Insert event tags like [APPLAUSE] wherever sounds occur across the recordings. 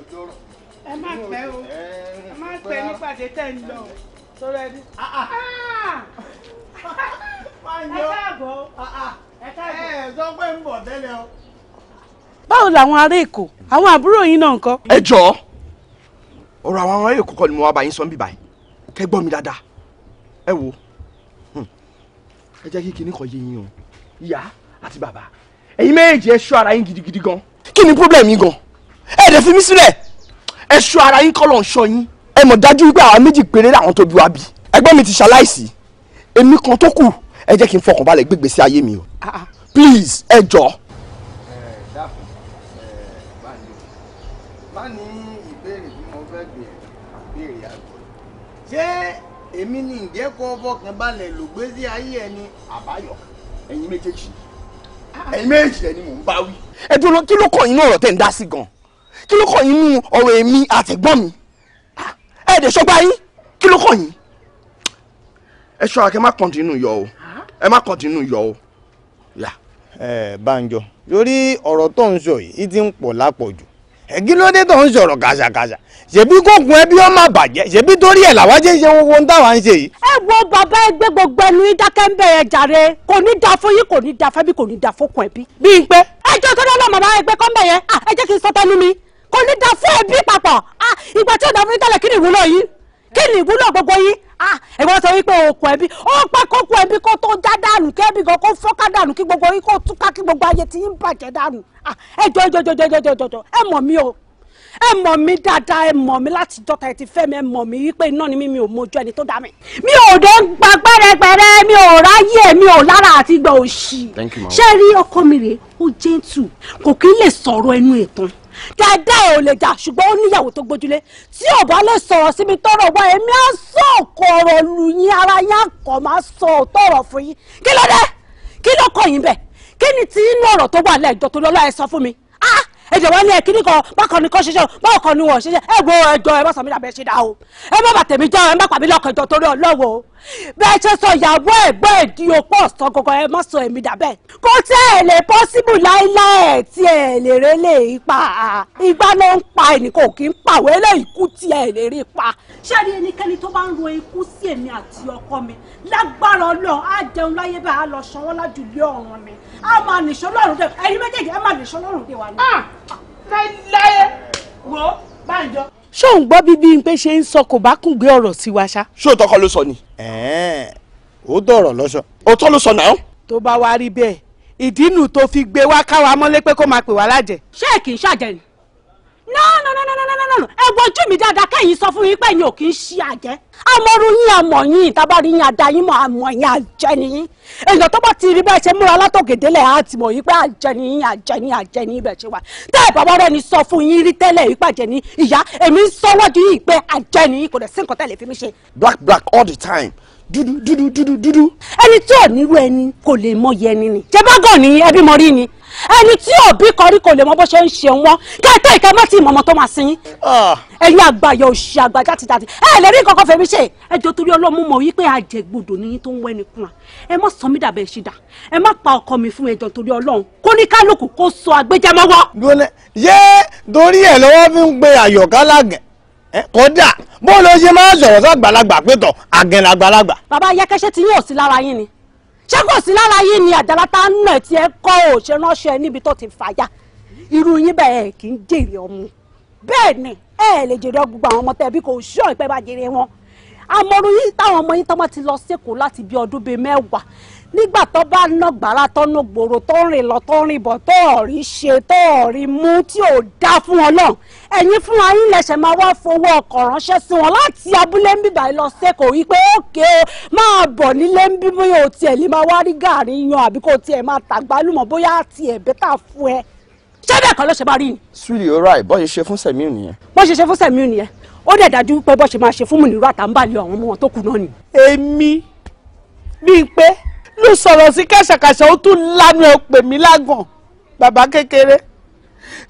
ọjọ́rọ̀. ẹ má pẹ́ o ẹ má pẹ́ nípàdé tẹ̀ ń lọ sórí ah, ah. ẹbí. Ah, ẹ káàbọ̀ ẹ káàbọ̀. ẹ sọ pé ń bọ̀ tẹ́lẹ̀ o. báwo làwọn ará èkó àwọn àbúrò yín náà ń kọ́. ẹ jọ̀ọ́ ọ̀rọ̀ àwọn ará èkó kọ́ ni mo wá bá yín sọ ń bì báyìí kẹ́ mi dáadáa ẹ wo hmm, ẹ jẹ́ kí kinní kan yé yín o ìyá àti bàbá ẹ̀yin méjèèjì ẹ ṣọ́ ara yín gidigidi gan kí ni problem yín gan ẹ lè fi mí sílẹ̀ ẹ ṣọ́ ara yín kọlọ ń ṣọ́ yín ẹ mọ̀ dájú wípé àwọn méjì péré làwọn tó bí wa bí ẹgbẹ́ mi ti ṣaláìsí èmi kan tó kù ẹ jẹ́ kí n fọkànbalẹ̀ gbégbé sí ayé mi o ah, ah. please ẹ jọ. ṣé èmi ni ǹjẹ́ kó fọkàn balẹ̀ ló gbé sí ayé ẹni àbáyọ ẹ̀yin méjèèjì ah. ẹ̀yin méjèèjì ẹni mò ń bá wí. ẹ dúró kí ló kọ yín náà ọ̀rọ̀ tẹ̀ ń dá sí gan-an kí ló kàn yín nínú ọ̀rọ̀ èmi àtẹ̀gbọ́n mi ah, ẹ dẹ̀ ṣọgbà yín kí ló kàn yín. ẹ ṣọ́ra kí ẹ má kọ́ntínú yọ o ẹ má kọ́ntínú yọ o. ẹ Banjo lórí ọ̀rọ̀ tó ń sọ yìí ti ń pọ̀ lápọ̀jù kí ló dé tó ń sọ̀rọ̀ kàṣàkàṣà ṣèbí kókun ẹbí ọ má bàjẹ́ ṣèbí torí ẹ̀ làwa ṣe ń ṣe gbogbo ohun táwa ń ṣe yìí. ẹ wo bàbá ẹgbẹ́ gbogbo ẹnu yín dákẹ́ ń bẹ̀rẹ̀ jàre kò ní da fún yín kò ní da fẹ́bí kò ní da fókun ẹbí. bí n pé. Ah, ẹ jẹ́ kí ọlọ́mọ bá ẹgbẹ́ kọ́ ń kí n sọ tẹnu mi kò ní da fún ẹbí papọ̀ ìgbà tí ọ̀dà fún yín tẹ́lẹ̀ kí ni ìwúlò yín kí ni ìwúlò gbogbo yín ẹ̀wọ́n sọ wípé òkú ẹbí ó pẹ́ kó kú ẹbí kó tó já dànù kí ẹbí gan kó fọ́ká dànù kí gbogbo yín kó túká kí gbogbo ayé ti yín bàjẹ́ dànù ẹ jọ jọ jọ jọ jọ jọ ẹ mọ̀ mí o ẹ mọ̀ mí dáadáa ẹ mọ̀ mí láti jọta ẹ ti fẹ́ mi ẹ mọ̀ mí wípé iná ni mí mi ò mojú ẹni tó dá mi. mi ò dé ń gba pẹ́rẹpẹ̀rẹ mi ò ráyè mi ò lára àti gbà òṣì. ṣé rí ọkọ mi rèé ó gentle kò kí ń lè sọ̀rọ̀ ẹnu ẹ̀ dáadáa ẹ ò lè jà ṣùgbọ́n ó níyàwó tó gbójúlé tí ò bá lè sọ̀rọ̀ síbi tọ́rọ̀ wá èmi á sọ ọ̀kọ̀ọ̀rọ̀ lù yín ara yín àkọ́ máa sọ ọ̀tọ̀rọ̀ fún yín kí ló dé kí ló kọ̀ yín bẹ̀ kí ni ti inú ọ̀rọ̀ tó wà lẹ́jọ́ tó lọ́lọ́ ẹ sọ fún mi ah ẹ̀jẹ̀ wọn ní ẹ̀kíní kan bákan ni kò ṣiṣẹ́ báwọn kan ni wọ́n ṣiṣẹ́ ẹ wo ẹjọ́ ẹ má sọ mí dàbẹ̀ ṣe dá o ẹ má bàtẹ̀ mi jẹ́ ẹ má pàmí lọ́kàn jọ torí ọlọ́wọ́ bẹ́ẹ̀ ṣe sọ ìyàwó ẹ̀gbọ́n èdè òpó ọ̀sán gangan ẹ má sọ èmi dàbẹ̀. kò tí ẹ lè pọ́síbù láíláì tí ẹ lè rẹ lè pa ìgbà ló ń pa ẹnìkan kì í pàwé lè ikú tí ẹ lè rí pa. ṣé ẹni ẹnikẹ́ni tó bá ń ro ikú sí èmi àti ọkọ mi lágbára ọlọ́ọ̀ á jẹun láyé bá a lọ ṣọwọ́ lájùlé ọ̀run mi a máa nìṣó lọ́rùn dé ẹ̀yin méjèèjì a máa nìṣó lọ́rùn dé wa ni. Ah, láyé wo báyìí ṣó ń gbọ́ bí Bímpé ṣe ń sọ kò bá kùn gbé ọ̀rọ̀ sí wa ṣá. ṣé òótọ́ kọ́ ló sọ ni. ẹ̀ẹ́n ó dọ̀rọ̀ lọ́sọ. òótọ́ ló sọ náà. tó bá wá rí bẹ́ẹ̀ ìdí nù tó fi gbé wá káwa mọ́lé pé kó máa pè wá lájẹ. ṣé kì í ṣàjẹ́ no ẹ wojú mi dáadáa kẹ́yìn sọ fún yín pé yín ò kì í ṣe àjẹ́ amọ̀rú yín àmọ̀ yín ìtabárí yín àdá yín mọ̀ àmọ̀ yín àjẹ́ nìyín èèyàn tó bá ti rí bẹ́ẹ̀ ṣe múra látòkèdélẹ̀ á ti mọ̀ yín pé àjẹ́ nìyín àjẹ́ ní àjẹ́ ní ibẹ̀ ṣe wà tẹ́ ẹ̀ bàbá rẹ̀ ni sọ fún yín rí tẹ́lẹ̀ yín pàjẹ́ ní ìyá èmi ń sọ́wọ́jú yín pé àjẹ́ nìyín kò dẹ̀ sí nǹkan tẹ́lẹ̀ fi mí ṣe. black black all the time dúdú dúdú dúdú dúdú ẹni tí ò nírú ẹni kò lè mọ yẹ ẹni ni jẹbágàn ni ẹbí mọ rí ni ẹni tí òbí kọrí kò lè mọ bó ṣe ń ṣe wọn kẹtẹ ìkẹ mọ tí ìmọ̀mọ́ tó máa sin yín ah. ẹ̀yin àgbàyọ òṣì àgbà játidàti ẹ lè rí nǹkan kan fẹmi ṣe ẹjọ torí ọlọ́mú mọ̀ wípé àjẹgbọdọ̀ ni yín tó ń wẹ́ni kúnra ẹ má sọ mí dàbẹ̀ ṣì dà ẹ má pa ọkọ mi fún ẹjọ torí Ọlọ́run kó ní kálukú kó sọ àgbéjẹmọ́wọ́. yé torí ẹ̀ lọ́wọ́ fi ń pe àyọ̀ká lágẹ̀ẹ́ Eh, kódà bó ló ṣe máa sọ̀rọ̀ sàgbàlagbà pé tọ̀ àgẹ̀làgbàlagbà. bàbá ayákẹ́ṣẹ́ ti yín ò sí lára yín ni ṣé kò sí lára yín ni àjàlá tá ń nà tí ẹ kọ́ ò ṣe ránṣẹ́ níbi tó ti fàyà irú yín bẹ́ẹ̀ kì í jèrè ọmọ bẹ́ẹ̀ ni ẹ lè jèrè gbogbo àwọn ọmọ tẹ̀bí kò ṣọ́ ìpẹ́ bá jèrè wọn àmọ́rú yín táwọn ọmọ yín tọ́mọ ti lọ sẹ́kọ̀ọ́ láti bí ọdún bíi mẹ́wàá nígbà tó bá ná gbàrà tó ná gbòòrò tó ń rìn lọ tó ń rìn bọ̀ tó ọ̀rí ṣe tó ọ̀rí mú tí ò dá fún wọn náà ẹ̀yin fún ayín lẹ̀ṣẹ̀ máa wá fowó ọkọ̀ ránṣẹ́ sí wọn láti abúlé ń bíbà lọ sẹ́kọ̀ọ́ wípé òkè o máa bọ̀ nílé bíbí o tiẹ̀ lè máa wá rí gàrí yan àbí kò tiẹ̀ máa tàgbálùmọ̀ bóyá tiẹ̀ bẹ́tà fún ẹ ṣé bẹ́ẹ̀ kọ́ ló ṣe bá rí ni. sweetie bó ṣe ṣe fún sẹ̀míù nìyẹn. bó ṣe ṣe fún sẹ̀míù nìyẹn ó dẹ̀ dájú pé bó ṣe máa ṣe fún mùnírù àtàǹbàlẹ̀ àwọn ọmọ wọn tó kù náà ni. èmi bíi pé ló sọ̀rọ̀ sí kàṣàkàṣà ó tún lanu ẹ̀ pè mí lágàn bàbá kékeré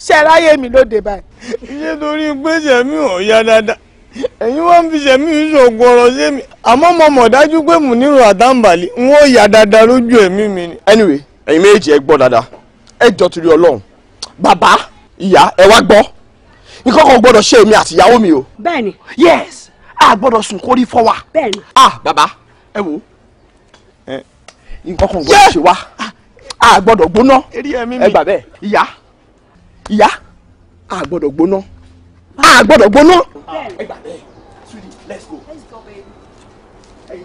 ṣe aráyé mi lóde báyìí. iṣẹ́ torí pé ṣẹ̀mí ò yá dáadáa ẹ̀yin wọ́n fi ṣẹ̀mí ìṣògùn ọ̀rọ̀ sí mi àmọ́ mo mọ̀ dájú pé mò nírò àtàǹbàlì n ó yá dáadáa lójú ẹ̀mí mi ni. anyway ẹ̀yin méjì ẹ gbọ́ dáadáa ẹ jọ torí ọlọ́run bàbá ìyá ẹ wá gbọ́ nǹkan kan gbọ́dọ̀ ṣe èmi àti mi o. bẹ́ẹ̀ni. yes a gbọ́dọ̀ sùn kórí fọwà. bẹ́ẹ̀ni. ah bàbá ẹ wo nǹkan gbọ́dọ̀ ṣe wá ah, a gbọ́dọ̀ gbóná ẹ gbà bẹ́ẹ̀ ìyá ìyá a gbọ́dọ̀ gbóná a gbọ́dọ̀ gbóná ẹ gbà bẹ́ẹ̀ sweetie let's go. Let's go baby.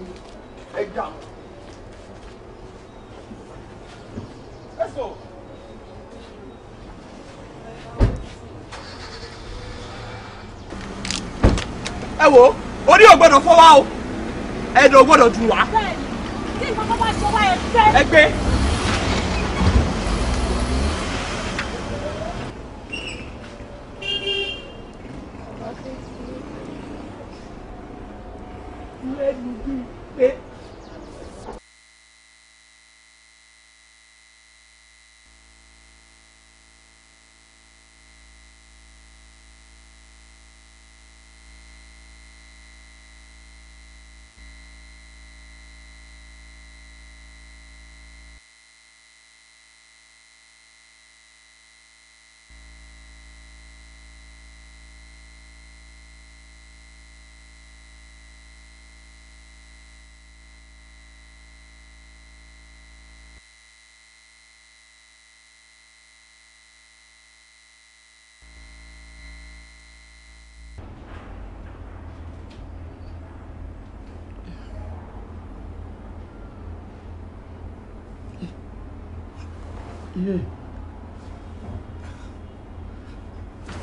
Hey, down. Let's go. ẹ wo orí ò gbọ́dọ̀ fọ́ wa o ẹ̀dọ̀ ò gbọ́dọ̀ dùn wá tí nǹkan kan pé.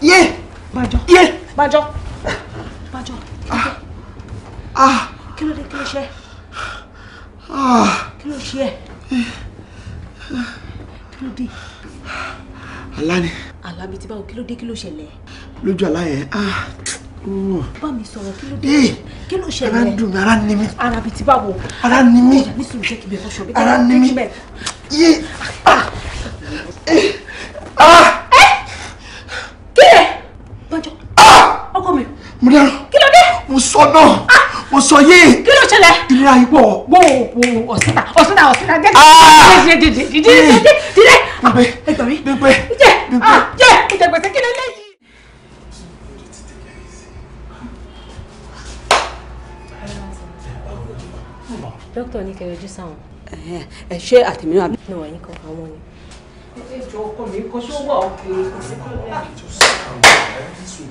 yé. bàjọ́ bàjọ́ ah. bàjọ́ ah. ah. kí ló dé kí ló ṣe kí ló ṣe eh. kí ló dé. àlá ni. àlá bíi ti báwo kí ló dé kí ló ṣẹlẹ̀. lójú àlá Ah. bá mi sọ̀rọ̀ kí ló dé eh. kí ló ṣẹlẹ̀ ara ń dùn mí ara ń ni mí. ara bíi ti báwo. ara ń ni mí. ara ń ni mí. ara ń ni mí. mo dáràn. kí ló dé. mo sọ náà ah! mo sọ yé. kí ló ṣẹlẹ̀. ìlera ìwọ. wo wo ọ̀sìnà ọ̀sìnà ọ̀sìnà jẹ́ jẹ́ jẹ́ jẹ́ jẹ́ jẹ́ jẹ́ ah, bímpé ẹgbẹ̀rin bímpé jẹ́ ah, jẹ́ ìjẹ̀gbẹ̀sẹ̀ kí ló léyìí. dókítà ní kẹrẹ ojú sáwọn. ẹ ṣé àtẹ̀mí náà. ní wàá yín kan àwọn ni. ẹ jọ ọkọ mi kọ ṣó wà ọkùnrin kò sí kọ́ lẹ́yìn.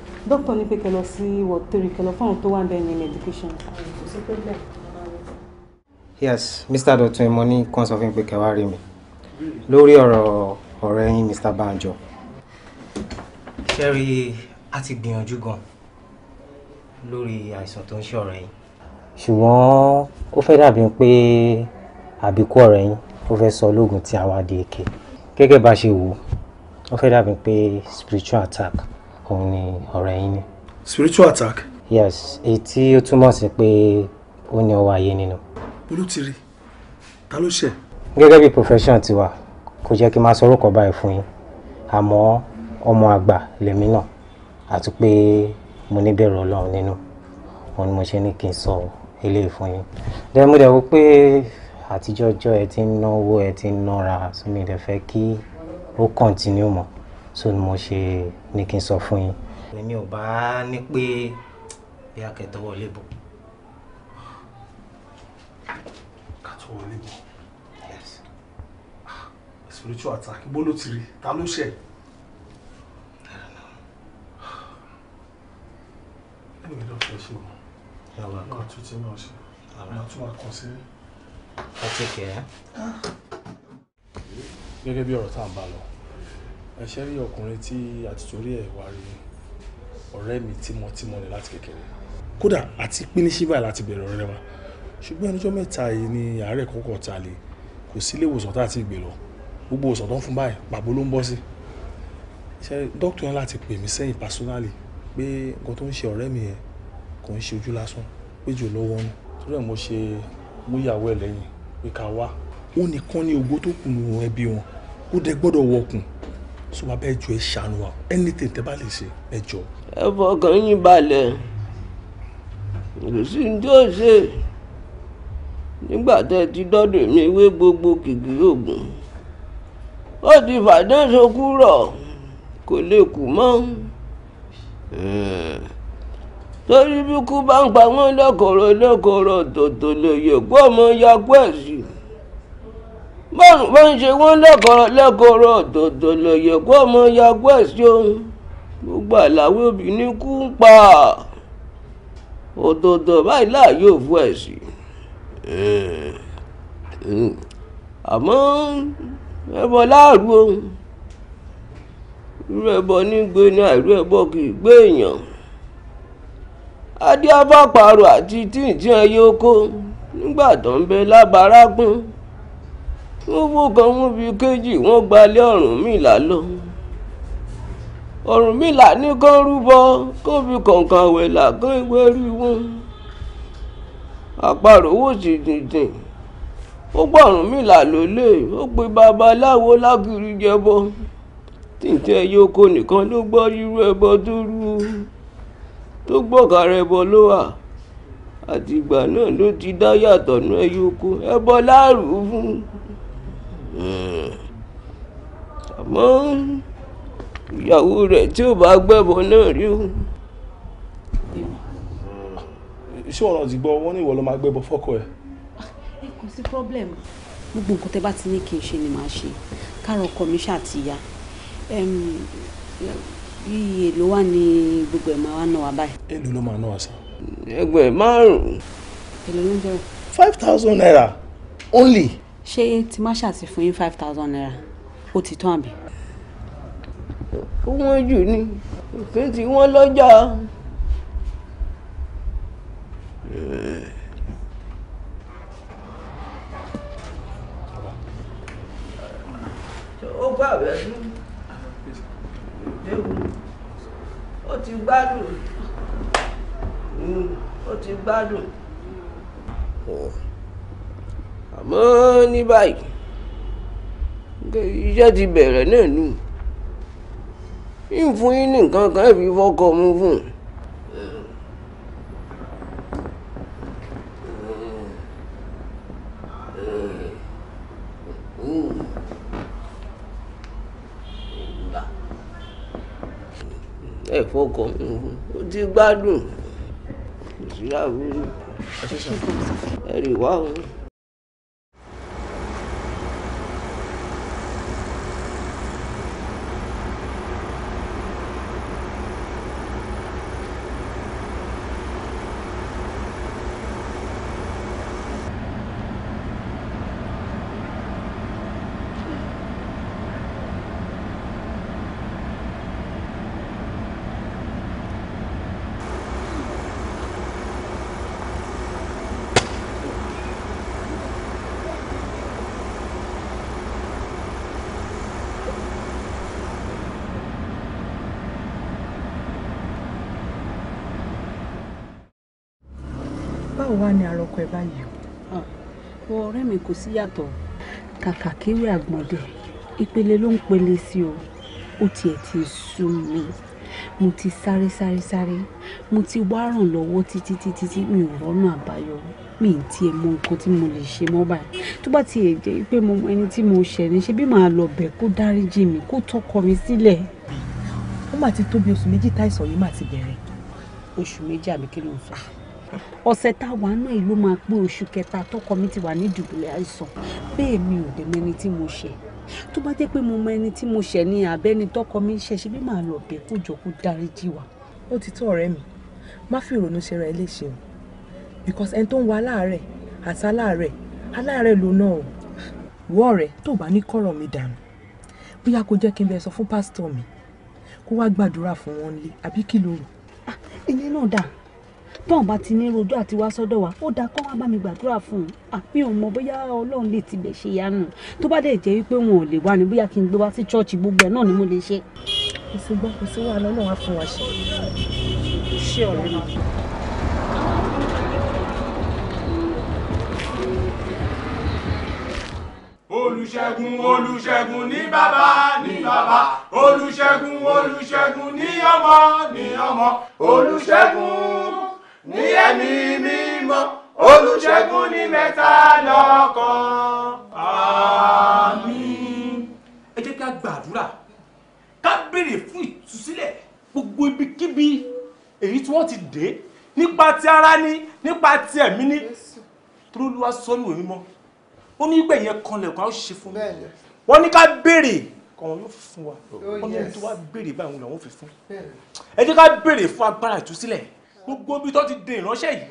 dókítà ní pé kẹ lọ sí ward three kẹ lọ fáwọn tó wà ní ẹ̀yìn medication. yes mr Doctor, mo money kàn sọ fún mi pé kẹ wá mi lórí ọ̀rọ̀ ọ̀rẹ́ yín mr banjo. sẹ́rí ati ti gbìyànjú gan lórí àìsàn tó ń ṣe ọ̀rẹ́ yín. ṣùgbọ́n ó fẹ́ dàbí pé àbíkú ọ̀rẹ́ yín ó fẹ́ sọ ológun tí a wá di èké gẹ́gẹ́ bá ṣe wò ó fẹ́ dàbí pé spiritual attack òun ni ọ̀rẹ́ yín ni. spiritual attack. yes èyí tí ó túmọ̀ sí pé ó ní ọwọ́ ayé nínú. olùtìrì ta ló ṣe. gẹ́gẹ́ bí profession tiwa kò jẹ́ kí n máa sọ orúkọ báyìí fún yín àmọ́ ọmọ àgbà lèmi náà àti pé mo níbẹ̀rù ọlọ́run nínú òun ni mo ṣe ní kí n sọ eléyìí fún yín. then mo pé àtijọ́ ẹ ti ń náwó ẹ ti ń nára so mi kí ó continue mọ́ so ni mo ṣe ní kí n sọ fún yín. èmi ò bá ní pé bí akẹ́tọ̀ wọlé bò. kàtó wọlé bò. yes. Ah, spiritual attack bó ló ti rí ta ló ṣe. ẹ̀mí ló fẹ́ ṣe o. yàrá kan máa tún ti náà ṣe máa tún máa kàn sí. ọtí kẹ́ ẹ́. gẹ́gẹ́ bí ọ̀rọ̀ tá à ń bá lọ. Ẹ ṣé rí ọkùnrin tí a ti torí ẹ̀ wá rí ọ̀rẹ́ mi tímọ́tímọ́ ni láti kékeré. Kódà àti píníṣín báyìí láti bẹ̀rẹ̀ ọ̀rẹ́ wa. Ṣùgbọ́n ẹnu ọjọ́ mẹ́ta yìí ni àárẹ̀ kọ́kọ́ ta lè. Kò sí ilé ìwòsàn tá a ti gbé lọ. Gbogbo ìwòsàn tó ń fún báyìí, pàbó ló ń bọ́ sí. Ṣé dókítà yẹn láti pè mí sẹ́yìn personally pé nǹkan tó ń ṣe ọ̀rẹ́ mi yẹn kò ń ṣe ojú lásán, pé jù lọ́wọ́ ni. Torí ẹ̀ mo ṣe mú ẹ̀ lẹ́yìn pé ká wá. Ó nìkan ni ògo tó kù ẹbí wọn. Ó dẹ̀ gbọ́dọ̀ wọ so wa bẹ́ẹ̀ jọ ẹ ṣàánú wa anything tẹ́ bá lè ṣe ẹ jọ. ẹ fọkàn yín balẹ̀ kò sí ní tó ṣe nígbà tẹ́ ẹ ti dọ́dọ̀ mi wé gbogbo kìkì oògùn ó ti fàdéso kúrọ̀ kò lè kú mọ́ torí bí kú bá ń pa wọ́n lọ́kọ̀ọ̀rọ̀ lọ́kọ̀ọ̀rọ̀ tòtò lè yẹ kó ọmọ ya pẹ́ẹ́sì bọ́ọ̀rùn bó ń ṣe wọ́n lọ́gọ́rọ́ òdòdó lòyè kó ọmọ yagbó ẹ̀sìn gbogbo àlàwé obìnrin kú ń pa òdòdó báyìí láàyè òfu ẹ̀sìn àmọ́ ẹbọ láàrú ohun irú ẹbọ ní gbé ní àìrú ẹbọ kì í gbé èèyàn adé abáparò àti tíǹtì ẹyẹ oko nígbà tó ń bẹ lábarágbọ́n wọ́n wó kan wọ́n bí kéjì wọ́n gbalẹ̀ Ọ̀rúnmìlà mi Ọ̀rúnmìlà ní kán rúbọ kó fi kọ̀ǹkan wẹ̀là kán ìwé rí wọn àparò wò sí dìndìn ó gbọ́ Ọ̀rúnmìlà lólè ó pe babaláwo lágìrì jẹbọ tìǹtẹ̀ yoko nìkan ló gbọ́ irú ẹbọ tó rú tó gbọ́kàrà ẹbọ ló wà àtìgbà náà ló ti dá yàtọ̀ nú ẹyọkọ ẹbọ láàrú fún un àmọ́ ìyàwó rẹ̀ tí ò bá gbẹ̀bọ̀ náà rí o. ṣé ọ̀nà ti gbọ́ wọ́n ní ìwọ ló máa gbẹ̀bọ̀ fọ́kọ ẹ̀. ẹ kò sí problem gbogbo nǹkan tẹ́ bá ti ní kí n ṣe ni màá ṣe káàrọ̀ ọkọ mi ṣàtìyà bí èlò wà ní gbogbo ẹ̀ máa wá ná wa báyìí. èlò ló máa ná wa sá. ẹgbẹ́ márùn-ún. èlò ló ń jẹun. five thousand naira only ṣé tí má ṣàti fún yín five thousand naira ó ti tán àbí. ó wọ́n jù ni òfin tí wọ́n lọ́jà. ó gbà bẹ́ẹ̀ ó ti gbádùn ó ti gbádùn. Oh àmọ́ ní báyìí iṣẹ́ ti bẹ̀rẹ̀ náà nù ìfún yín ní nǹkan kan ẹ̀fí fọ́kọ mú fún un. ẹ fọkọ ó ti gbádùn kò sí láàbù ẹ rí wá báwo wá ni àròkọ ẹ báyìí o. Ah, wọ ọ̀rẹ́ mi kò sí yàtọ̀ kàkà kéwì àgbọ̀ndẹ ìpele ló ń pele sí o ó tiẹ̀ ti sú mi mo ti sáré sáré sáré mo ti wá ràn lọ́wọ́ títí títí tí mi ò rọ́nà àbáyọ mi ti ẹ̀ mọ nǹkan tí mo lè ṣe mọ́ báyìí tó bá ti ẹ̀ jẹ́ pé mo ẹni tí mo ṣẹ̀ ní ṣe bí màá lọ bẹ̀ kó dáríjì mi kó tọkọ mi sílẹ̀. ó mà ti tó bí oṣù méjì táìsàn yìí mà ti bẹ̀rẹ̀. oṣù méjì àbí kí ló ń sọ. Ah ọ̀sẹ̀ tá a wà náà ìlú máa pé oṣù kẹta tọkọ mi ti wà ní ìdùbúlẹ̀ àìsàn bẹ́ẹ̀ mi ò dẹ̀ mẹ́ni tí mo ṣe tó bá jẹ́ pé mo mọ ẹni tí mo ṣẹ̀ ní abẹ́ni tọkọ mi ṣe ṣe bí màá lọ bẹ̀ kó jọ kó dáríjì wá. ó ti tó ọ̀rẹ́ mi má fi ìrònú ṣe ra ẹ léṣe because ẹni tó ń wa aláàárẹ̀ àti aláàárẹ̀ aláàárẹ̀ ló náà o wọ́ ọ̀rẹ́ tó bá ní kọ́rọ̀ mi dànù bóyá kó jẹ́ kí n bẹ sọ fún pásítọ̀ mi kó wá gbàdúrà fún wọn lé àbí kí ló rò. ìyẹn ah, náà dáa tóun bá ti ní rojú àti wá sọ́dọ̀ wa ó dáa kán wá bá mi gbàdúrà fún un àmì ò mọ bóyá ọlọ́run lè tibẹ̀ ṣe yanu tó bá dẹ̀ jẹ́ wípé wọn ò lè wá ni bóyá kí n gbé wá sí chọ́ọ̀chì gbogbo ẹ̀ náà ni mo lè ṣe. kò sí gbọ́ kò sí wàhálà náà wá fún wa ṣe ṣé ọ̀rẹ́ mi. olùṣègùn olùṣègùn ní bàbá ní bàbá olùṣègùn olùṣègùn ní ọmọ ní ọmọ olùṣègùn ní ẹ̀mí mímọ́ olùṣègùn ní mẹ́ta lọ́kan. àmín. ẹ jẹ́ ká gbàdúrà ká béèrè fún ìtúsílẹ̀ gbogbo ibikíbi èyí tí wọ́n ti dé nípa ti ara ni nípa ti ẹ̀mí ni torí sọ́nù èmi mọ́ ó ní ìgbà yẹn kan àwọn ṣe fún mi wọ́n ní ká béèrè kọ̀wọ́n yóò fún wa oh, wọ́n ní ẹni béèrè báyìí làwọn fi fún ẹ jẹ́ ká béèrè fún agbára ìtúsílẹ̀ gbogbo ibi tó ti dè ìránṣẹ́ yìí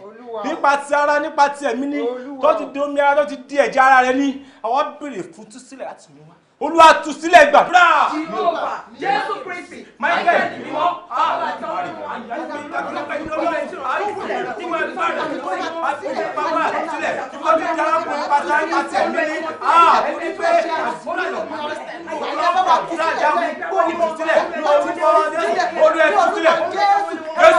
nípa ti ara nípa ti ẹ̀mí ni tó ti di omi ara tó ti di ẹ̀jẹ̀ ara rẹ ní àwọn béèrè fún túsílẹ̀ láti mú olúwa tú sílẹ̀ gbàdúrà. jehova jésù kristi michael mímọ́ àwọn àjọ ọmọ àyàlẹ́ ìdàgbàsókè ìdọ́lọ́ ẹ̀sìn àìsàn ìmọ̀ ẹ̀fọ́ rẹ̀ tó yẹ àtúnṣe pàmò àtúnṣe ìmọ̀ tó dára kó pàṣẹ àti ẹ̀mí ní à ẹni pé àtúnṣe olùwà bàtúrà jáwé kó ní tú sílẹ̀ kó ní bọ́ olùwà tú sílẹ̀ jésù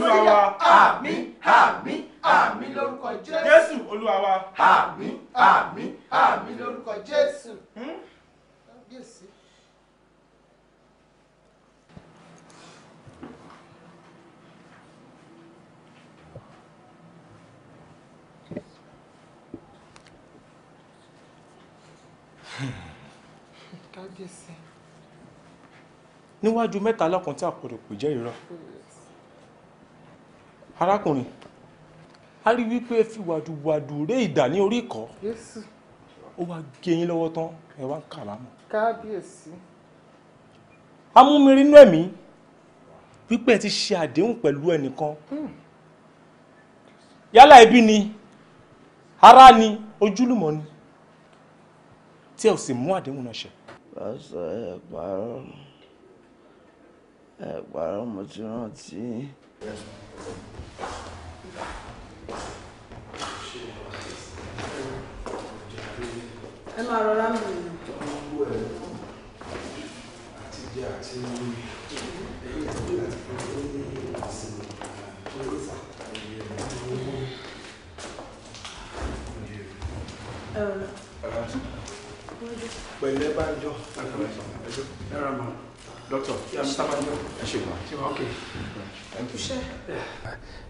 olúwa wa àmín àmín àmín lórúkọ jésù olúwa wa àmín àmín àmín lórúkọ jésù. níwájú mẹ́ta lọ́kàn tí àpòdò pè jẹ́ irọ́ arákùnrin a rí wípé fi wàdùwàdù ré ìdà ní orí ìkọ́ ó wá gé yín lọ́wọ́ tán ẹ wá ń kàbámọ̀. kábíyèsí. amúmiri inú ẹ̀mí wípé ẹ ti ṣe àdéhùn pẹ̀lú ẹnìkan hmm. yálà ẹbí ni ará ni ojúlùmọ̀ ni tí ẹ ò sì mú àdéhùn náà ṣẹ pásítọ̀ ẹ parọ́ ẹ mo ti rántí. ẹ máa rọra mi. àtijọ́ àti ẹ̀yìn tó ń bẹ̀rẹ̀ pẹ̀lẹ́ Bánjọ ẹ̀rọ mọ̀ dọ́tọ̀ Mr. Bánjọ ẹ ṣe wà ṣe wà ok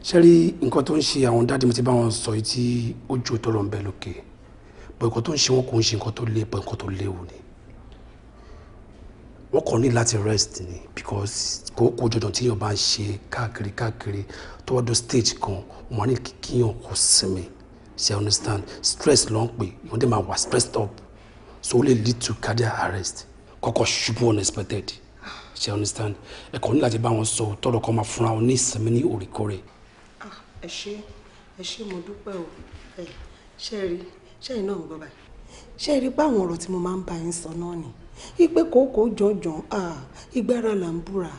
ṣe rí nǹkan tó ń ṣe àwọn dáàdì mi ti bá wọn sọ yìí tí ó ju tó ń bẹ lókè bọ̀ nǹkan tó ń ṣe wọn kò ń ṣe nǹkan tó le bọ̀ nǹkan tó léwu ni wọ́n kàn ní láti rest ni because kò kó jọjọ́n tí yóò bá ń ṣe káàkiri káàkiri tó wá dó stage kan wọ́n á ní kíyàn kó sinmi ṣe understand stress ló ń pè wọ́n dẹ̀ máa wà stressed up so only lead to cardiac arrest Koko ṣubú unexpected She understand ẹ kàn ní láti bá wọn sọ tọrọ kan máa fúnra wọn ní ìsinmi ní òrèkóòrè. Ah, mo dúpẹ́ o ẹ Sherry, Sherry no iná ń gbọ́ báyìí ṣe rí báwọn ọ̀rọ̀ tí mo máa ń bá yín sọ náà ni ìpè kòókò jọjọ ìgbára là ń búra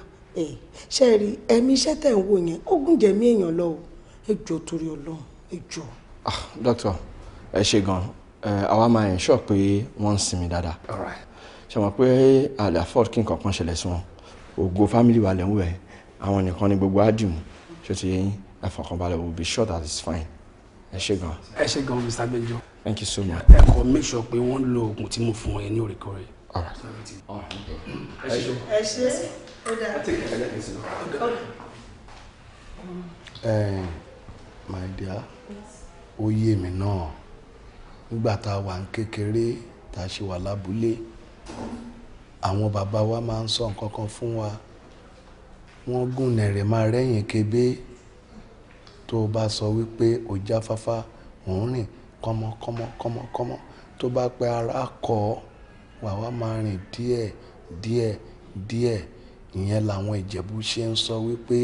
ẹ ṣe rí ẹ̀mí iṣẹ́ tẹ̀ ń wò yẹn ó gùn jẹ̀mí èèyàn lọ Eh, àwa máa ensure pé wọ́n ń sinmi dáadáa ṣe mọ̀ pé àlè afford kí nǹkan kan ṣẹlẹ̀ sí wọn ògo family wa lẹ́hìn ẹ̀ àwọn nìkan ni gbogbo ádìmù ṣó ti yẹn ẹ̀fọ̀kànbalẹ̀ we will be sure that it's fine ẹ ṣe gan. ẹ ṣe gan Mr. Benjo. thank you so much. ẹ kọ make sure pé wọ́n lo oògùn tí mo fún ẹ ní òrèkóòrè. ẹ ṣe ó dáa. ẹ eh, my dear ó yé mi náà nígbà tá a wà ń kékeré tá a ṣe wà lábúlé àwọn bàbá wa máa ń sọ nǹkan kan fún wa wọ́n gùn nẹ̀rẹ̀ máa rẹ́yìn kébé tó o bá sọ wípé o jáfáfá ò ń rìn kọ́mọkọ́mọ kọ́mọkọ́mọ tó bá pẹ́ ara kọ́ wà máa rìn díẹ̀ díẹ̀ díẹ̀ ìyẹn làwọn ìjẹ̀bú ṣe ń sọ wípé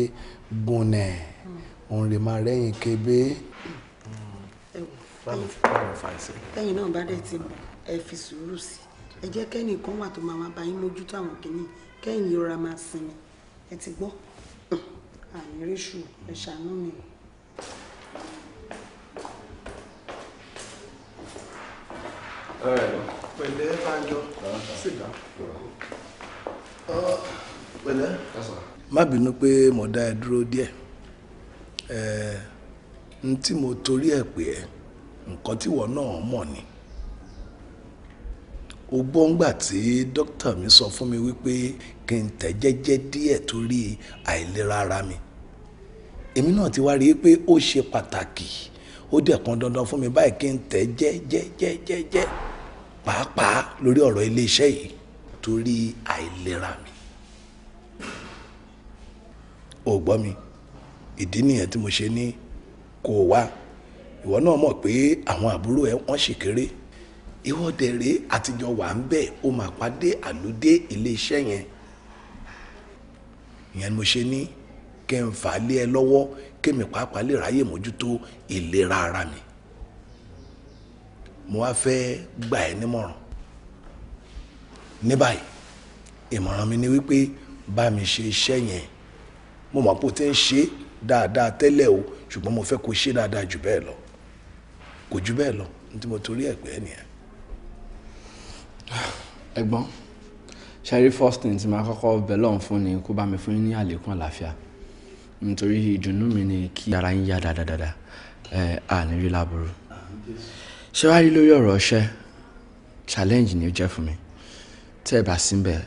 gùnẹ̀ òun rè máa rẹ́yìn kébé ẹ̀yin náà bá ti ẹ fi sùúrù sí ẹ jẹ kan wà tó máa bá yín mójútó àwọn kìíní kẹ́yìn yọra máa sinmi ẹ ti gbọ ẹ ṣàánú mi. pẹ̀lẹ́ banjọ sìgá pẹ̀lẹ́. má bínú pé mo dá ẹ dúró díẹ̀ n tí mo torí ẹ̀ pè ẹ́ nǹkan tíwọ náà mọ̀ ni o gbọ́ ńgbà tí dókítà mi sọ fún mi wípé kí n tẹ̀ jẹ́jẹ́ díẹ̀ torí àìlera ara mi èmi náà ti wá rí i pé ó ṣe pàtàkì ó dẹ̀ kan dandan fún mi báyìí kí n tẹ̀ jẹ́jẹ́jẹ́jẹ́jẹ́ pàápàá lórí ọ̀rọ̀ iléeṣẹ́ yìí torí àìlera mi ò gbọ́ mi ìdí nìyẹn tí mo ṣe ní kó o wá ìwọ náà mọ̀ pé àwọn àbúrò ẹ wọ́n ṣì kéré ìwọ dẹ̀rẹ̀ àtijọ́ wà ń bẹ̀ ó máa pàdé àlùdé iléeṣẹ́ yẹn ìyẹn mo ṣe ní kẹ́ ń fà á lé ẹ lọ́wọ́ kémi pàápàá lè ráyè mójútó ìlera ara mi mo wá fẹ́ gbà ẹ́ nímọ̀ràn ní báyìí ìmọ̀ràn mi ni wípé bá mi ṣe iṣẹ́ yẹn mo mọ̀ pé o ti ń ṣe dáadáa tẹ́lẹ̀ o ṣùgbọ́n mo fẹ́ kó ṣe dáadáa jù bẹ́ẹ̀ lọ kò jù bẹ́ẹ̀ lọ tí mo torí ẹ̀ pé nìyẹn. ẹ̀gbọ́n ṣẹ́rí first thing tí máa kọ́kọ́ bẹ̀ lọ́n fún ni kó bá mi fún yín ní àlékún àlàáfíà nítorí ìdùnnú mi ni kí ara yín yá dáadáa ẹ à ní rí láburú. ṣé wàá rí lórí ọ̀rọ̀ ọṣẹ́ challenge ni ó jẹ́ fún mi tẹ́ ẹ bá síbẹ̀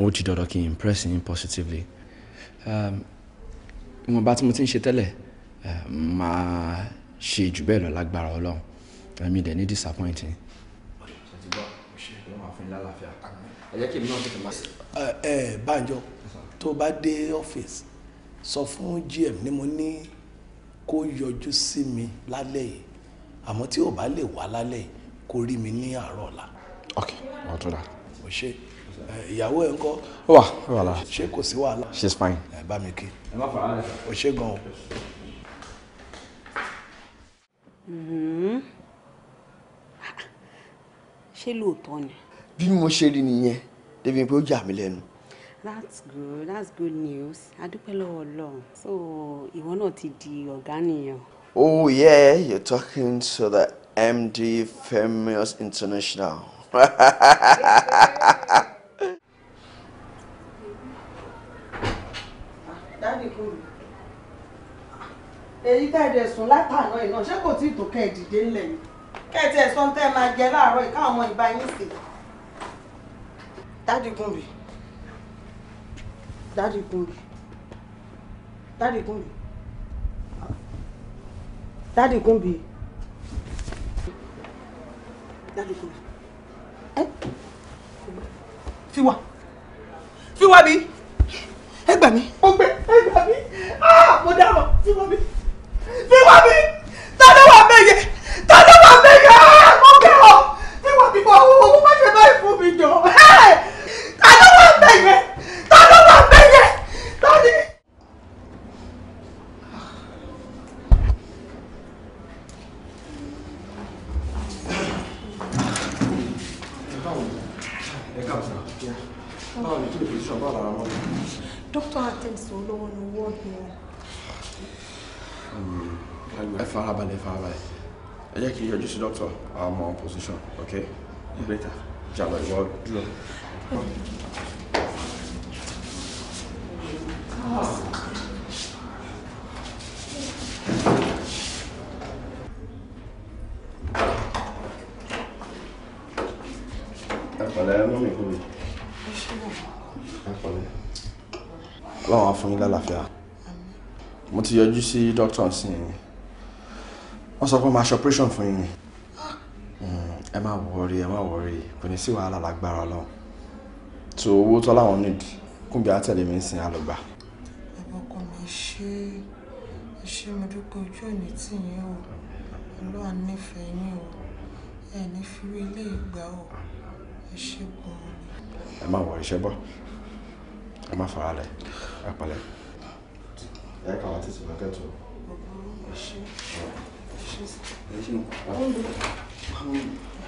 ó ti dọ̀dọ̀ kí n impress yín positively ìwọ̀nba tí mo ti ń ṣe tẹ́lẹ̀ máa ṣe jù bẹ́ẹ̀ lọ lágbára ọlọ́run ẹ̀mí dẹ̀ ní disappointing. ẹ ẹ banjo tó bá dé ọ́fíìsì sọ fún gm ni mo ní kó yọjú sí mi lálẹ́ yìí àmọ́ tí ò bá lè wá lálẹ́ yìí kó rí mi ní àárọ̀ ọ̀la. ok i'll do that. o ṣe ìyàwó ẹ ńkọ́. ó wà ó wà lára. ṣé kò sí wàhálà. she's fine. ẹ bá mi kí. ẹ má fà rẹ. o ṣe gan o. Mm-hmm. ṣé lóòótọ́ ni. bí mo ṣe rí nìyẹn débi pé ó jà mí lẹ́nu. that's good that's good news adúpẹ́ lọ́wọ́ ọlọ́run so ìwọ náà ti di ọ̀gá nìyẹn. oh yeah you're talking to the MD Famous International. [LAUGHS] èyí tẹ́ ẹ dẹ̀ sùn látàná iná ṣé kò tí ì tó kẹ́ ẹ dìde ńlẹ̀ yìí kẹ́ ẹ tiẹ̀ sọ tẹ́ ẹ máa jẹ láàárọ̀ ìka àwọn ìbá yín sè. dádì gùnbì dádì gùnbì dádì gùnbì dádì gùnbì dádì gùnbì bí ẹ gbà mí. ó gbé ẹ gbà mí ah! mo dáhùn Tiwa bí bíwá mi ta ló wà bẹ́yẹ doctor, I'm on position, okay? Yeah. Better. Jalo, ìwọ dúró. Ẹ̀pẹ̀lẹ́ mú mi kúrò. Ẹ̀pẹ̀lẹ́. Ọlọ́run á fún yín lálàáfíà. Mo ti yọjú sí dókítà sí yín. Wọ́n sọ pé máa ṣe operation fún yín ni ẹ má wọrí ẹ má wọrí kò ní sí wàhálà lágbára lọ tó owó tó láwọn nídìí kúnbi àtẹlẹ mi ń sin àlùgbà. ẹ̀bùn kan mi ṣe ṣé mo dúpẹ́ ojú òní tì yín o ọlọ́run nífẹ̀ẹ́ yín o ẹ̀ ní fírí ilé ìgbà o ẹ ṣe gan-an ni. ẹ má wọrí iṣẹ́ bọ́ ẹ má fara rẹ̀ ẹ pẹ̀lẹ́. ẹ kà wá títí lọ kẹ́tù. ẹ ṣe ẹ ṣe.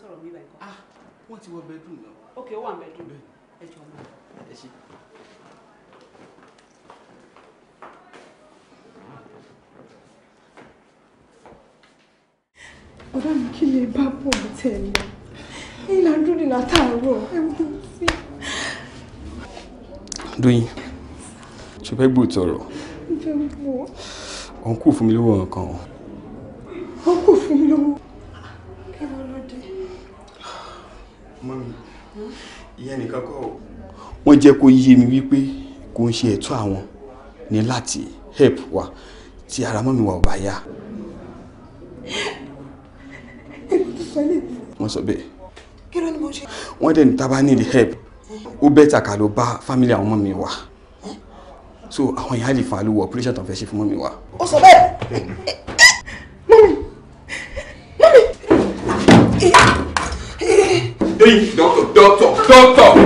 sọ̀rọ̀ mi báyìí. ah wọ́n ti wọ bedroom náà. ok ó wà ní bedroom ẹ jọ mọ. ẹ ṣe. bàbá mi kí lè bá bọ̀ tẹ̀lé ìlà dúdú látàárọ̀ ẹ̀wọ̀n sí. Dóyin ṣe fẹ́ gbòòtọ̀rọ̀ ọ̀nkú fún mi lówó nǹkan o. ẹnìkan kọ́ o. wọ́n jẹ́ kó yé mi wípé kò ń ṣe ẹ̀tọ́ àwọn ní láti help wa tí ara mọ́ mi wà ọ̀bà yá. wọ́n sọ bẹ́ẹ̀. kí ló ní mo ṣe. wọ́n dẹ̀ ní tábà need help ó bẹ́tà ká ló bá fámílì àwọn ọmọ mi wà so àwọn ìyá lè fa lówó operation tó fẹ́ ṣe fún mọ́ mi wà. ó sọ bẹ́ẹ̀. mọ́mí mọ́mí. Hey, doctor, doc, dókítọ̀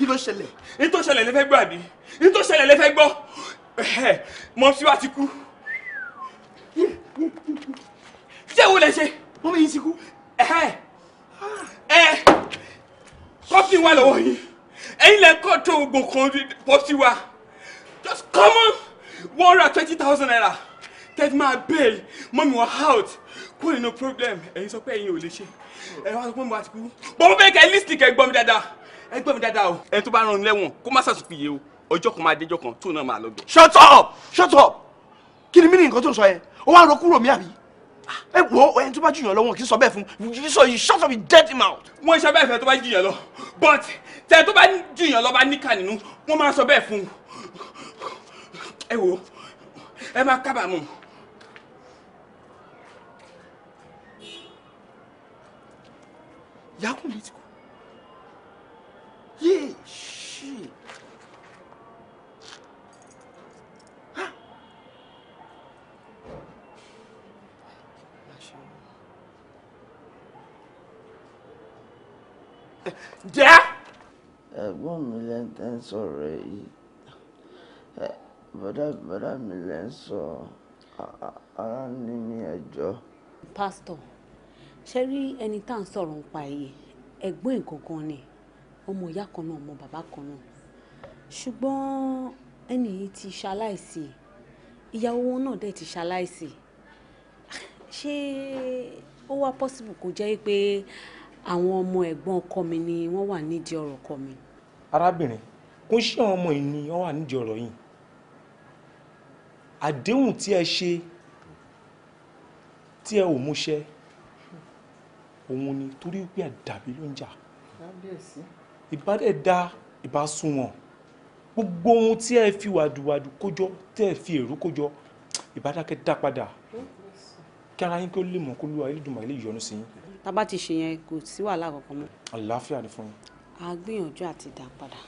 kí ló ṣẹlẹ̀. ní tó ṣẹlẹ̀ lè fẹ́ gbọ́ àbí ní tó ṣẹlẹ̀ lè fẹ́ gbọ́ mọ sí wa ti kú. ṣé wo lè ṣe. mọ́mí yìí ti kú. kọ́pì wa lọ́wọ́ yìí ẹ̀yin lè kọ́ tó gbòkan pọ́sí wa just come on one hundred and twenty thousand naira Get my bail mọ́mí wa out kúrò nínú problem ẹ̀yin sọ pé ẹ̀yin ò lè ṣe ẹ̀yin wá sọ pé mọ́mí wa ti kú. bọ́mọ́ bẹ́ẹ̀ kẹ́ lísìtì kẹ́ gbọ́ mi dáadáa ẹ gbọ́ mi dáadáa o ẹni tó bá rán lẹ́wọ̀n kó má sàtúnfi yé o ọjọ́ kan máa déjọ́ kan tóun náà máa lọ bẹ̀. shut up shut up kí ni mí ni nǹkan tó ń sọ yẹn ó wá rọ kúrò mí àbí ah. ẹ wo ẹni tó bá jiyàn lọ wọn kì í sọ bẹ́ẹ̀ fún kì sọ yìí shut up dead him wọ́n ṣe bẹ́ẹ̀ fẹ́ tó bá jiyàn lọ but tẹ tó bá jiyàn lọ bá níkà nínú wọ́n máa sọ bẹ́ẹ̀ fún un ẹ mi ti kú. jẹ́. ẹ̀gbọ́n mi lẹ́ ń tẹ́ ń sọ̀rọ̀ yìí bọ́dá bọ́dá mi lẹ́ ń sọ ara ní mi ẹ̀jọ́. pásítọ̀ ṣe rí ẹni tá à ń sọ̀rọ̀ ń pa yìí ẹ̀gbọ́n ìgangan ni ọmọ ìyá kan náà ọmọ bàbá kan náà ṣùgbọ́n ẹni yìí ti ṣaláìsí ìyàwó wọn náà dẹ̀ ti ṣaláìsí ṣé ó wá pọ́sibù kó jẹ́ pé. Pe àwọn ọmọ ẹ̀gbọ́n ọkọ mi ni wọ́n wà nídìí ọ̀rọ̀ ọkọ mi. arábìnrin kò ṣe àwọn ọmọ yìí ni wọ́n wà nídìí ọ̀rọ̀ yìí àdéhùn tí ẹ ṣe tí ẹ ò múṣẹ òun ni torí pé àdàbí ló ń jà ìbádẹ́ da ìbá sunwọ̀n gbogbo ohun tí ẹ fi wàdùwàdù kójọ tẹ́ ẹ fi èrú kójọ ìbádákẹ́ dá padà kí ara yín kí ó lè mọ̀ kó lúwa elédùnmọ̀ ilé ìyọnu sí yín tá bá ti ṣe yẹn kò sí wàhálà kankan mọ́. àlàáfíà ni fún mi. a gbìyànjú àti dá padà.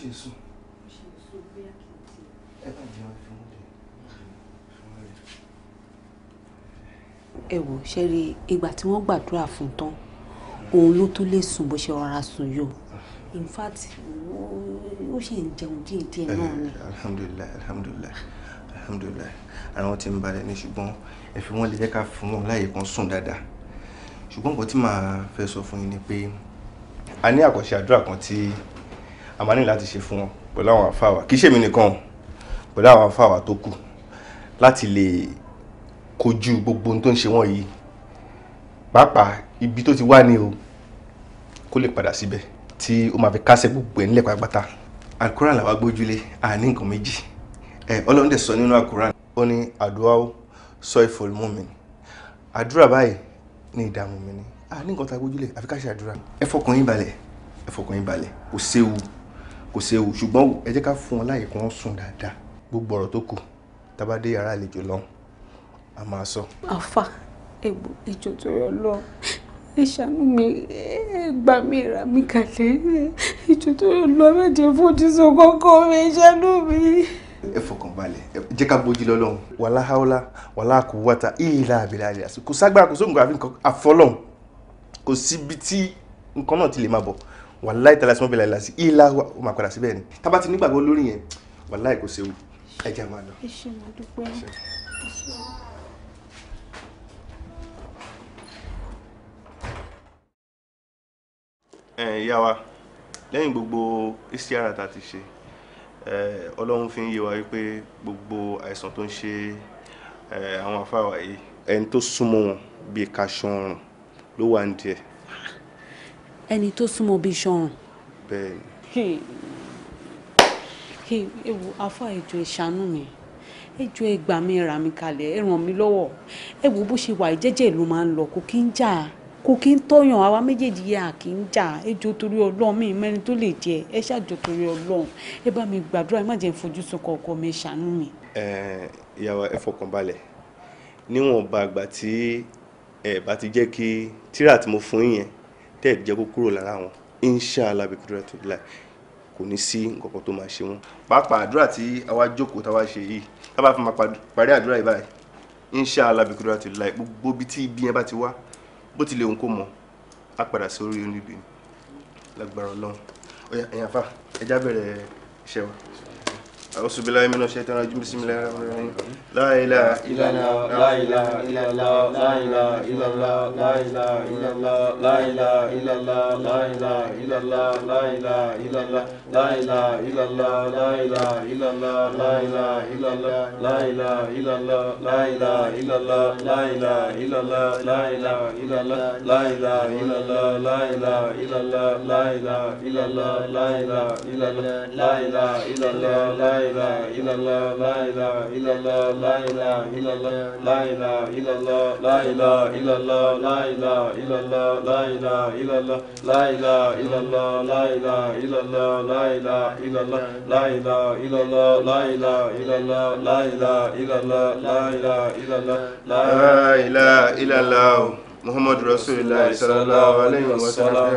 ṣe sùn. ẹ wò ṣe rí ìgbà tí wọ́n gbàdúrà fún tán òun ló tó lè sùn bó ṣe rọra sùn yó in fact ó ṣe ń jẹun díẹ̀díẹ̀ náà ni. alhamdulilayi eh, alhamdulilayi alhamdulilayi ara wọn ti ń balẹ̀ ní ṣùgbọ́n ẹ fi wọ́n lè jẹ́ ká fún wọn láàyè kan sùn dáadáa ṣùgbọ́n nǹkan tí màá fẹ́ sọ fún yín ni pé a ní àkànṣe àdúrà kan tí a máa ní láti ṣe fún wọn pẹ̀lú àwọn àfàwà kì í ṣèmi nìkan pẹ̀lú àwọn àfàwà tó kù láti lè kojú gbogbo ohun tó ń ṣe wọ́n yìí pàápàá ibi tó ti wá ni o kó lè padà síbẹ̀ tí ó máa fi kásẹ̀ gbogbo ẹ̀ nílẹ̀ pátápátá alukoran làwa gbójúlé àní nǹkan méjì ẹ ọlọ́run dẹ̀ sọ nínú alukoran ó ní àdúrà ó sọ ìfòlùmọ́ mi àdúrà báyìí ní ìdààmú mi ni àní nǹkan tá a gbójúlé àfi ká ṣe àdúrà ẹ fọkàn yín balẹ̀ ẹ fọkàn yín balẹ̀ kò séwu kò séwu ṣùgbọ́n ẹ jẹ́ ká fún wọn láàyè kí wọ́n sùn dáadáa gbogbo ọ̀rọ̀ ẹ ṣàánú mi ẹ gbà mí ra mi kalẹ̀ ìjọ tó lọ méje fojú sọ kọ́kọ́ mi ẹ ṣàánú mi. ẹ fọkàn balẹ̀ jẹ́ ká gbójú lọ́lọ́run wàlá haúlá wàlá kùwàtà ìlà àbílà rẹ̀ kò ságbára kò sóògùn àfi àfọlọ́hún kò síbi tí nǹkan náà ti lè máa bọ̀ wàlá ìtàlá sọ́mọ́ bẹ̀rẹ̀ láti ìlà ó máa padà síbẹ̀ ni tá bá ti nígbàgbọ́ lórí yẹn wàlá kò séwu ẹ jẹ́ ẹ ṣe mọ̀ dúpẹ́ ẹ ṣe mọ̀. ẹ ìyá wa lẹ́yìn gbogbo istiara tá a ti ṣe ọlọ́run fi ń yé wa wípé gbogbo àìsàn tó ń ṣe àwọn afáwa yìí ẹni tó súnmọ́ wọn bíi ká ṣọrùn ló wà ń díẹ̀. ẹni tó súnmọ́ bíi ṣọrùn. bẹ́ẹ̀ ni. ewu afa ìjọ ìṣàánú mi ẹjọ ẹgbàá mi rà mí kalẹ̀ ẹ ràn mí lọ́wọ́ ẹ wo bó ṣe wà jẹ́jẹ́ ló máa ń lọ kó kí n jà á kò kí ń tọ̀yàn àwa méjèèjì yà kì í jà ẹ jọ̀ọ́ torí ọlọ́run mi mẹ́rin tó lè jẹ ẹ ṣàjọ torí ọlọ́run ẹ bá mi gbàdúrà ẹ má jẹ́ fojú sunkọ ọkọ mi ṣàánú mi. ẹ ìyàwó ẹ fọkàn balẹ̀ níwọ̀nba àgbà tí ẹ bá ti jẹ́ kí tíra tí mo fún yẹn tẹ́ ẹ jẹ́ kó kúrò lára wọn inshallah bí kúrò tó láì kò ní sí nǹkan kan tó máa ṣe wọn. pàápàá àdúrà tí àwa jókòó táwa ṣe yìí táwa fi máa parí àdúrà yìí báyìí inshallah bí kúrò tó láì gbogbo ibi tí ibi yẹn bá ti wá bó tilẹ̀ òun kò mọ̀ á padà sí orí oníbi lágbára ọlọ́run ọ̀yà ẹ̀yàn fà ẹja wa. أعوذ بالله من الشيطان الرجيم بسم الله الرحمن الرحيم لا إله إلا الله لا إله إلا الله لا إله إلا الله لا إله إلا الله لا إله إلا الله لا إله إلا الله لا إله إلا الله لا إله إلا الله لا إله إلا الله لا إله إلا الله لا إله إلا الله لا إله إلا الله لا إله إلا الله لا إله إلا الله لا إله إلا الله لا إله إلا الله لا إله إلا الله لا إله إلا الله لا إله إلا الله لا إله إلا الله لا إله إلا الله لا إله إلا الله لا إله إلا الله لا إله إلا الله لا إله إلا الله لا إله إلا الله لا إله إلا الله لا إله إلا الله لا إله إلا الله لا إله إلا الله لا إله إلا الله لا إله إلا الله لا إله إلا الله لا إله إلا الله محمد رسول الله صلى الله عليه وسلم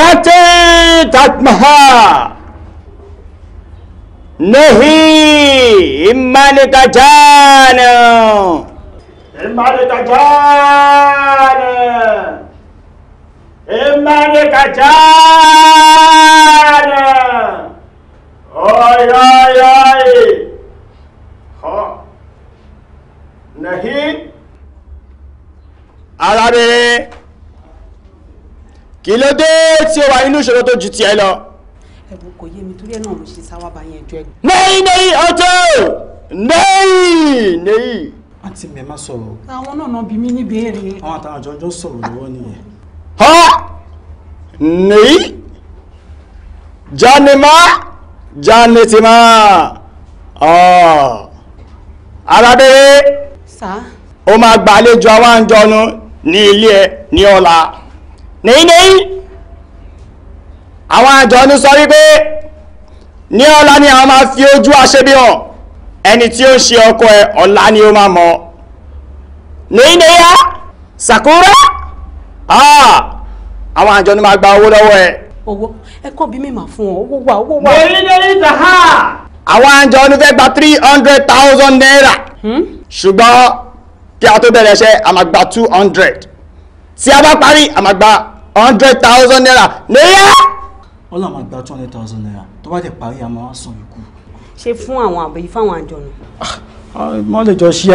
आत्मा नहीं मन का जान मन का जान मन का जान ओए नहीं आ हाँ नहीं अरे किलो दे tí ó wà nínú ìṣòro tó ju tiẹ̀ lọ. ẹ̀bùn kò yé mi torí ẹ̀ náà mo ṣe sáwá bá yẹn jọ ẹ̀gbọ́n. nẹ́yì nẹ́yì ọ̀tọ̀ ha nìyí jánimá jánitimá ọ̀ arábẹ́rẹ́ ó máa gbàlejò àwọn àjọnu ní ilé ẹ ní àwọn àjọ ní sọ wípé ní ọ̀la ni àwọn máa fi ojú àṣebí hàn ẹni tí ó ń ṣe ọkọ ẹ̀ ọ̀la ni ó máa mọ̀ nínéyà sàkúrà ah, àwọn àjọ ní máa gba owó lọ́wọ́ ẹ̀. owó ẹkọ bí mi máa fún ọ owó wà owó wà. èyí ló ní sàhà. àwọn àjọ ní fẹ́ gba three hundred thousand naira hmm? ṣùgbọ́n kí a tó bẹ̀rẹ̀ ṣe a máa gba two hundred tí a bá parí a máa gba hundred thousand naira níyà wọ́n làwọn máa gba two hundred thousand naira tó bá dẹ̀ parí àmọ́ wọ́n san yòókù. ṣe fún àwọn àbẹ̀yí fáwọn àjọ̀nù. mo ah, ah, lè jọ ṣí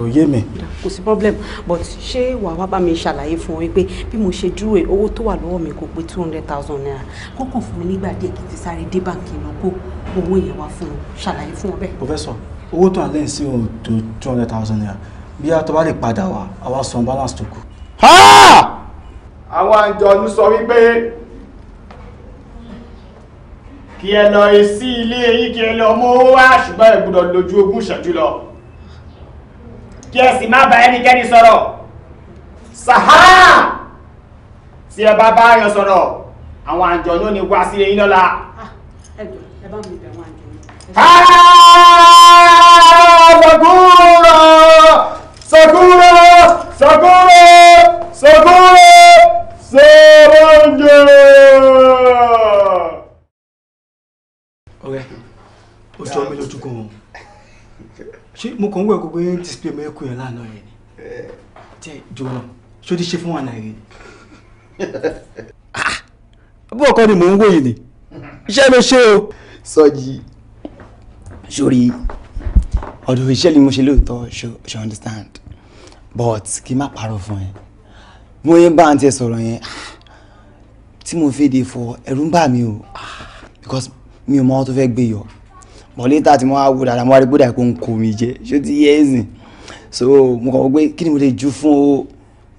òye mi. kò sí problem but ṣé wàá wá bá mi ṣàlàyé fún ọ wípé bí mo ṣe dúró owó tó wà lọ́wọ́ mi kò pé two hundred thousand naira kókò fún mi nígbà díẹ̀ kí n ti sáré dé báńkì lọ kó owó yẹn wá fún ọ ṣàlàyé fún ọ bẹ́ẹ̀. professor owó tó à ń lẹ́yìn sí òun tó two hundred thousand naira bí a tó bá lè padà wá àwa san balance tó kù. àwa àjọ̀nù sọ wípé kí ẹ lọ sí ilé yìí kí ẹ lọ mú owó wá ṣùgbọ́n ẹ gbọ́dọ̀ lójú ogún ìṣẹ́jú lọ kí ẹ sì má bá ẹnikẹ́ni sọ̀rọ̀ sàhárà tí ẹ bá bá yàn sọ̀rọ̀ àwọn àjọ ní ò ní wá sí eyín lọ́la. Ah, ẹ bá mi bẹ̀ wọ́n ọ̀rẹ́ o jọ mi lójú gan o ṣé mo kàn ń wẹ̀ kó pé display mi kú yẹn lánàá yẹn ni tí jọ̀nà ṣó ti ṣe fún wa náà rí ni. Ah, bó ọkọ ni mò ń wòye ni iṣẹ́ ló ṣe o. sọjí sórí ọ̀dọ̀ iṣẹ́ ni mo ṣe lóòótọ́ ṣe understand but kí n má parọ́ fún ẹ mo yẹn bá àǹtí ẹ sọ̀rọ̀ yẹn ah, tí mo fi dé fọ ẹ̀rù ń bà mí o ah, because mi ò mọ ọ́ tó fẹ́ gbé yọ mọ̀lẹ́ta tí mo wá wò dáadáa mo wá rí gbódà kó ń kó mi jẹ ṣó ti yẹ so mo kàn wọ́n pé kí ni mo lè ju fún o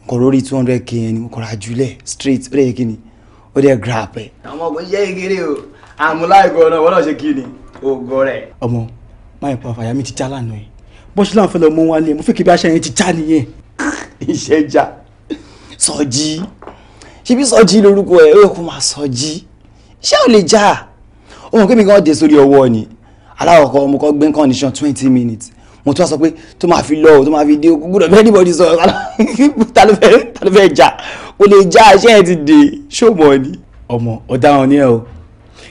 kọ̀ lórí two hundred k yẹn ni mo kọ̀ ra jùlẹ̀ straight ó dẹ̀ yẹ kí ni ó dẹ̀ grab ẹ̀. àwọn ọkọ̀ yẹ́ ìgèrè o àmúláìgọ̀ náà wọ́n náà ṣe kí ni ògo rẹ̀. ọmọ máa my pa àfàyà mi ti já lánàá yìí bọ́sí láwọn fẹlẹ̀ ọmọ wa lé mo fẹ́ kí bí aṣọ yẹn ti já nìyẹn. [LAUGHS] iṣẹ́ já sọjí ṣebí sọjí lórúkọ ẹ̀ ó yẹ kó máa sọjí ṣé ò lè já ohun kí mi kàn dé sórí ọwọ́ ni aláwọ̀kọ́ mo kọ́ gbé condition twenty minutes mo tún wá sọ pé tó máa fi lọ tó máa fi dé gbúdọ̀ bẹ́ẹ̀ anybody sọ [LAUGHS] ta ló fẹ́ jà kò lè já aṣẹ́ ẹ̀ ti dè ṣòmọ́ ni. ọmọ ọ̀daràn ni ẹ o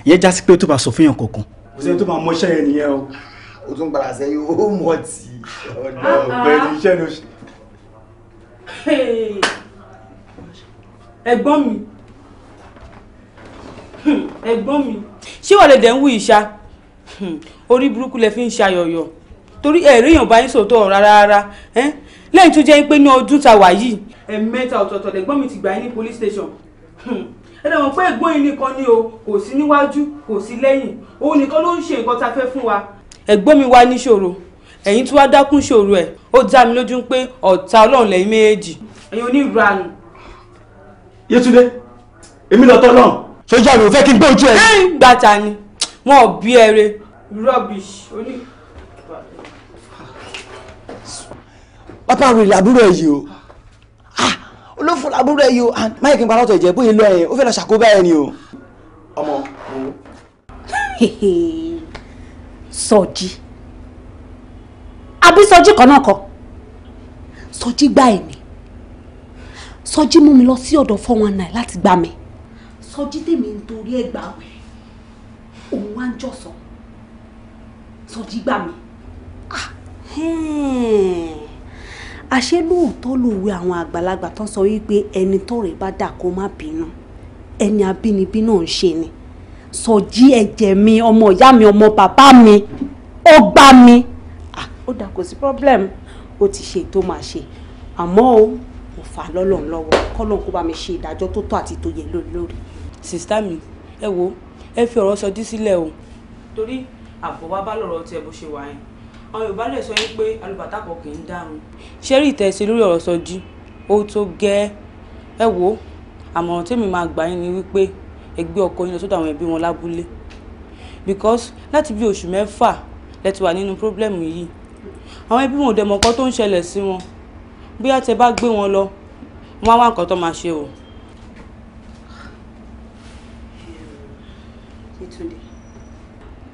ìyẹn já sí pé tó bá sọ fihàn kankan kò sẹ́ni tó máa mọṣẹ́ yẹn nìyẹn o. o tún gbàrà sẹ́yìn ó mọ̀ tí ọ̀dọ̀ bẹ̀rù iṣẹ́ ló ṣe. ẹ̀gbọ́n mi hmm, ẹ̀gbọ́n mi ṣé wà lè dẹ̀ ń wú ìṣá hmm, orí burúkú lẹ fi ń ṣayọ̀yọ̀ torí ẹ̀rí èèyàn bá yín sòótọ́ ọ̀rọ̀ rárá lẹ́yìn tó jẹ́ pé ní ọdún ta wà yìí. ẹ̀mẹ́ta ọ̀tọ̀ọ̀tọ̀ lẹ́gbọ́n mi ti gbà yín ní police station hmm, ẹ dẹ̀ mọ̀ pé ẹ̀gbọ́n yín nìkan ni o kò sí níwájú kò sí lẹ́yìn òun nìkan ló ń ṣe nǹkan ta fẹ́ fún wa. ẹ̀gbọ́n mi wá níṣòro ẹ̀yin tí wá dákún ṣòro ẹ̀ ó dá mi lójú pé ọ̀tá ọlọ́run lẹ́yìn méjèèjì. ẹ̀yin oníranù. Yétúndé èmi lọ tọ́ náà sójà mi ò fẹ́ kí n gbé ojú ẹ. gbàtà ni wọn ò bí ẹrẹ rubbish oní. pápá rèé àbúrò ẹ yìí o ah, olófò làbúrò ẹ yìí o máyì kí n parọ́ ọ̀tọ̀ ìjẹ́ bóyá lọ ẹ̀yìn ó fẹ́ lọ ṣàkóbá ẹ ni o. ọmọ òun. sọjí àbí sọjí kan náà kọ sọjí gbá ẹ̀mí sọjí mú mi lọ sí ọ̀dọ̀ four one nine láti gbá mi. Sọjí tèmi ń torí ẹ̀ gbà wẹ̀ òun wá ń jọ̀sọ̀ Sọjí gbà mí. Ah, àṣé lóòótọ́ lòwe àwọn àgbàlagbà tó ń sọ wípé ẹni tọ́rẹ̀ bá dà kó má bínú ẹni abínibí náà ń ṣe ni Sọjí ẹ̀jẹ̀ mi ọmọ ìyá mi ọmọ bàbá mi ó gbá mi ah, ó dà kò sí problem ó ti ṣe tó máa ṣe àmọ́ ó mo fà lọ́lọ́run lọ́wọ́ kọ́lọ́n kó bá mi ṣe ìdájọ́ tó tọ́ àti tó yẹ lórí lórí sista mi ẹ wo ẹ fi ọ̀rọ̀ sọdí sílẹ̀ o. torí àbọ̀ wa bá lọ̀rọ̀ tiẹ̀ bó ṣe wà yẹn àwọn Yorùbá lè sọ yín pé alùbàtà kan kì í dárun. ṣé rí ìtẹ̀sí lórí ọ̀rọ̀ sọjí ó tó gẹ́ẹ́ ẹ wo àmọ̀ràn tèmi máa gbà yín ni wípé ẹ gbé ọkọ yín lọ sọ́dọ̀ àwọn ẹbí wọn lábúlé because láti bí oṣù mẹ́fà lẹ ti wà nínú pírọ́blẹ́mù yìí àwọn ẹbí wọn ò dẹ̀ mọ̀ nǹkan tó ń ṣẹlẹ̀ sí wọn bóyá tẹ bá gbé wọn lọ wọn á wá nǹkan tó máa ṣe o.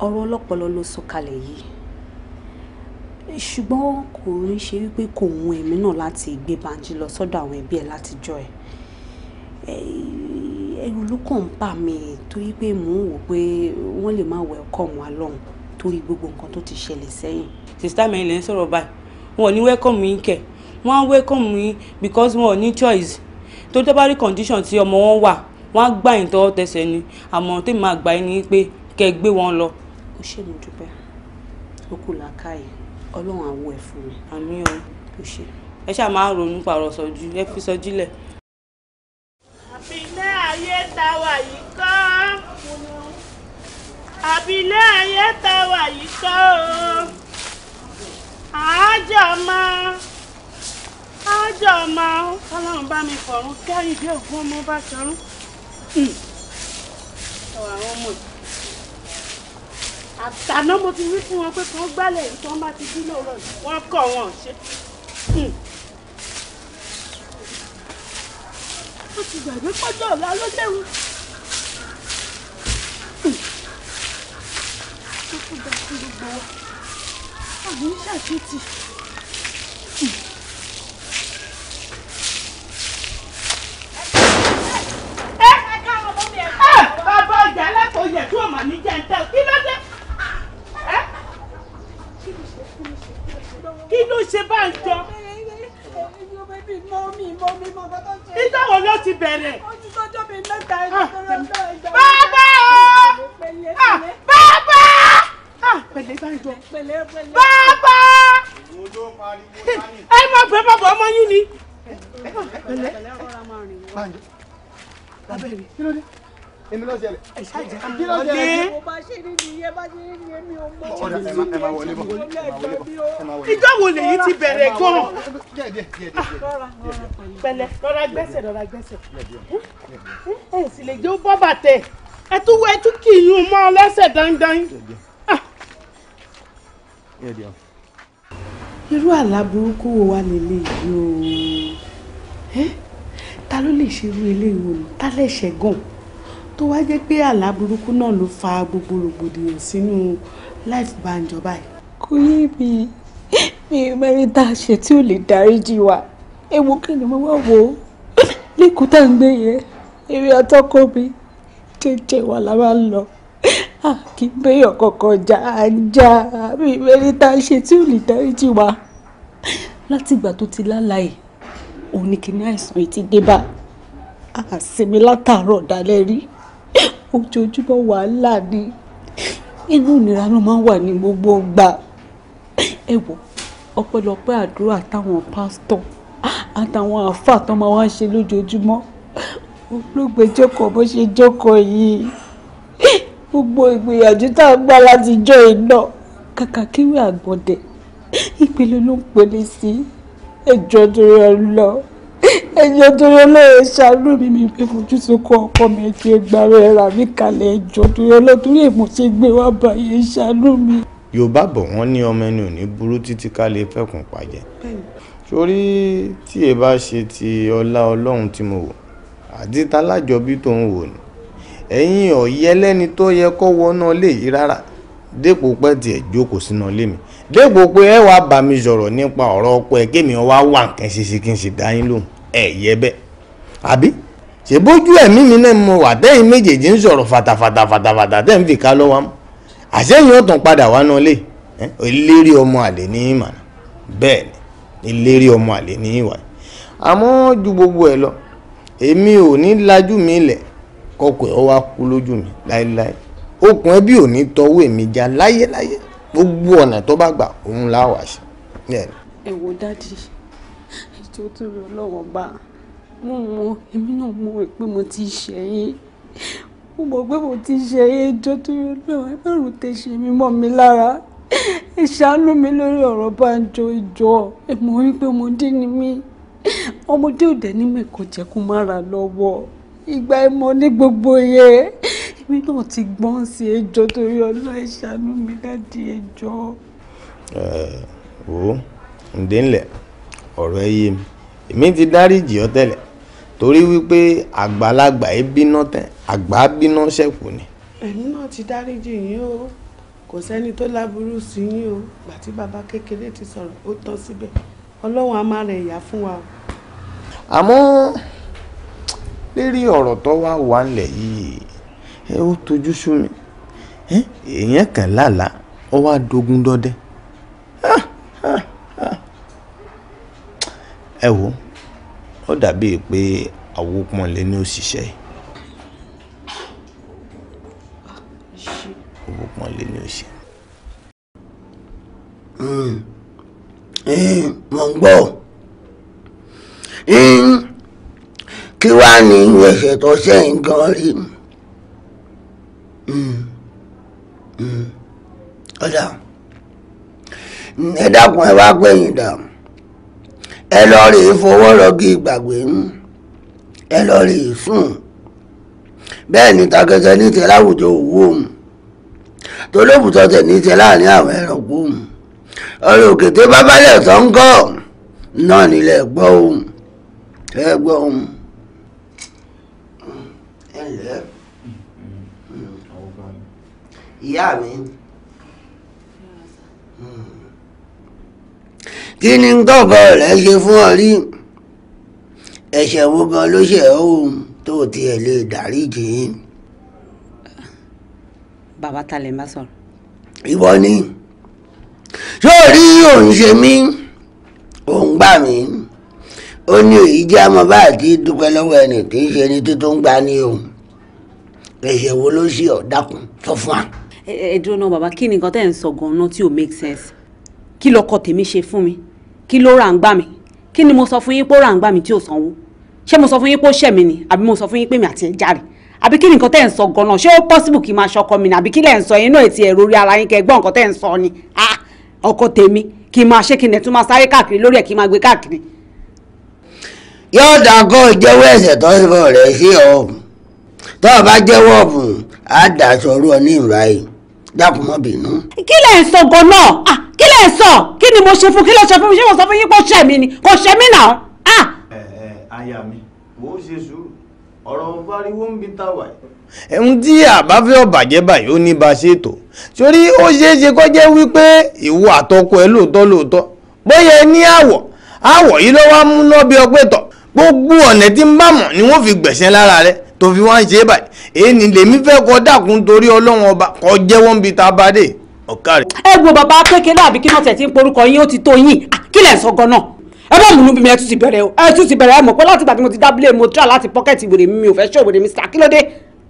ọ̀rọ̀ ọlọ́pọlọ ló sọ kalẹ̀ yìí ṣùgbọ́n kò ń ṣe wípé kò wù èmi náà láti gbé Banji lọ sọ́dọ̀ àwọn ẹbí ẹ̀ látijọ́ ẹ̀ ẹ̀rù ló kàn ń bà mí torí pé mò ń wò pé wọ́n lè má welcome wa lọ́hùn torí gbogbo nǹkan tó ti ṣẹlẹ̀ sẹ́yìn. sista mi ilẹ̀ ń sọ̀rọ̀ báyìí wọn ò ní welcome yín kẹ̀ wọ́n á welcome yín because wọn ò ní choice tó tẹ́ bá rí condition tí ọmọ wọn wà wọ́n á gbà yín tọwọ́ tẹsẹ̀ ni àmọ́ tèmi máa gbà yín ni pé kẹ́ gbé wọn lọ ṣé mo dúpẹ́ ó kù làákàyè ọlọ́run àwọ̀ ẹ̀ fún mi àmì ò kò ṣe ẹ ṣáà máa ń ronú pààrọ̀ sọjú ẹ fi sọjú lẹ̀. àbílẹ̀ ayé ta wà yìí kọ́ àbílẹ̀ ayé ta wà yìí kọ́ àájọ máa àájọ máa ọlọ́run bá mi fọ̀run kẹ́yìn bí ògún ọmọ bá ṣọrún. ọ̀rọ̀ àwọn ọmọ yìí àtàná mo ti wí fún wọn pé kàn gbálẹ̀ tí wọ́n bá ti dín lóòrọ̀ wọ́n kọ̀ wọ́n ṣe. Hmm. ó ti gbàgbé pọ́jọ́ ọ̀la ló léwu. Hmm. ó tún gba fún gbogbo wa àwọn oníṣàkẹ́tì. Hmm. Ah, bàbá ọjà alákòóyè tó ọmọ mi jẹ ń tẹ kí ló dé. kí ló ṣe bá ń jọ. Nígbà wo ló ti bẹ̀rẹ̀? Bàbá o! Ah, bàbá! Ah, pẹ̀lẹ́ bá ń jọ. Bàbá! Ẹ máa bẹ bàbá ọmọ yín ni. Ah, pẹ̀lẹ́. Bàbá mi, kí ló dé? èmi ló ṣẹlẹ̀. kí ló ṣẹlẹ̀. mo bá ṣe ní iye bá ṣe ní iye mi ò mọ. ọ̀dà ẹ máa wọlé bọ̀ ìjọ wo lèyí ti bẹ̀rẹ̀ gan-an. pẹ̀lẹ́ lọ́ra gbẹ́sẹ̀ lọ́ra gbẹ́sẹ̀ ẹ sì lè jẹ́ ó bọ́ bàtẹ̀ ẹ tún wọ ẹ tún kì í yún mọ́ lẹ́sẹ̀ dandan. Ah. irú àlá burúkú wo wá lélẹ̀ yìí o ta ló lè ṣerú eléyìí o ta lẹ́sẹ̀ gan tó wá jẹ́ pé àlá burúkú náà ló fa gbogbo rògbòdìyàn sínú láìfù Bánjọ báyìí. kò yé mi mi mẹ́rin tá a ṣe tí ò lè dáríjì wa ewu kí ni mo wá wò ó lẹ́kùn tá à ń gbé yẹn eré ọtọ́kọ mi jẹ́jẹ́ wa la máa ń lọ kí n béèyàn kankan jà á jà á mi mẹ́rin tá a ṣe tí ò lè dáríjì wa láti ìgbà tó ti lálàyé òun ni kìnìún àìsàn yìí ti dé bá a sinmi látàárọ̀ dalẹ́ rí ojoojúmọ́ wàhálà ni inú ìnira ló máa ń wà ní gbogbo ìgbà ẹ wò ọpẹ́lọpẹ́ àdúrà táwọn pásítọ̀ àtàwọn àáfàá tó máa wá ṣe lójoojúmọ́ olóògbé jókòó bó ṣe jókòó yìí gbogbo ìgbìyànjú tá a gbà láti jọ iná kàkà kíwé àgbọ̀dẹ̀ ìpele ló ń pele sí ẹjọ́ tó yọ lọ ẹjọ́ torí olóye ṣàánú mi mi fẹ́ fojú sunkún ọkọ mi ẹjọ́ ìgbàwé ra mi kalẹ̀ ẹjọ́ torí olótorí èmo ṣe gbé wá báyìí ṣàánú mi. yorùbá bọ̀ wọ́n ní ọmọ ẹni ò ní burú títí ká lè fẹ́kùn pàjẹ́ torí tí ẹ bá ṣe ti ọlá ọlọ́run tí mo wò àti tálájọbí tó ń wò ni ẹ̀yin ọ̀yẹ́ lẹ́ni tó yẹ kó wọná lè yí rárá dépò pé tiẹ̀ jókòó sínú ilé mi dépò pé ẹ wàá bá mi sọ̀rọ̀ nípa ọ̀rọ̀ ọpọ ẹ kémi wá wà nǹkan ṣe ṣe kí n sì dá yín lóhùn ẹ̀yẹ bẹ́ẹ̀ àbí ṣe bójú ẹ̀mí mi náà mo wà tẹ́yìn méjèèjì ń sọ̀rọ̀ fàtàfàtà fàtàfàtà tẹ́ ń fi ká lọ́wọ́ mú àṣẹ́yìn ọ̀tàn padà wá náà lè eléré ọmọ àlè ní ìmọ̀nà bẹ́ẹ̀ ni eléré ọmọ àlè ní ìwà àmọ́ ju gbogbo ẹ̀ lọ èmi ò ní lajú mi lẹ̀ kọkọ̀ ẹ̀ wá kú lójú mi láéláé okùn ẹbí ò ní tọwọ́ èmi já láyéláyé gbogbo ọ̀nà tó bá gbà òun láwàá ṣe. ẹ wo dádì tó tó lọ lọ́wọ́ bá mo mọ èmi náà mọ pé mo ti ṣe yín mo mọ̀ pé mo ti ṣe yín jọ tó yọ lọ́wọ́ ẹ bẹ̀rù tẹ ṣe mí mọ́ mi lára ẹ ṣàánú mi lórí ọ̀rọ̀ Banjo ìjọ ẹ mọ̀ wípé mo dín ní mí ọmọdé òde ní mẹ́kọ̀ jẹ́ kó má ra lọ́wọ́ ìgbà ẹ̀mọ́ ní gbogbo yẹn èmi náà ti gbọ́n sí ẹjọ́ torí ọlọ́ ẹ ṣàánú mi láti ẹjọ́. ẹ wo ǹdẹ́ ńlẹ̀ ọ̀rọ̀ ẹ yé mi èmi ti dáríjì ọ tẹ́lẹ̀ torí wípé àgbàlagbà ẹ bínú tẹ àgbà bínú ṣẹ̀kù ni. èmi náà ti dáríjì yín o kò sẹ́ni tó láburú sí yín o gbà tí bàbá kékeré ti sọ̀rọ̀ ó tán síbẹ̀ ọlọ́run á má rẹ̀ ìyá fún wa àmọ́ lérí ọ̀rọ̀ tó wá wà nílẹ̀ yìí ẹ ó tojú sú mi èèyàn kan lálàá ó wá dogun dọdẹ ẹ wo ó dàbí pé àwo pọ́nlé ní òṣìṣẹ́ owó pọ́nlé ní òṣìṣẹ́. mo ń gbọ́ kí wàá ní ẹsẹ̀ tó ṣe ń gan rí ọ̀dà ẹ dákun wá gbẹ̀yìn dàmú ẹ lọ rí fowó rọgì ìgbàgbé ń ẹ lọ rí sùn bẹ́ẹ̀ ni tàkẹ́kẹ́ ní tẹ láwùjọ òwú òun tolóbùtọ́ tẹ̀ ní tẹ láàrin àwọn ẹranko òun ọ̀rọ̀ òkété bábálẹ̀ tó ń gọ̀ náà nílẹ̀ gbọ́ òun ẹ gbọ́ òun ẹ lẹ́ẹ̀ hmm, hmm. ìyá mi. kí ni tọ́kọ rẹ̀ ṣe fún ọ rí ẹ̀ṣẹ̀ wo gan ló ṣe ọ́ o tó tiẹ̀ lè dáríjì. bàbá ta lè má sọ̀rọ̀. ìwọ ni yóò rí òun ṣe mí òun gbà mí ó ní èyí jẹ́ àmọ́ bá àti dúpẹ́ lọ́wọ́ ẹni tí ń ṣe ni tó ń gbà ní òun ẹ̀ṣẹ̀ wo ló ṣe ọ̀ dákun sọ wa. ẹ ẹ dúró náà bàbá kí ni nǹkan tẹ́ ẹ̀ ń sọ gan-an tí ò make sense kí lọkọ tèmi ṣe fún mi kí ló rà ń gbà mí kí ni mo sọ fún yín pé ó rà ń gbà mí tí ò sanwó ṣé mo sọ fún yín pé ó ṣẹ̀ mí ni àbí mo sọ fún yín pé mi àti ń jàre àbí kí ni nǹkan tẹ́ ń sọ gan-an ṣé ó possible kí n máa ṣọkọ mi ni àbí kí lẹ́ ń sọ yín náà ti ẹ̀rọ orí ara yín kẹ́ gbọ́ nǹkan tẹ́ ń sọ ni ah ọkọ tèmi kí n máa ṣé kí n tún máa sáré káàkiri lórí ẹ̀ kí n máa gbé káàkiri. yóò dà kó ìjẹ́wọ́ tó ń bọ̀ rẹ̀ sí ọ̀hún tó o bá jẹ́wọ́ ọ̀hún á dà sọ̀rọ̀ ní ìráyìí dákun má bínú. kí lẹ̀ ń sọ gan náà ah, kí lẹ̀ ń sọ kí ni mo ṣe fún kí ló ṣe fún mi ṣé mo sọ fún yín kó ṣe mí ni kò ṣe mí náà. Ah! ẹ ẹ aya mi mo ṣe sùúrù ọ̀rọ̀ pariwo ń bi táwa yìí ẹ̀hún tí àbáfẹ́ ọ̀bàjẹ́ báyìí ó ní bá ṣe tò sórí ó ṣeéṣe kó jẹ́ wípé ìwọ àtọkọ ẹ lóòótọ́ lóòótọ́ bóyá ní àwọ̀ àwọ̀ yìí lọ́wọ́ múná bí ọpẹ́ tọ̀ gbogbo ọ̀nà tí ń bá mọ̀ ni wọ́n fi gbẹ̀sẹ̀ lára rẹ̀ tó fi wá ń ṣe é báyìí èyí lèmi fẹ́ kọ́ dákun torí ọlọ́run ọba kọ́ jẹ́wọ́ ń bi ta bá dé ọ̀kárẹ̀. ẹ wo bàbá kékeré àbí kí náà tẹ̀ tí ń porúkọ yín ó ti tó yín ah, kí lẹ̀ sọ gan náà ẹ bá múnú bímọ ẹ tún ti bẹ̀rẹ̀ o ẹ tún ti bẹ̀rẹ̀ ẹ mọ̀ pé láti gbàgbé mo ti dábìlẹ̀ mo tíra láti pọ́kẹ́tì ìwèrè mi ò fẹ́ ṣe òwèrè mi sà kí ló dé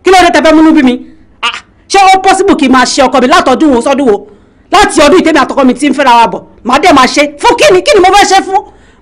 kí ló dé tẹ fẹ́ múnú bí mi ah, ṣé ó pọ́sibù kí n máa ṣe ọkọ mi látọdún wo sọdún wo láti ọdún ìtẹ́mi àtọkọ mi ti ń fẹ́ra wa bọ̀ màá dẹ̀ máa ṣe fún kíni kíni mo fẹ́ ṣe fún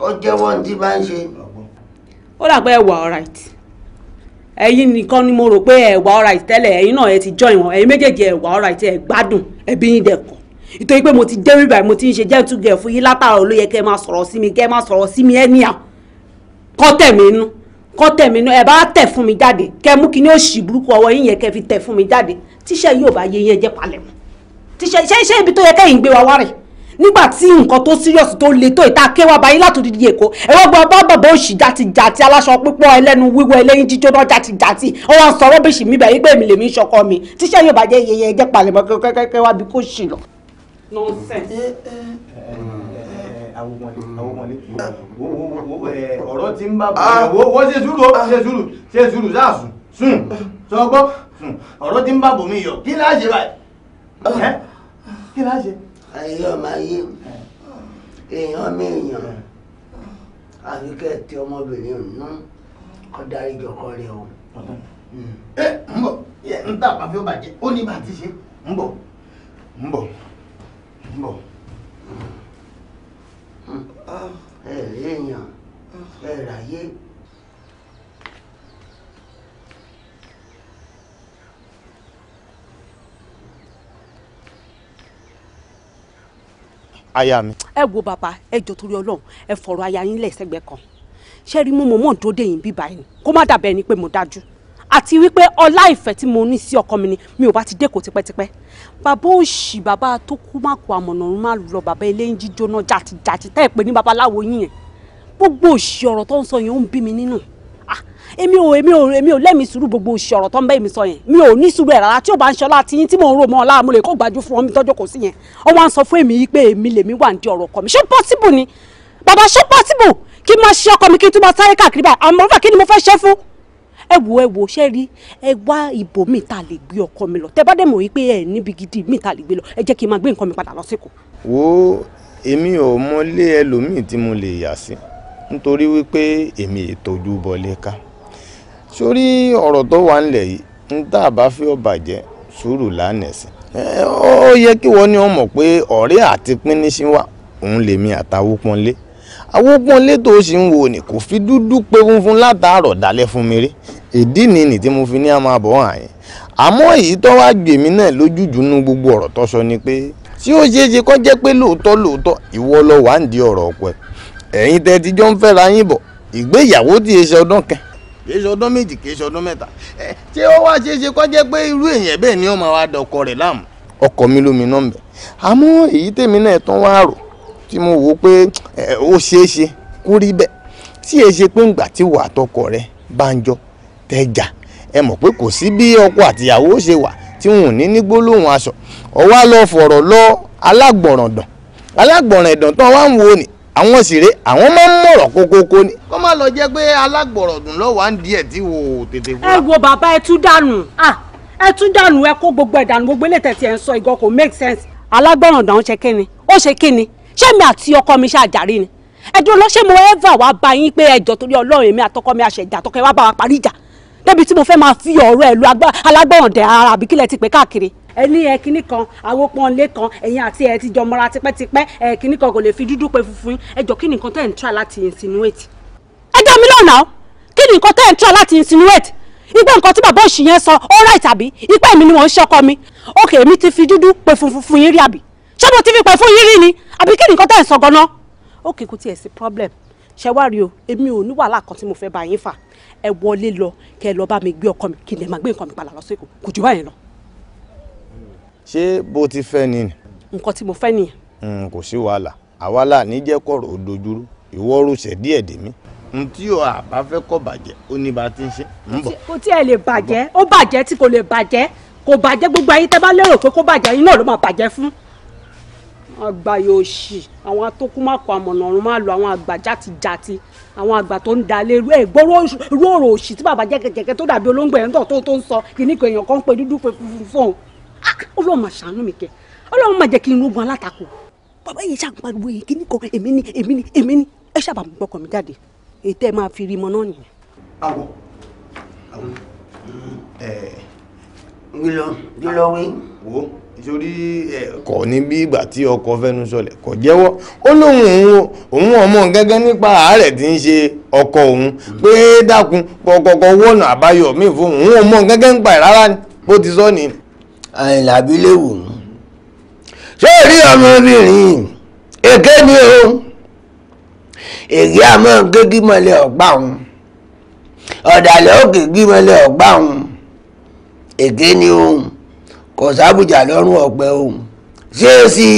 kó jẹ́wọ́ ní tí bá ń ṣe. ó dàgbà ẹ wà alright ẹ̀yin nìkan ni mo rò pé ẹ wà alright tẹ́lẹ̀ ẹ̀yin náà ẹ ti join wọn ẹ̀yin méjèèjì ẹ wà alright ẹ gbádùn ẹbí yín dẹ̀kọ̀ nítorí pé mo ti dé bíbá mo ti ń ṣe jẹ́ túgẹ̀ fún yín látàrọ̀ ló yẹ kẹ́ máa sọ̀rọ̀ sí mi kẹ́ máa sọ̀rọ̀ sí mi anyhow kọ́ tẹ̀ mí nú kọ́ tẹ̀ mí nú ẹ bá tẹ̀ fún mi jáde kẹ́ mú kí ní òṣì burúkú ọwọ́ yín yẹn kẹ́ fi tẹ̀ fún mi jáde tíṣẹ́ yóò bá yé yẹn jẹ́ palẹ̀mọ́ tíṣẹ́ iṣẹ́ ibi tó yẹ kẹ́yìn gbé rẹ̀ nígbà tí nǹkan tó serious tó le tó ìta kéwà báyìí látòdì èkó ẹ̀rọ gba ọba bàbá òṣì jàtìjàtì aláṣọ pípọ́ ẹlẹ́nu wíwọ ẹlẹ́yin jíjóná jàtìjàtì ó wá ń sọ mi bẹ̀rẹ̀ pé lèmi ń ṣọkọ mi tíṣẹ́ yóò bàjẹ́ yẹyẹ ẹjẹ́ palẹ̀mọ́ kẹ́kẹ́kẹ́ wá bí kò ṣì lọ. Eh, eh. ọ̀rọ̀ tí ń bá bọ̀ ah, wọ́n ah. ṣe sùúrù ṣe sùúrù ṣe sùúrù sáà sùn sùn ọ̀rọ̀ tí ń bá bọ̀ mi yọ kí láà báyìí ah. eh? kí láà ayé ọmọ ayé èèyàn mi èèyàn àfi kẹ́ ẹ̀ tí ọmọbìnrin nù kọ́ darí jọkọ rẹ o. Hmm. ẹ ń bọ̀ ń tà pàfẹ́ ó bàjẹ́ ó ní bá ti ṣe ń bọ̀ ń bọ̀ ń bọ̀. Hmm. ẹ rí aya mi. ẹ wo bàbá ẹ jọ torí Ọlọ́run ẹ fọ̀rọ̀ aya yín lẹsẹgbẹ kan ṣé rí mo mọ mọ tó dé yín bíbá yín kó má dàbẹ ni pé mo dájú àti wípé ọlá ìfẹ́ tí mo ní sí ọkọ mi ni mi ò bá ti dẹ́kọ̀ tipẹ́tipẹ́ bàbá òṣì bàbá tó kú má kó àmọ̀nàrún má lọ bàbá eléyìí jíjóná jàtijàti tẹ́ ẹ̀ pé ní babaláwo yín yẹn gbogbo òṣì ọ̀rọ̀ tó ń sọ yẹn ó ń bí mi nínú. No èmi ò èmi ò èmi ò lẹ́mi sùúrù gbogbo òṣì ọ̀rọ̀ tó ń bẹ́ mi sọ yẹn mi ò ní sùúrù ẹ̀ rárá tí ò bá ń ṣọlá tí yín tí mò ń rò mọ́ ọ láàmú lè kó gbájú fún ọmọ tọ́jú kò sí yẹn ọ wá ń sọ fún èmi yìí pé èmi lèmi wà ní ọ̀rọ̀ ọkọ mi ṣé possible ni bàbá ṣé possible kí n máa ṣe ọkọ mi kí n tún máa sáré káàkiri báyìí àmọ́ fà kí ni mo fẹ́ ṣe fún ẹ wo ẹ wo ṣe rí ẹ wá ìbò mi ta lè gbé ọkọ mi lọ tẹ bá dẹ̀ mọ̀ wípé ẹ níbi gidi mi ta lè gbé lọ ẹ jẹ́ kí n máa gbé nǹkan mi nítorí wípé èmi ètò ojú bọlé ká sórí ọ̀rọ̀ tó wà ńlẹ̀ yìí ń tá a bá fi ọba jẹ́ sùúrù lánàá ó yẹ kí wọ́n ní wọ́n mọ̀ pé ọ̀rẹ́ àti pínísín wa òun lèmi àtàwọ́pọ̀nlé àwọ́pọ̀nlé tó sì ń wò ní kò fi dúdú pé funfun látàárọ̀ dalẹ̀ fún mi rí ìdí ni nì tí mo fi ní a máa bọ̀ hàn yín àmọ́ èyí tó wá gbèmí náà lójújú nú gbogbo ọ̀rọ̀ tó sọ ni pé tí ó ṣeé ṣe kó jẹ́ pé lóòótọ́ lóòótọ́ ìwọ lọ wà ń di ọ̀rọ̀ ọ̀pọ̀ ẹ̀yin tẹ́ ti ń fẹ́ra yín bọ̀ ìgbéyàwó tí ṣe ọdún kan kì í ṣe ọdún méjì kì í ṣe ọdún mẹ́ta ṣé ó wá ṣeé ṣe kó jẹ́ pé irú èèyàn bẹ́ẹ̀ ni ó máa wá dọkọ rẹ̀ láàmú ọkọ mi lómi náà mbẹ àmọ́ èyí tèmi náà tán wá rò tí mo wò ó pé ó ṣeé ṣe kó rí bẹ́ẹ̀ tí èyí ṣe pé ńgbà tí wàá tọkọ rẹ̀ bá ń jọ tẹjà ẹ mọ̀ pé kò sí bí ọkọ àtìyàwó ṣe wà tí wọn ò ní ní gbólóhùn aṣọ ọwọ́ á lọ fọ̀rọ̀ lọ alágbọ̀ràn dàn alágbọ̀ràn ẹ̀dàn tán wá ń wo ni àwọn sì ré àwọn máa ń mọ̀rọ̀ kókókó ni. kó má lọ jẹ́ pé alágbọ̀rọ̀dùn lọ́wọ́ à ń di ẹ̀ tí wò ó tètè wá. ẹ wo bàbá ẹ tún dànù ẹ tún dànù ẹ kó gbogbo ẹ dànù gbogbo eléyìí tẹ̀sí ẹ̀ ń sọ ìgò kò make sense. alágbọ̀rọ̀dùn ó ṣe kíni ó ṣe kíni ṣé mi àti ọkọ mi ṣàjàrí ni ẹ dúró lọ ṣé mo ever wá bá yín pé ẹjọ́ torí Ọlọ́run èmi àtọkọ mi àṣẹjà tọkọ ẹ wá bá wa parí ìjà débi tí mo fẹ́ máa fi ọ̀rọ̀ ẹ̀ lu alágbọ̀rọ̀dùn ara àbíkílẹ̀ ti pé káàkiri ẹ ní ẹ kínní kan àwọn pọ́nlé kan ẹ̀yin àti ẹ ti jọ mọ́ra tipẹ́tipẹ́ ẹ kínní kan kò lè fi dúdú pe funfun ẹ jọ kí ni nǹkan tẹ̀ ń tra láti insinuate. ẹ dá mi lọ́nà kí ni nǹkan tẹ̀ ń tra láti insinuate igbó nǹkan tí bàbá òṣì yẹn sọ ó ráì tàbí ipá èmi ni wọ́n ń ṣọkọ mi òkè èmi ti fi dúdú pe funfun fún yín rí àbí ṣé mo ti fi pè fún yín rí ni àbí kí ni tẹ̀ ń sọ gan-an. òkè kò tiẹ̀ sí problem ṣe wá rí o èmi ò ní wàhálà kan tí mo fẹ́ bá yín fà ẹ wọlé lọ kẹ lọ bá mi gbé ọkọ mi kí n lè máa gbé nǹkan mi padà lọ sí Èkó kò jù báyẹn lọ ṣé bó ti fẹ́ ni. nǹkan tí mo fẹ́ nìyẹn. Hmm, kò sí wàhálà àwa là ní jẹ́ kọ̀rọ̀ ó dojúrú ìwọ rúṣẹ̀ díẹ̀ dèmí n tí o àbá fẹ́ kọ́ bàjẹ́ ó ní bá ti ń ṣe ń bọ̀. kò tí ẹ lè bàjẹ́ ó bàjẹ́ tí kò lè bàjẹ́ kò bàjẹ́ gbogbo ayé tẹ́ bá lérò pé kó bàjẹ́ yín náà ló máa bàjẹ́ fún. àgbà yóò ṣì àwọn atókù má kọ àmọ̀nà ọ̀run má lo àwọn àgbà játijàti àwọn àgbà tó ń dalé rú ẹ̀ gbọ́rọ̀ rú tí bàbá jẹ́kẹ̀jẹ̀kẹ̀ tó dàbí olóńgbò ẹ̀ ń tọ̀ tó ń sọ kìnnìkan èèyàn kan pé dúdú pé funfun fóun ọlọ́run máa ṣàánú mi kẹ ọlọ́run máa jẹ́ kí n rógun alátakò bàbá yìí ṣàǹpariwo yìí kí ní kan èmi ni èmi ni èmi ni ẹ ṣàbà mú gbọkàn mi jáde èyí tẹ́ ẹ máa fi rí mọ náà nìyẹn. àwọ̀ àwọ̀ kí ló wí wò ìsorí ẹ. kò ní bí ìgbà tí ọkọ fẹnu sọlẹ̀ kò jẹ́wọ́ ó lóun òun ọmọ gẹ́gẹ́ nípa àárẹ̀ tí ń ṣe ọkọ òun pé dákun kọkọkọ wọnà àbáyọ mi fún òun ọmọ gẹ́gẹ́ ń pa ẹ rárá ni bó ti sọ nìyí àyìnlábí léwu ṣé rí ọmọbìnrin èké ni o èké àmọ́ gégímọ̀lẹ̀ ọ̀gbà òun ọ̀dàlẹ̀ òkè gímọ̀lẹ̀ ọ̀gbà òun èké ni o kò sábùjà lọ́rùn ọ̀pẹ o ṣé sí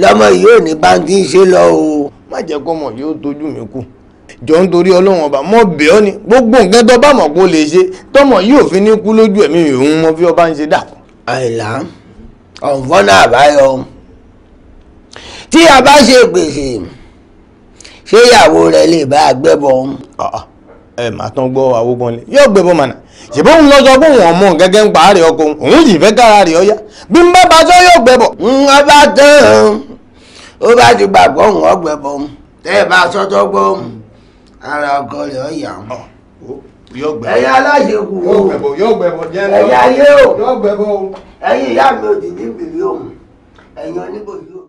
lọ́mọ yóò ní báńkì ṣe lọ o. má jẹ́ kó mọ̀ yóò tójú mi kù jọ ń torí ọlọ́run ọba mọ́ bẹ́ẹ̀ ni gbogbo nǹkan tó bá mọ̀ kó lè ṣe tọmọ yóò fi ní kú lójú ẹ̀mí ìhun mọ́ fi ọba ń ṣe dàpọ̀ àìlá ọ̀nfọ́nà àbáyọ tí a bá ṣe gbèsè ṣé ìyàwó rẹ lè bá a gbẹ́bọ. Ah, ah, ẹ mà tán gbọ́ àwògbọ́n lé yóò gbẹ́bọ mànà ṣèbí òun lọ sọ pé òun ọmọ gẹ́gẹ́ ń pa àárẹ̀ ọkọ òun yìí fẹ́ kára rẹ̀ ọyá bí n bá ba sọ yóò gbẹ́bọ. ń bá tán ó bá ti gbàgbọ́ òun ọgbẹ́bọ tẹ́ ẹ bá sọ́tọ́ gbọ́ ara ọkọ rẹ̀ ọ̀yà ẹ̀yin aláyè wù o ẹ̀yin ayé o ẹ̀yin ìyá mi ò dì ní bìlíọ̀mù ẹ̀yin oníbòyí o.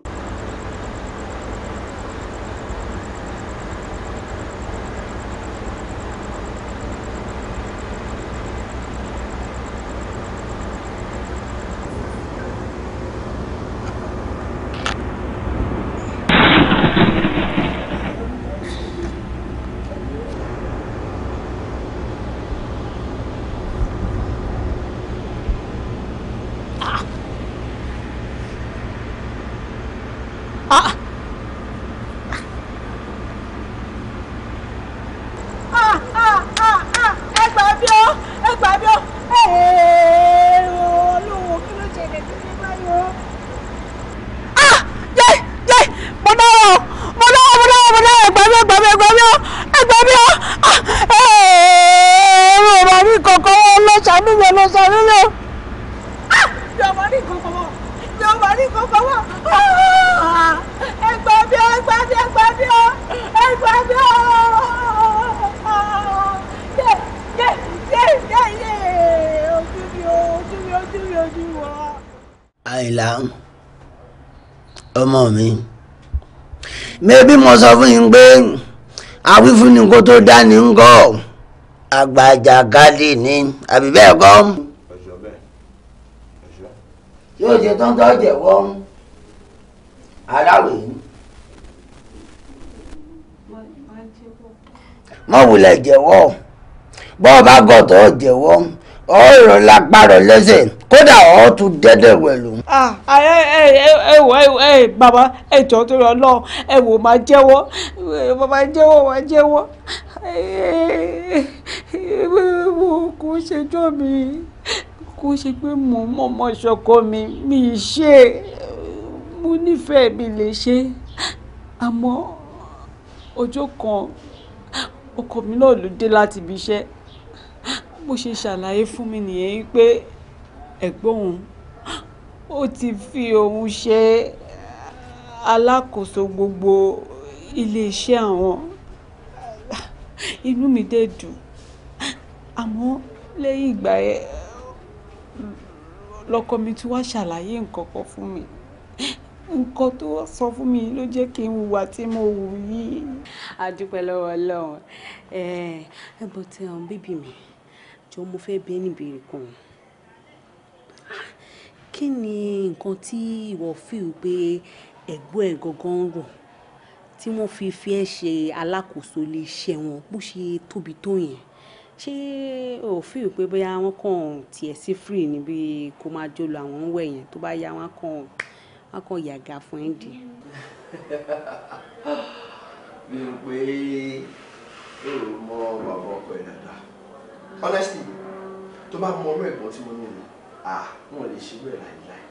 wọ́n sọ fún yín pé awífún ni kó tó dání ń kọ́ àgbàjà gáàdì ni àbí bẹ́ẹ̀ kọ́ yóò ṣe tán tó jẹ̀wọ́ aláwẹ̀ yìí. mọ̀ wùlẹ̀ jẹ̀wọ́ bọ́ọ̀ bá gọ̀tọ̀ jẹ̀wọ́ ó rọ̀ lápá rọ̀ lẹ́sẹ̀ kódà ọ̀ tún dẹ́dẹ̀ wẹ̀ lòun. ẹ ẹ ẹ wọ ẹ ẹ bàbá ẹ jọ tó yọ lọ ẹ wò máa jẹ́wọ́ bàbá jẹ́wọ́ máa jẹ́wọ́ mo kò ṣèjọ́ mi kò ṣe pé mo mọ̀mọ́ ṣọkọ mi mi ṣe mo nífẹ̀ẹ́ mi lè ṣe àmọ́ ọjọ́ kan ọkọ mi náà ló dé láti ibi iṣẹ́ bó ṣe ṣàlàyé fún mi nìyẹn pé ẹ̀gbọ́n òun ó ti fi òun ṣe alákòóso gbogbo iléeṣẹ́ àwọn inú mi dẹ̀ dùn àmọ́ lẹ́yìn ìgbà yẹn lọkọ mi ti wá ṣàlàyé nǹkan kan fún mi nǹkan tó sọ fún mi ló jẹ́ kí n hùwà tí mo hù yìí. a dúpẹ́ lọ́wọ́ ọlọ́run ẹ̀ẹ́dẹ́gbọ̀n tẹ ọ̀n bíbí mi jọ mo fẹ́ bẹ́ẹ̀ níbi ìkùn. Kí ni nǹkan tí ìwọ feel pé ẹ̀gbọ́n ẹ gangan ń rò tí wọ́n fi fi ẹ́ ṣe alákòóso ilé iṣẹ́ wọn bó ṣe tóbi tó yẹn? Ṣé o feel pé bóyá wọ́n kàn tì ẹ́ sí free ni bí kó máa jolo àwọn ń wẹ̀ yẹn, tó bá yá wọ́n á kàn, wọ́n kàn yàgà fún ẹ dìé? [LAUGHS] Mi ò pé o mọ bàbá ọkọ ẹ dáadáa. Honestly, tó bá mọ irú ẹ̀gbọ́n tí mo ní ni, ah wọn lè ṣe bẹ́ẹ̀ láìláì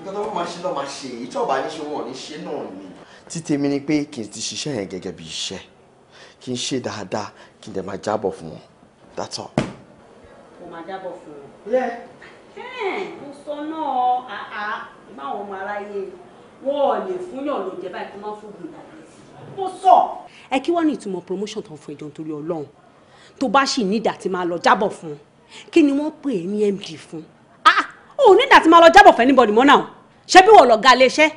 nígbà tó wọ́n máa ṣe lọ́ máa ṣe èyí tó bá ní ṣe wọn ní ṣe náà ni. tí tèmi ni pé kì í ti ṣiṣẹ́ yẹn gẹ́gẹ́ bí iṣẹ́ kí n ṣe dáadáa kí n dẹ̀ máa jábọ̀ fún wọn that's all. mo máa jábọ̀ fún wọn. bẹ́ẹ̀. mo sọ náà àá báwọn ọmọ aráyé wọn ò lè fúnyàn ló jẹ báyìí kí wọ́n fún gbìyànjú mo sọ. ẹ kí wọ́n ní ìtumọ̀ promotion tó fún ìjọ nítorí ọlọ́run tó bá sì ní ìdá tí máa lọ jábọ̀ fún kí ni wọ́n pè é ní md fún o ní ìdàtí máa lọ jábọ̀ fẹ́ níbọ̀dì mọ́ náà ṣé bí wọ́n lọ̀gá iléeṣẹ́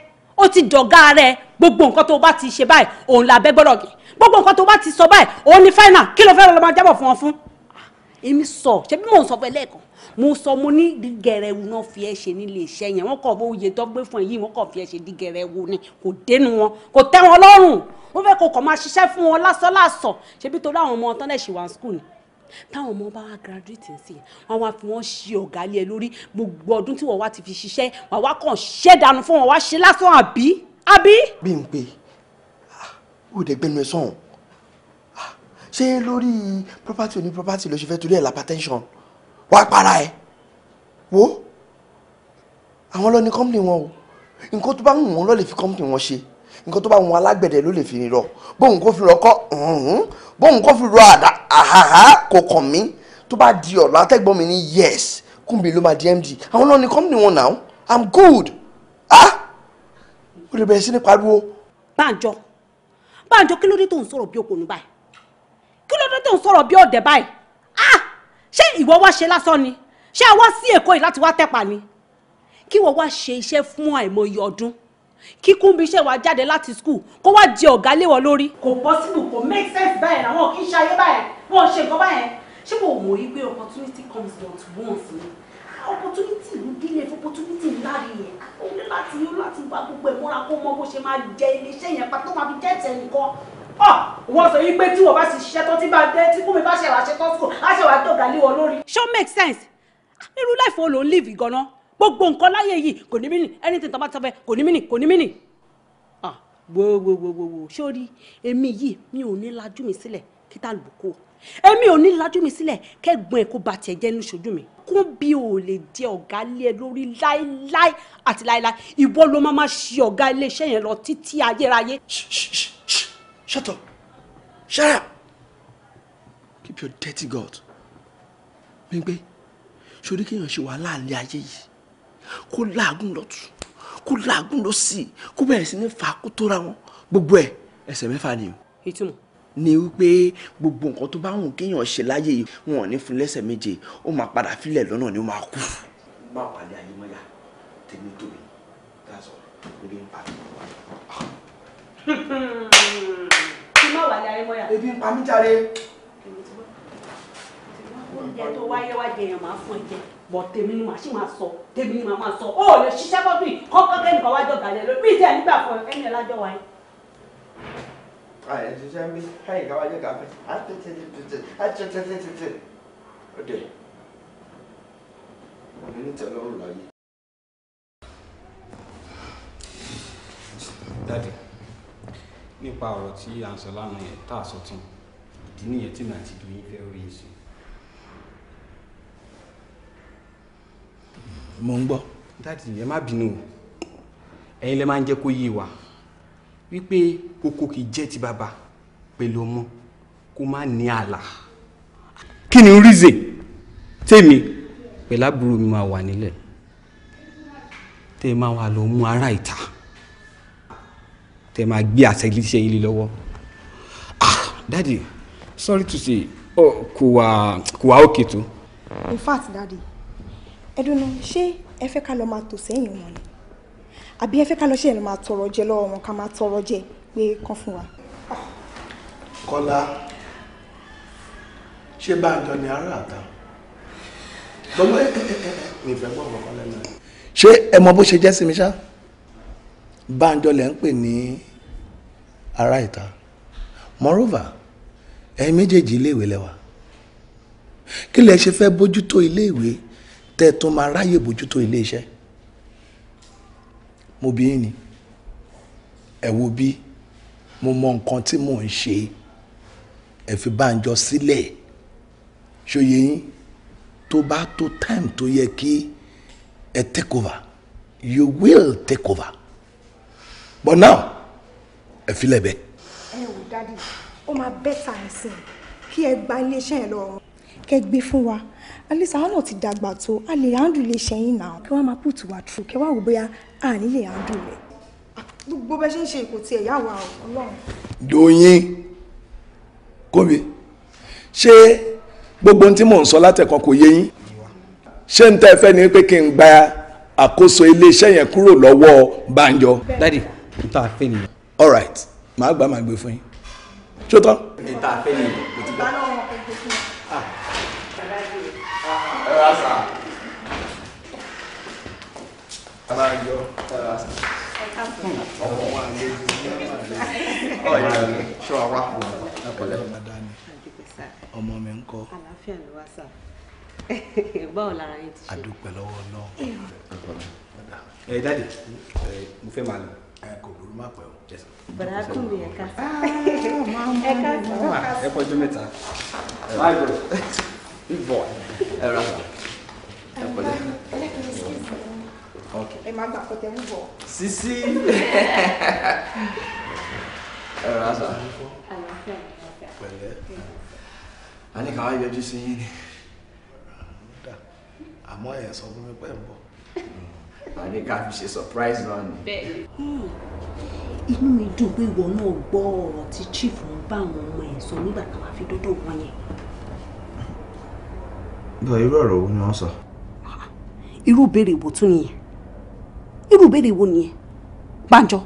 ó ti dọ̀gá rẹ gbogbo nǹkan tó bá ti ṣe báyìí òun là bẹ́ gbọ́dọ̀ gẹ̀ gbogbo nǹkan tó bá ti sọ báyìí òun ni final kí ló fẹ́ lọ máa jábọ̀ fún wọn fún. Ah, èmi sọ ṣé bí mò ń sọ fún ẹ mo sọ mo ní dìgẹ̀rẹ̀wù náà fi ẹ́ ṣe nílé iṣẹ́ yẹn wọ́n kọ̀ bó oyè tó gbé fún ẹ yìí wọ́n kọ̀ fi ẹ́ ṣe dìgẹ̀rẹ̀wù ni kò dénú wọn kò tẹ́ wọn lọ́rùn wọ́n fẹ́ kó kọ̀ máa ṣiṣẹ́ fún wọn lásán lásán ṣebí torí àwọn ọmọ tán lẹ̀ wà ní school ni táwọn ọmọ bá wá graduate sí wọn wá fi wọn ṣe ọ̀gá lé ẹ lórí gbogbo ọdún tí wọn wá ti fi ṣiṣẹ́ wọn wá kàn ṣẹ́ dànù fún wọn wá ṣe lásán àbí àbí. bí n pe ah, ó dẹ gbẹnu ẹ sọhùn ah, ṣé lórí property oní property ló ṣe fẹ́ torí ẹ̀ hypertension wàá para ẹ wo àwọn lọ ní company wọn o nǹkan tó bá wù wọn lọ lè fi company wọn ṣe nǹkan tó bá wọn alágbẹ̀dẹ ló lè fi rọ bóun kò fi rọkọ bóun kò fi rọ àdá àhàhà kò kàn mí tó bá di ọ̀la atẹ́gbọ́n mi ní yes kúmbi ló máa di md àwọn náà ni company wọn náà i'm good ah ó lè bẹ̀rẹ̀ sí ní pariwo. Bánjọ Bánjọ kí ló dé tó ń sọ̀rọ̀ bí òkòlù báyìí kí ló dé tó ń sọ̀rọ̀ bí ọ̀dẹ̀ báyìí ah ṣé ìwọ wá ṣe lásán ni ṣé a wá sí Èkó yìí láti wá tẹ̀pà ni kí wọ́n wá ṣe iṣẹ́ fún àìmọye ọdún kíkún bí iṣẹ́ wa jáde láti school kó wá jẹ ọ̀gá léwọ lórí. kò possible kò make sense báyẹn làwọn kì í ṣayé báyẹn wọn ṣe nǹkan báyẹn ṣé kò mọ̀ yí pé opportunity comes but once ni opportunity ìlú dílé fún opportunity ńlá rí yẹn ó ní láti yó láti wá gbogbo ẹ̀ múra kó mọ bó ṣe máa jẹ iléeṣẹ́ yẹn pàtó máa fi jẹ́ ẹ̀tẹ̀ nìkan ah! wọ́n sọ yí pé tí wọ́n bá sì ṣiṣẹ́ tán tí bá dé tí kúmi bá ṣe wàá tán sùn á ṣe wàá dọ̀gà lé wọn lórí. ṣó make sense ah, irú láìfọ́ ló ń live gan-an gbogbo nǹkan láyé yìí kò ní mínì anything tó bá ti sọ fẹ́ kò ní mínì kò ní mínì gbogbogbogbo sórí èmi yìí mi ò ní lajú mi sílẹ̀ kí tá lùkọ́ èmi ò ní lajú mi sílẹ̀ kẹ́gbọ́n ẹ̀ kó ba tiẹ̀ jẹ́ ní ṣojú mi kún bí o lè jẹ ọ̀gá lé ẹ lórí láéláé àti láéláé ìwọ ló máa ma ṣe ọ̀gá iléeṣẹ́ yẹn lọ títí ayérayé. shut up shut up keep your dirty god mi gbé sórí kéèyàn ṣe wàhálà àlẹ́ ayé yìí kó láàgùn lọ́tún kó láàgùn lọ́sì kó bẹ̀rẹ̀ sí ní fa kó tóra wọn gbogbo ẹ̀ ẹsẹ̀ mẹ́fà ni o. ìtumọ̀. ni wípé gbogbo nǹkan tó bá wù kéèyàn ṣe láyé yìí wọn ò ní fún lẹ́sẹ̀ méje ó máa padà filẹ̀ lọ́nà ni ó máa kú. má pàdé ayé mọ́yà tèmi tóbi dáṣọ ebi ń pa mí. kí má wà ní ayé mọ́yà. ebi ń pa mí jáde. oúnjẹ tó wáyé wá jẹyàn máa fún ẹ jẹ bọ̀ tèmi ni màá sì máa sọ tèmi ni màá máa sọ ó lè ṣiṣẹ́ bọ́dún yìí kọ́kọ́ kẹ́nìkan wájọ gàlẹ́ lórí bíi tẹ̀ nígbà fún ẹni ẹlájọ wáyé. àyè ṣiṣẹ́ mi káyìn ká wájọ gàfẹ́ àtẹ̀tẹ̀tẹ̀tẹ̀ ọdẹ òní nítẹ̀lọ́rùn láyé. dáàdì nípa ọ̀rọ̀ tí à ń sọ lánàá yẹn tá a sọ tún ìdí nìyẹn tí màá ti fẹ́ orí yìí mo ń gbọ́. dáàdì ẹ má bínú o ẹ̀yin lẹ máa ń jẹ́ kó yé wa wípé kókó kì í jẹ́ ti bàbá pẹ̀lú ọmọ kó má ní àlà. kí ni rízè tèmi pẹ̀lú àbúrò mi máa wà nílẹ̀ tẹ́ ẹ máa wà lọ mú ara ìta tẹ́ ẹ máa gbé àtẹ̀lẹ́sẹ̀ yìí lọ́wọ́ ah daddy sorry to say oh, kò wá kò wá òkè tó. in fact daddy ẹdùnú ṣé ẹ fẹ́ ká lọ máa tò sẹ́yìn wọn ni àbí ẹ fẹ́ ká lọ ṣe ẹ̀rọ máa tọrọ jẹ lọ́wọ́ wọn ká máa tọrọ jẹ pé kán fún wa. kọ́lá ṣé bá a jọ ní ara ẹ mi fẹ́ gbọ́ ọ̀rọ̀ kọ́lá náà. ṣé ẹ mọ bó ṣe jẹ́ sí mi ṣá báńjọ lẹ ń pè ní ará ìta moreover ẹ̀yin méjèèjì iléèwé lẹ wà kí lẹ ṣe fẹ́ bójútó iléèwé tẹ́ ẹ tó máa ráyè bójútó iléeṣẹ́ mo bí yín ni ẹ wo bí mo mọ nǹkan tí mò ń ṣe ẹ fi Bánjọ sílẹ̀ ṣòye yín tó bá tó time tó yẹ kí ẹ take over you will take over but now ẹ filẹ̀ bẹ́ẹ̀. ẹ wò dádì ó máa bẹ́tà ẹ̀ sìn kí ẹ gba iléeṣẹ́ ẹ lọ kẹ́ gbé fún wa at least àwọn náà ti dàgbà tó a lè handle lè ṣẹyìn náà kí wọ́n máa put wá through kí wọ́n wò bóyá a ní lè handle rẹ̀. gbogbo bẹ́ẹ̀ ṣe ń ṣe èkó tí ẹ̀yà wa ọlọ́run. Doyin Kóbi ṣé gbogbo ohun tí mò ń sọ látẹ̀kọ́ kò yé yín ṣé n tẹ́ fẹ́ ni pé kí n gba àkóso iléeṣẹ́ yẹn kúrò lọ́wọ́ Bánjọ. dadi n ta fẹ́ nìyẹn. all right màá gbà màá gbé fún yín ṣó tán. n ta fẹ́ nìyẹn rárá sà. a máa yọ rárá sà. ọmọ wa lè ní ọ̀yà ṣọ́ àwa ọ̀pọ̀lẹ́. ọmọ mi ń kọ́. àlàáfíà ló wá sà. báwo lára yín ti ṣe. àdúpẹ́ lọ́wọ́ náà. ẹ dáàdì mo fẹ́ máa lọ kò burú má pẹ́ o. bàrà kún mi ẹ̀ka. ẹ̀ka ẹ̀ka ọjọ́ mẹ́ta. báyìí. Il boy. Ẹ ra. Ẹ pẹ̀lẹ́. Ẹ máa gbà pẹ̀tẹ́ ń bọ̀. Sisi. Ẹ ra sà. Pẹ̀lẹ́. A ní káwá yọjú sí yín ni. Àmọ́ ẹ̀ sọ fún mi pé ń bọ̀. A ní ká fi ṣe surprise eh. náà ni. Bẹ́ẹ̀ni. Inú mi dùn pé ìwọ náà gbọ́ ọ̀rọ̀ tí chief ń bá àwọn ọmọ ẹ̀ sọ nígbà tó wàá fi dọ́dọ̀ bá irú ọ̀rọ̀ wo ni wọ́n sọ. irú ìbéèrè wo tún nìyẹn irú ìbéèrè wo nìyẹn Bánjọ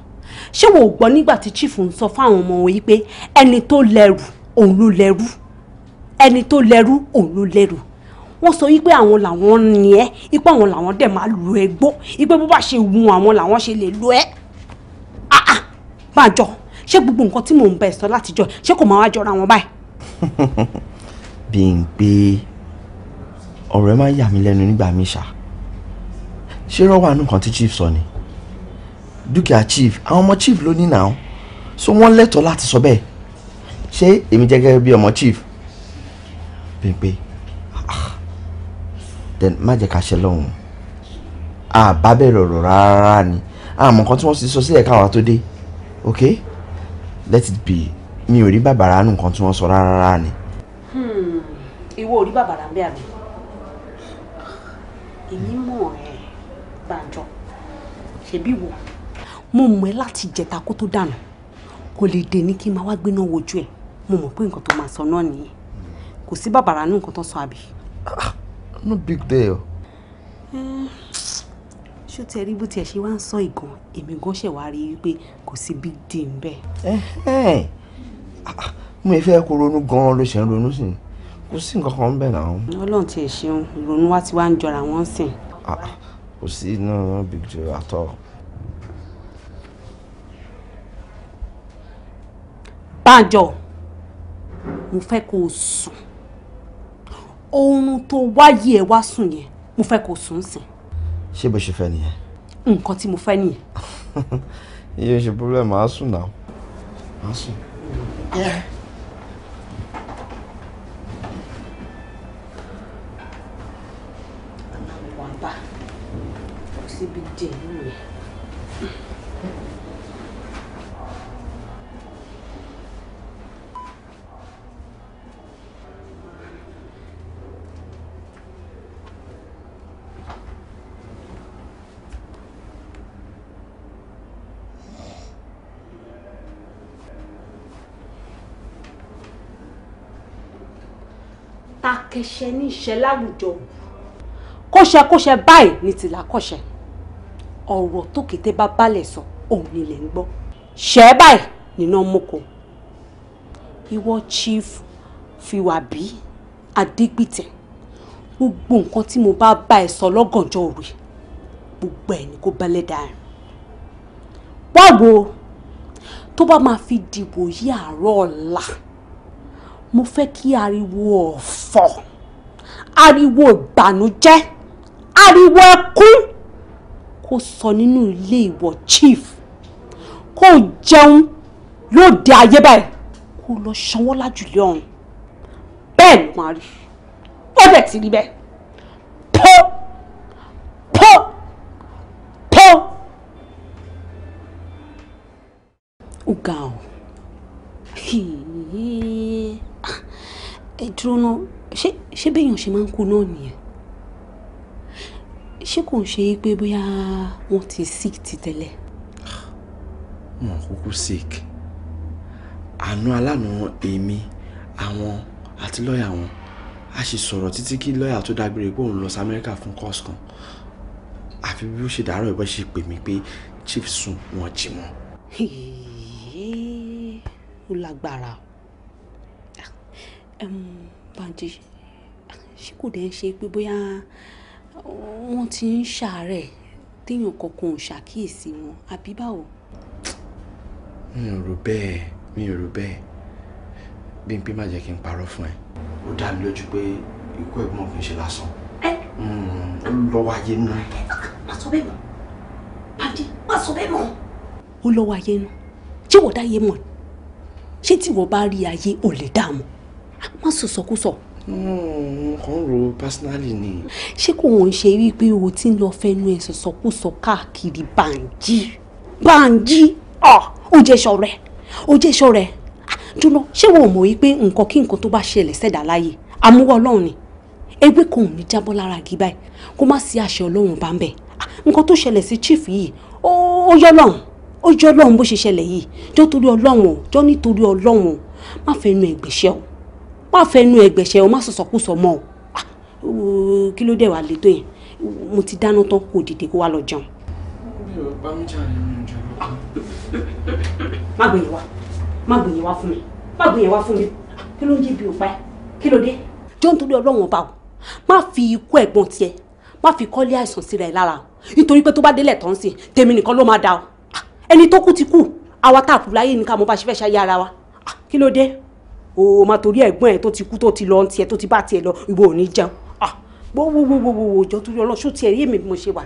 ṣé wo ò gbọ́ nígbà tí chief ń sọ fáwọn ọmọ wọn yìí pé ẹni tó lẹ́rù òun ló lẹ́rù ẹni tó lẹ́rù òun ló lẹ́rù wọ́n sọ wípé àwọn làwọn ni ẹ́ ipá àwọn làwọn dẹ̀ máa lu ẹ gbó ipé bó bá ṣe wù àwọn làwọn ṣe lè lu ẹ. Ah, ah, Bánjọ ṣé gbogbo nǹkan tí mò ń bẹ̀ sọ látijọ́ ṣé kò máa wá jọra wọn báyìí. [LAUGHS] Bímpé ọ̀rọ̀ ẹ máa ń yà mí lẹ́nu nígbà míì ṣá ṣé rọ́wà nǹkan tí chief sọ ni dúkìá chief àwọn ọmọ chief ló ní náà so wọ́n lẹ́tọ̀ọ́ láti sọ bẹ́ẹ̀ ṣé èmi jẹ́ gẹ́gẹ́ bí ọmọ chief pèpè ah, then má jẹ́ ká ṣe lọ́hùn àbá bẹ̀rẹ̀ ọ̀rọ̀ rárá ni àmọ́ nǹkan tí wọ́n ti sọ sílẹ̀ káwa tó dé ok let it be mi ò rí bàbàrà nù nǹkan tí wọ́n sọ rárá ni. Hmm, ìwọ ò rí bàbàrà ń bẹ́ẹ̀ mi èmi mọ̀ ẹ́ gbàǹjọ́ ṣebí wò mo mọ̀ ẹ́ láti jẹta kó tó dànù kò lè dè ní kí n máa wá gbéná wojú ẹ̀ mo mọ̀ pé nǹkan tó máa sọ náà nìyẹn kò sí bàbàrà ní nǹkan tó sọ àbí. Ah, no big deal. Eh, ṣó tiẹ̀ rí bó tiẹ̀ ṣe wá ń sọ ìgàn èmi gan ṣẹ̀ wá rí i pé kò sí big deal ń bẹ̀. Eh, eh. ah, mo fẹ́ kó ronú gan-an ló ṣe ń ronú sí i kò sí nǹkan kan bẹ́ẹ̀ náà. ọlọ́run tiẹ̀ ṣeun ìrònú wa ti wá ń jọra wọ́n sìn. Ah, kò sí náà big deal at all. mo fẹ́ kó o sùn oorun tó wáyé ẹ wá sùn yẹn mo fẹ́ kó o sùn sìn. ṣé bó ṣe fẹ́ nìyẹn. nǹkan tí mo fẹ́ nìyẹn. iye [LAUGHS] ṣe problem màá sùn náà màá sùn. Yeah. kẹsẹ ní ìṣẹ́ láwùjọ kóṣẹkóṣẹ báyìí ní tìlà kọṣẹ ọ̀rọ̀ tó kété bá balẹ̀ sọ òun nílẹ̀ ń gbọ́ ṣẹ́ báyìí nínú ọmọkò ìwọ chief Fiwabi Adégbìtẹ̀ gbogbo nǹkan tí mo bá bá ẹ sọ lọ́gànjọ́ òwe gbogbo ẹ̀ ni kò bẹ́lẹ̀ dáhùn wá wo tó bá máa fi dìbò yí àárọ̀ ọ̀la mo fẹ́ kí ariwo ọ̀fọ̀ ariwo ìbànújẹ́ ariwo ẹkún kó sọ nínú ilé ìwọ chief kó jẹun lóde ayé báyìí kó lọ sanwó lájùlé ọ̀hún bẹ́ẹ̀ ló máa rí ó dẹ̀ ti rí bẹ́ẹ̀ pọ́ pọ́ pọ́ ó ga ọ́. dúró náà ṣé ṣé béèyàn ṣe máa ń kú náà nìyẹn ṣé kò ń ṣe é pé bóyá wọ́n ti sick ti tẹ́lẹ̀. wọn kúkú sick àánú aláàánú èmi àwọn àti lọ́ọ̀yà wọn a sì sọ̀rọ̀ títí kí lọ́ọ̀yà tó dágbére pé òun lọ sí amẹ́ríkà fún course kan àfi bí ó ṣe dàárọ̀ ìbọn ṣe pè mí pé chief sùn wọn jí wọn. ó lágbára o Bánjí, ṣé kò dẹ̀ ń ṣe pé bóyá wọ́n ti ń ṣàárẹ̀ téèyàn kankan ò ṣàkíyèsí wọn, àbí báwo? Mi ò rò bẹ́ẹ̀, mi ò rò bẹ́ẹ̀. Bímpé má jẹ́ kí n parọ́ fún ẹ. Ó dá mi lójú pé ikú ẹ̀gbọ́n kì í ṣe lásán. Ẹ hmm, ó lọ́wọ́ ayé nú. Má sọ bẹ́ẹ̀ mọ́. Bánjí, má sọ bẹ́ẹ̀ Ó lọ́wọ́ ayé nú. Ṣé wọ́n dá ayé mọ̀? Ṣé tí wọ́n bá rí ayé ò lè dá mọ̀? má sọ sọkúsọ. Hmm, mo kàn ń ro personally ni. ṣé kò wọ́n ṣe rí pé o ti ń lọ fẹnu ẹ̀ sọ̀sọ̀kúsọ káàkiri bàǹjì bàǹjì ọ̀ ah, ó jẹ́ ṣọ̀rẹ́ ó jẹ́ ṣọ̀rẹ́ ah, jùlọ ṣé wọn ò mọ̀ wípé nǹkan kí nǹkan tó bá ṣẹlẹ̀ ṣẹ̀dá láyè àmúwọ́ ọlọ́run ni ewé kan ò ní jábọ́ lára igi báyìí kó má sí àṣẹ ọlọ́run bá ń bẹ̀ ah, nǹkan tó ṣẹlẹ̀ sí chief yìí ó yọ ọlọ́run ó jọ ọlọ́run bó ṣe ṣẹlẹ̀ yìí jọ torí ọlọ́run jọ nítorí ọlọ́run má fẹ́ nu ẹ̀gbẹ̀ṣẹ́ o má fẹnu ẹgbẹ̀ṣẹ̀ o má sọ̀sọ̀kùsọ mọ́ o ah, uh, kí ló dé wà létò yẹn mo ti dáná tán kò dìde kó wá lọ jẹun. má gbìyànjú wa má gbìyànjú wa fún mi má gbìyànjú wa fún mi kí ló ń jẹ́ bí o pa ẹ́ kí ló dé. john torí ọlọ́run ọba o má fi ikú ẹ̀gbọ́n tiẹ̀ má fi kọ́lé àìsàn síra ẹ̀ lára o nítorí pé tó bá délẹ̀ tán sí tèmi nìkan ló máa da o ah, ẹni tó kú ti kú àwa tá a kú láyé ní ká mo bá ṣe fẹ́ ṣayé ara wa ah, kí ló dé o máa torí ẹ̀gbọ́n ẹ̀ tó ti kú tó ti lọ tiẹ̀ tó ti bá tiẹ̀ lọ ìwọ ò ní jẹun ah, wọ́wọ́wọ́wọ́ òjò torí ọlọ́ṣọ́ tiẹ̀ yé mi mo ṣe wà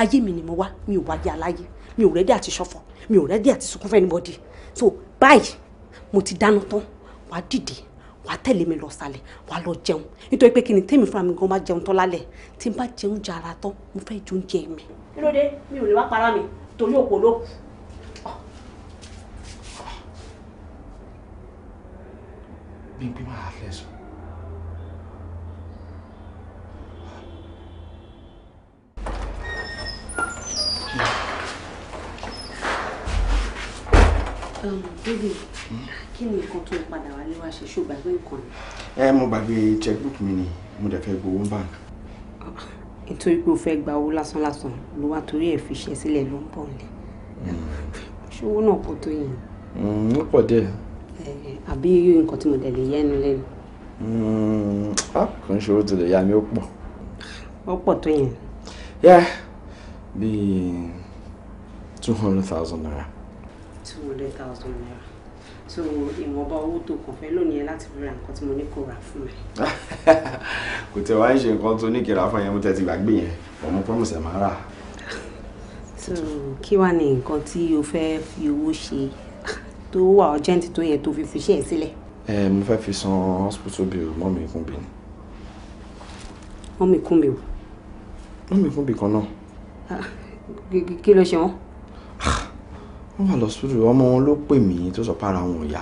ayé mi ni mo wá mi ò wáyé aláyé mi ò rẹ́dí àti ṣọ̀fọ̀ mi ò rẹ́dí àti sunkún fẹ́ni bọ́dì so báyìí mo ti dáná tán wà á dìde wà á tẹ̀lé mi lọ sálẹ̀ wà á lọ jẹun nítorí pé kí ni tèmi fúnra mi gan máa jẹun tán lálẹ́ tí n bá jẹun jàrà tán mo fẹ́ jóúnjẹ mi. kí ló dé mi ò lè wá para mi torí òpó ló kù Bímpé máa lẹ́sùn. Bíbí, kí ni nǹkan tó ń padà wálé wá ṣe ṣó gbàgbé nǹkan ni? checkbook mi ni, mo dẹ̀ fẹ́ gbowó bank. Nítorí pé o fẹ́ gba owó lásán-lásán ló wá torí ẹ̀ fi ṣẹ́ sílẹ̀ ló ń bọ̀ nílẹ̀. Hmm. Ṣé owó náà Eh, àbí nǹkan tí mo dẹ̀ lè yẹnu lẹ́nu. Hmm, ah, kò ń ṣòro tó lè yá mi ó pọ̀. ó pọ̀ tó yẹn. yá bíi two hundred thousand naira. two hundred thousand naira so ìwọ̀nba owó tó kàn fẹ́ lónìí ẹ láti fi ra nǹkan tí mo ní kó ra fún mi. [LAUGHS] kò tẹ̀ wáá ń ṣe nǹkan tó ní kí ra fún yẹn mo tẹ̀ ti gbàgbé yẹn ọmọ promise ẹ̀ máa rà. so kí wàá ní nǹkan tí o fẹ́ fi owó ṣe tó wà urgent tó yẹ tó fi fi ṣe ẹ̀ sílẹ̀. ẹ mo fẹ́ fi san hospital bill mọ́mì kúnbi ni. mọ́mì kúnbi o. mọ́mì kúnbi kan náà. Ah, kí ló ṣe wọ́n. Ah, wọ́n wà lọ hospital ọmọ wọn ló pè mí tó sọ para wọn yá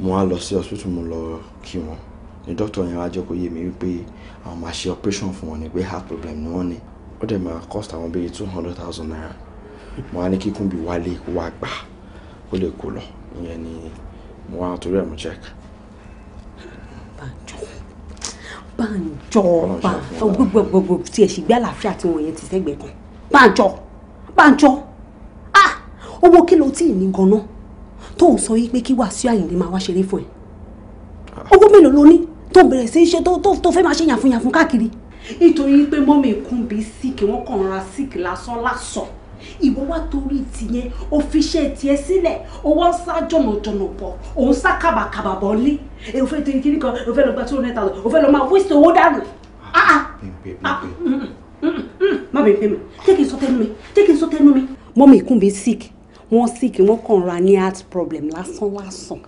mo wá lọ sí hospital mo lọ kí wọn ni dókítà yẹn wá jẹ́ kó yé mi wípé àwọn máa ṣe operation fún wọn ni pé heart problem ni wọ́n ní ó dẹ̀ máa cost àwọn bíi two hundred thousand naira mo wá ní kíkún bíi wálé wá gbà kó lè kó lọ ìyẹn ni mo wá torí ẹ̀ mú check. Banjo Banjo Banjo gbogbogbò tí ẹ ṣì gbé àlàáfíà tí wọn yẹn ti sẹ́gbẹ̀ẹ́ kan Banjo Banjo ah owó kí ló tí ì ní ganan tó ń sọ yìí pé kí Wàsíù Àyìndé máa wá ṣeré fún ẹ ah. owó mélòó ló ní tó bẹ̀rẹ̀ sí í ṣe tó fẹ́ máa ṣe yànfùnyànfùn káàkiri nítorí pé mọ́mì kún bí síkì wọ́n kàn ra síkì lásán lásán ìwọ wá torí tìyẹn o fi ṣe tiẹ̀ sílẹ̀ o wá ń sá jọ̀nàjọ̀nà bọ̀ o ń sá kàbàkàbà bọ̀ lé o fẹ́ torí kíní kan o fẹ́ lọ gba two hundred thousand o fẹ́ lọ máa waste owó dànù. Ah, ah. Ah, mm, mm, mm, má bẹ̀rẹ̀ pé mi jẹ́ kí n sọ tẹnu mi jẹ́ kí n sọ tẹnu mi. mọ́mí ìkún mi sick wọ́n sick wọ́n kàn ra ní heart problem lásán lásán.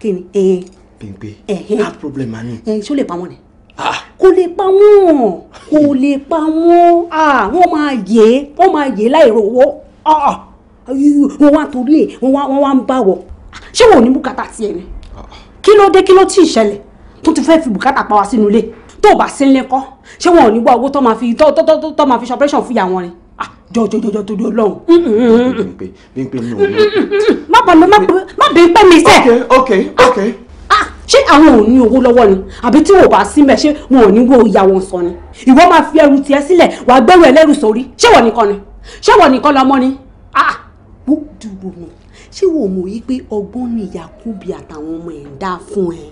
kí ni. Bímpé heart problem ma ní. ṣó lè pa wọ́n ni. Ah. kò lè pa wọ́n kò lè pa wọ́n ah, wọ́n máa yé wọ́n máa yé láì rówó ah, wọ́n wá torí ẹ̀ wọ́n wá ń bá wọ̀ ṣé wọn ò ní bùkátà tiẹ̀ ni kí ló dé kí ló tí ì ṣẹlẹ̀ tó ti fẹ́ẹ́ fi bùkátà pa wá sínú ilé tó bá sí ilé kọ́ ṣé wọn ò ní wá owó tó máa fi tó tó tó tó máa fi ṣọpẹ́ṣọ̀ fún ìyàwó rẹ̀ jọjọjọjọ torí Ọlọ́run. má bàa má bẹ pẹ́ mi sẹ́. ok ok ok ṣé àwọn ò ní owó lọ́wọ́ ni àbí tí wò bá síbẹ̀ ṣé wọn ò ní wo ìyá wọn sọ ni ìwọ máa fi ẹrù tiẹ̀ sílẹ̀ wàá gbẹ́rù ẹlẹ́rù sórí ṣé wọ́n nìkan ni ṣé wọ́n nìkan lọ́mọ ni ah wò dùbò mi ṣé wò mọ̀ yí pé ọgbọ́n ni Yakubi àtàwọn ọmọ ẹ̀ ń dá fún ẹ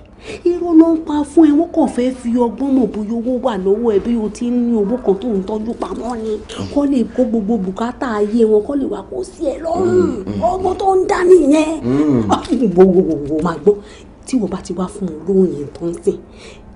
irọ́ ló ń pa fún ẹ wọ́n kàn fẹ́ fi ọgbọ́n mọ̀ bóyá owó wà lọ́wọ́ ẹ bí o ti ń ní owó kan tó ń tọ́jú pamọ́ ni kó lè kó gbogbo bùkátà ayé wọn kó lè wà kó sí ẹ lọ́rùn mm, mm. ọmọ tó ń dá nìyẹn gbogbogbò mm. ah, máa gbọ́ tí wọ́n bá ti wá fún òun lóyìn tó ń sìn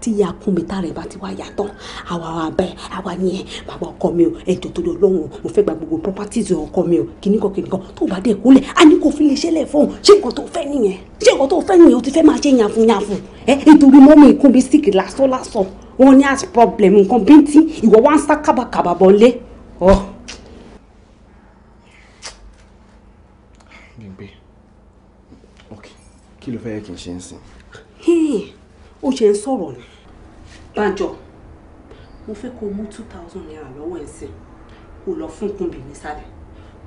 tí ìyá kúnmi tá rẹ̀ bá ti wá yàtọ̀ àwa wa bẹ́ẹ̀ àwa ni ẹ bàbá ọkọ mi o ẹjọ́ tó lọ lọ́hùn mo fẹ́ gba gbogbo properties ọkọ mi o kìnnìkan kìnnìkan tó bá dẹ̀ kúlẹ̀ a ní kò fi lè ṣẹlẹ̀ fún un ṣé nǹkan tó fẹ́ nìyẹn ṣé nǹkan tó fẹ́ nìyẹn o ti fẹ́ máa ṣe yànfun yànfun ẹ nítorí mọ́mú ìkúnmi sick lásán lásán wọn ní as problem nǹkan bíntín ìwọ wá ń sá kábàkàbà bọ́lé. kí ló fẹ́ yẹ kí n ṣe ń sìn. ó ṣe ń sọ̀rọ̀ ni Bánjọ mo fẹ́ kó mú two thousand naira lọ́wọ́ ẹ̀ sìn kó lọ fún kùnbí nísàlẹ̀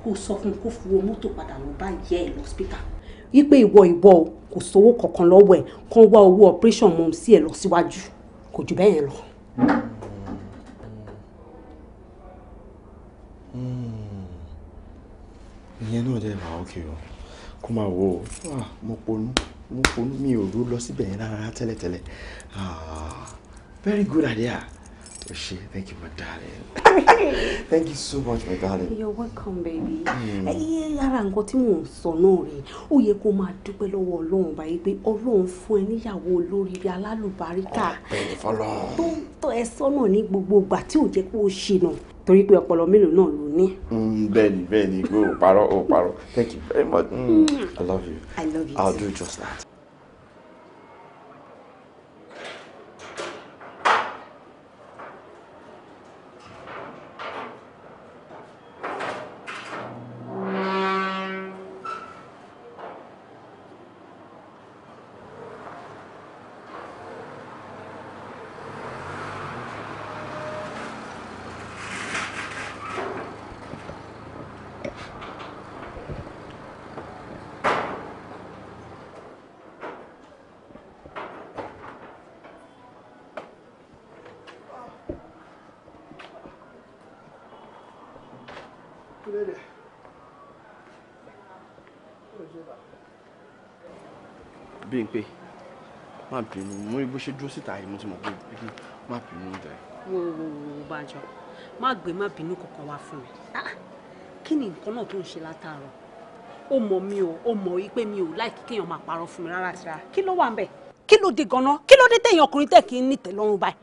kó sọ fún kó fi wo mọ́tò padà lọ bá ìyá ẹ̀ lọ́sípítà wípé ìwọ ìwọ kò sówó kankan lọ́wọ́ ẹ̀ kán wá owó operation mọ́ sí ẹ̀ lọ síwájú kò jù bẹ́ẹ̀ yẹn lọ. Hmm. Hmm. ìyẹn náà dẹ́ bá ókè o kó máa wò ó ah, mo ponú mo ponú mi ò rú lọ síbẹ̀ yẹn rárá tẹ́lẹ̀tẹ́lẹ̀ ah, very good idea o ṣe thank you my darling [LAUGHS] thank you so much my darling. you're welcome baby. ẹyẹ hmm. lára nǹkan tí mò ń sọ náà rèé ó yẹ kó máa dúpẹ́ lọ́wọ́ ọlọ́run báyìí pé ọlọ́run fún ẹ níyàwó olóríire alálùbáríkà tó ń tọ́ ẹ sọ́nà ní gbogbo ìgbà tí ò jẹ́ kó o ṣìnà torí pé ọpọlọ mélòó náà ló ní. Mm, bẹ́ẹ̀ni bẹ́ẹ̀ni o parọ́ o parọ́ thank you very much mm, mm. i love you i love you too. i'll do just that. bínú mo rí bó ṣe dúró síta yìí mo ti mọ̀ pé má bínú dẹ̀. wo wo wo bàjọ́ má gbé má bínú kankan wá fún mi ah, kí ni nǹkan náà tó ń ṣe látàárọ̀ ó mọ̀ mi o ó mọ̀ yí pé mi ò láìkí kéèyàn máa parọ́ fún mi rárá àti rárá kí ló wà ń bẹ̀ kí ló dé ganan kí ló dé téèyàn ọkùnrin tẹ̀ kí n ní tẹ̀lọ́rùn báyìí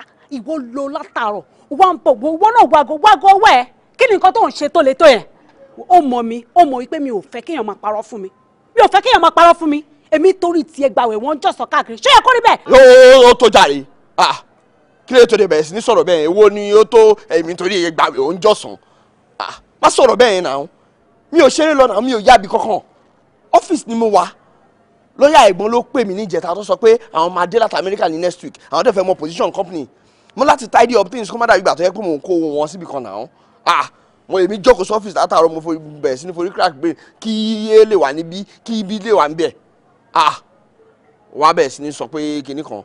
ah, ìwọ lo látàárọ̀ wà ń bọ̀ gbogbo náà wàgò wàgò ọwọ́ ẹ̀ kí ni nǹkan tó ń ṣe tó le tó yẹn ó mọ̀ mi ó mọ̀ yí pé mi ò fẹ́ kéèyàn máa parọ́ fún mi mi ò fẹ́ kéèyàn máa parọ́ fún mi èmi torí tiẹ̀ gbàwẹ̀ wọ́n jọ̀sọ̀ káàkiri ṣé ẹ kọ́ rí bẹ́ẹ̀. ó tó ah. kí ló tó de bẹ̀rẹ̀ sí ní sọ̀rọ̀ bẹ́ẹ̀ èwo ni ó tó èmi torí gbàwẹ̀ ó ń jọ̀sán ah, má sọ̀rọ̀ bẹ́ẹ̀ náà mi ò ṣeré lọ́nà mi ò yábi kankan ọ́fíìsì ni mo wà lọ́yà ẹ̀gbọ́n ló pè mí níjẹta tó sọ pé àwọn máa dé láti Amẹ́ríkà ní next week àwọn dẹ̀ fẹ́ mọ position company mo láti tidy up things kó má dàbí ìgbà tó yẹ pé mò ń kó wọn síbi kan náà ah mo èmi jókòó sí ọ́fíìsì látàárọ̀ mo bẹ̀rẹ̀ sí ní forí crack brain kí iye lè wà níbí kí ibi lè wà níbẹ̀ ah wàá bẹ̀rẹ̀ sí ni sọ pé kinní kan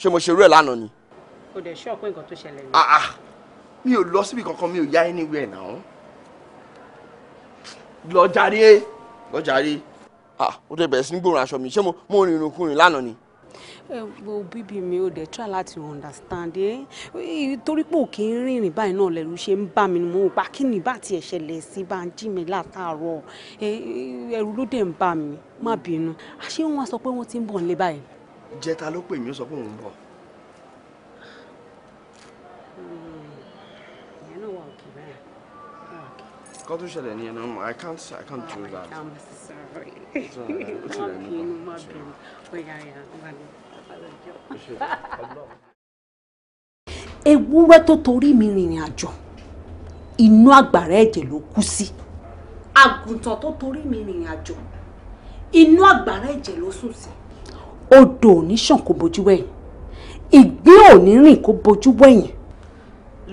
ṣé mo ṣe irú ẹ̀ lánàá ni. o dẹ̀ ṣọ́ pé nǹkan tó ṣẹlẹ̀ ni. ah ah mi ò lọ síbi kankan mi ò yá anywhere now lọ jàre lọ jàre ah o dẹ̀ bẹ̀rẹ̀ sí ní gbòòrùn aṣọ mi ṣé mo mo rìnrìn kùnrin lánàá ni wo bíbí mi ò dẹ̀ try láti understand ẹ́ eh? torí pé òkè ń rìnrìn báyìí náà lẹ́rù ṣe ń bà mí ni mo gbà kí ni bá tiẹ̀ ṣẹlẹ̀ sí bá ń jí mi látàárọ̀ ẹ̀rù ló dẹ̀ ń bà mí má bínú àṣé wọn sọ pé wọ́n ti ń bọ̀ nílé báyìí. jẹta ló pè mí ó sọ pé òun bọ̀. Hmm. Kọ́ tó ṣẹlẹ̀ ni ẹnu I can't I can't do oh that. I'm sorry. It's all right. It's all right. It's all right. It's all right ewúrẹ́ tó torí mi rìnrìn àjò inú àgbàrá ẹ̀jẹ̀ ló kú sí àgùntàn tó torí mi rìnrìn àjò inú àgbàrá ẹ̀jẹ̀ ló sùn sí odò òní ṣàn kó bojú wẹ̀yìn ìgbín òní rìn kó bojú wẹ̀yìn.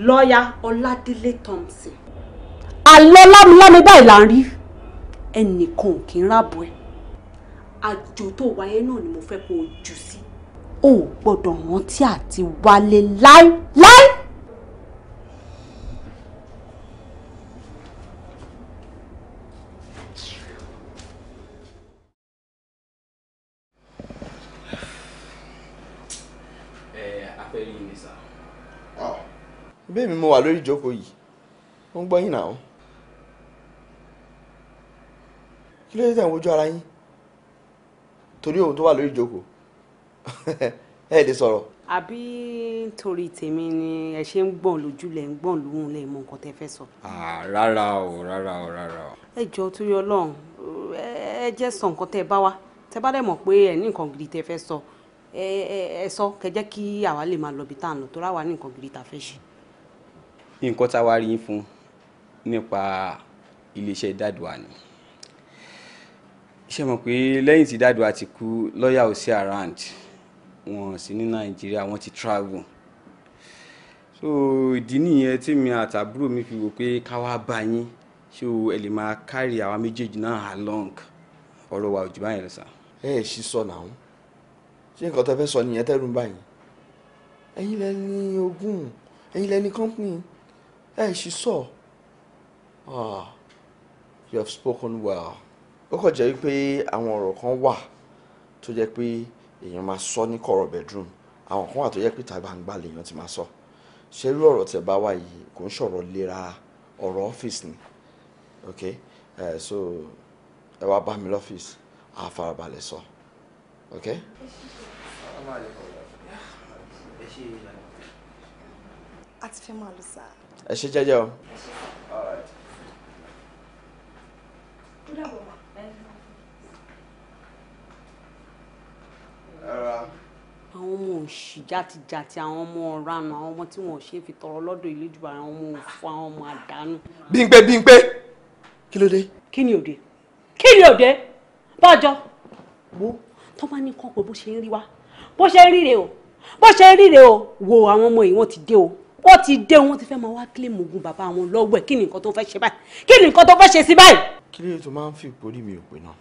lọ́ọ̀yà ọládélé thompson. àlọ́ lámilámi báyìí là ń rí ẹnìkan ò kí ń ráàbọ̀ ẹ̀ àjò tó wáyé náà ni mo fẹ́ kó o jù sí ò gbọ́dọ̀ rántí àti wálé láíláí. bẹ́ẹ̀ mi mo wà lórí ìjókòó yìí ó ń gbọ́ yín náà kí ló dé tẹ̀ ń wojú ara yín torí ohun tó wà lórí ìjókòó ẹ lè sọ̀rọ̀. àbí nítorí tèmi ni ẹ ṣe ń gbọ̀n lójú lẹ̀ ń gbọ̀n lóhùn lẹ̀ mọ nǹkan tẹ́ fẹ́ sọ. rárá o rárá o rárá o. ẹ jọ tó yọ lọ́hùn ẹ jẹ́ sọ nǹkan tẹ́ ẹ bá wa tẹ́ bá dẹ̀ mọ̀ pé ẹ ní nǹkan gidi tẹ́ fẹ́ sọ ẹ ẹ sọ kẹ́ jẹ́ kí àwa lè máa lọ bí tá à ń lọ tó ráwa ní nǹkan gidi tá a fẹ́ ṣe. nǹkan tá a wá rí fún nípa iléeṣẹ́ dádùá ni ṣé mọ̀ pé lẹ́yìn tí dádùá ti kú lọ́ọ̀yà ò sí around wọn sí ní nàìjíríà wọn ti travel so ìdí nìyẹn tí mi àtàbúrò mi fi wò pé ká wá bá yín ṣé o ẹ lè máa carry àwa méjèèjì náà along ọ̀rọ̀ wa ò báyìí lọ sà. ẹ ẹ ṣí sọ náà ṣé nǹkan tó fẹ́ sọ nìyẹn tẹ́rù báyìí ẹ̀yin lẹ ogún ẹ̀yin lẹ company ẹ ṣí sọ ah you have spoken well ó kàn jẹ́ wípé àwọn ọ̀rọ̀ kan wà tó jẹ́ pé èèyàn máa sọ ní kọ̀rọ̀ bedroom àwọn kan wà tó yẹ pé ìta gbangba lèèyàn ti máa sọ ṣé irú ọ̀rọ̀ tẹ̀ bá wà yìí kò ń ṣọ̀rọ̀ lera ọ̀rọ̀ ọ́fíìsì ni ok uh, so ẹ wá bá mi lọ́fíìsì á farabalẹ̀ sọ ok. a ti fẹ́ máa lọ sá. ẹ ṣe jẹ́jẹ́ o. ó dàbọ̀ mọ́. àwọn ọmọ òṣì játijàti àwọn ọmọ ọ̀ranù àwọn ọmọ tí wọn ò ṣe é fi tọrọ lọ́dọ̀ ilé jù àwọn ọmọ òfò àwọn ọmọ àdánù. Bímpé Bímpé kí ló dé. kí ni òde kí ni òde bọ́jọ́ wo tó bá ní kọ́kọ́ bó ṣe ń rí wa bó ṣe ń ríre o bó ṣe ń ríre o wo àwọn ọmọ yìí wọ́n ti dé o wọ́n ti dé wọ́n ti fẹ́ máa wá kílèmù ogun bàbá wọn lọ́wọ́ ẹ̀ kí ni nǹkan tó fẹ́ ṣe báyìí kí ni nǹkan tó fẹ́ ṣe sí báyìí. kí ló tó máa ń fi ìpòrí mi ò pè náà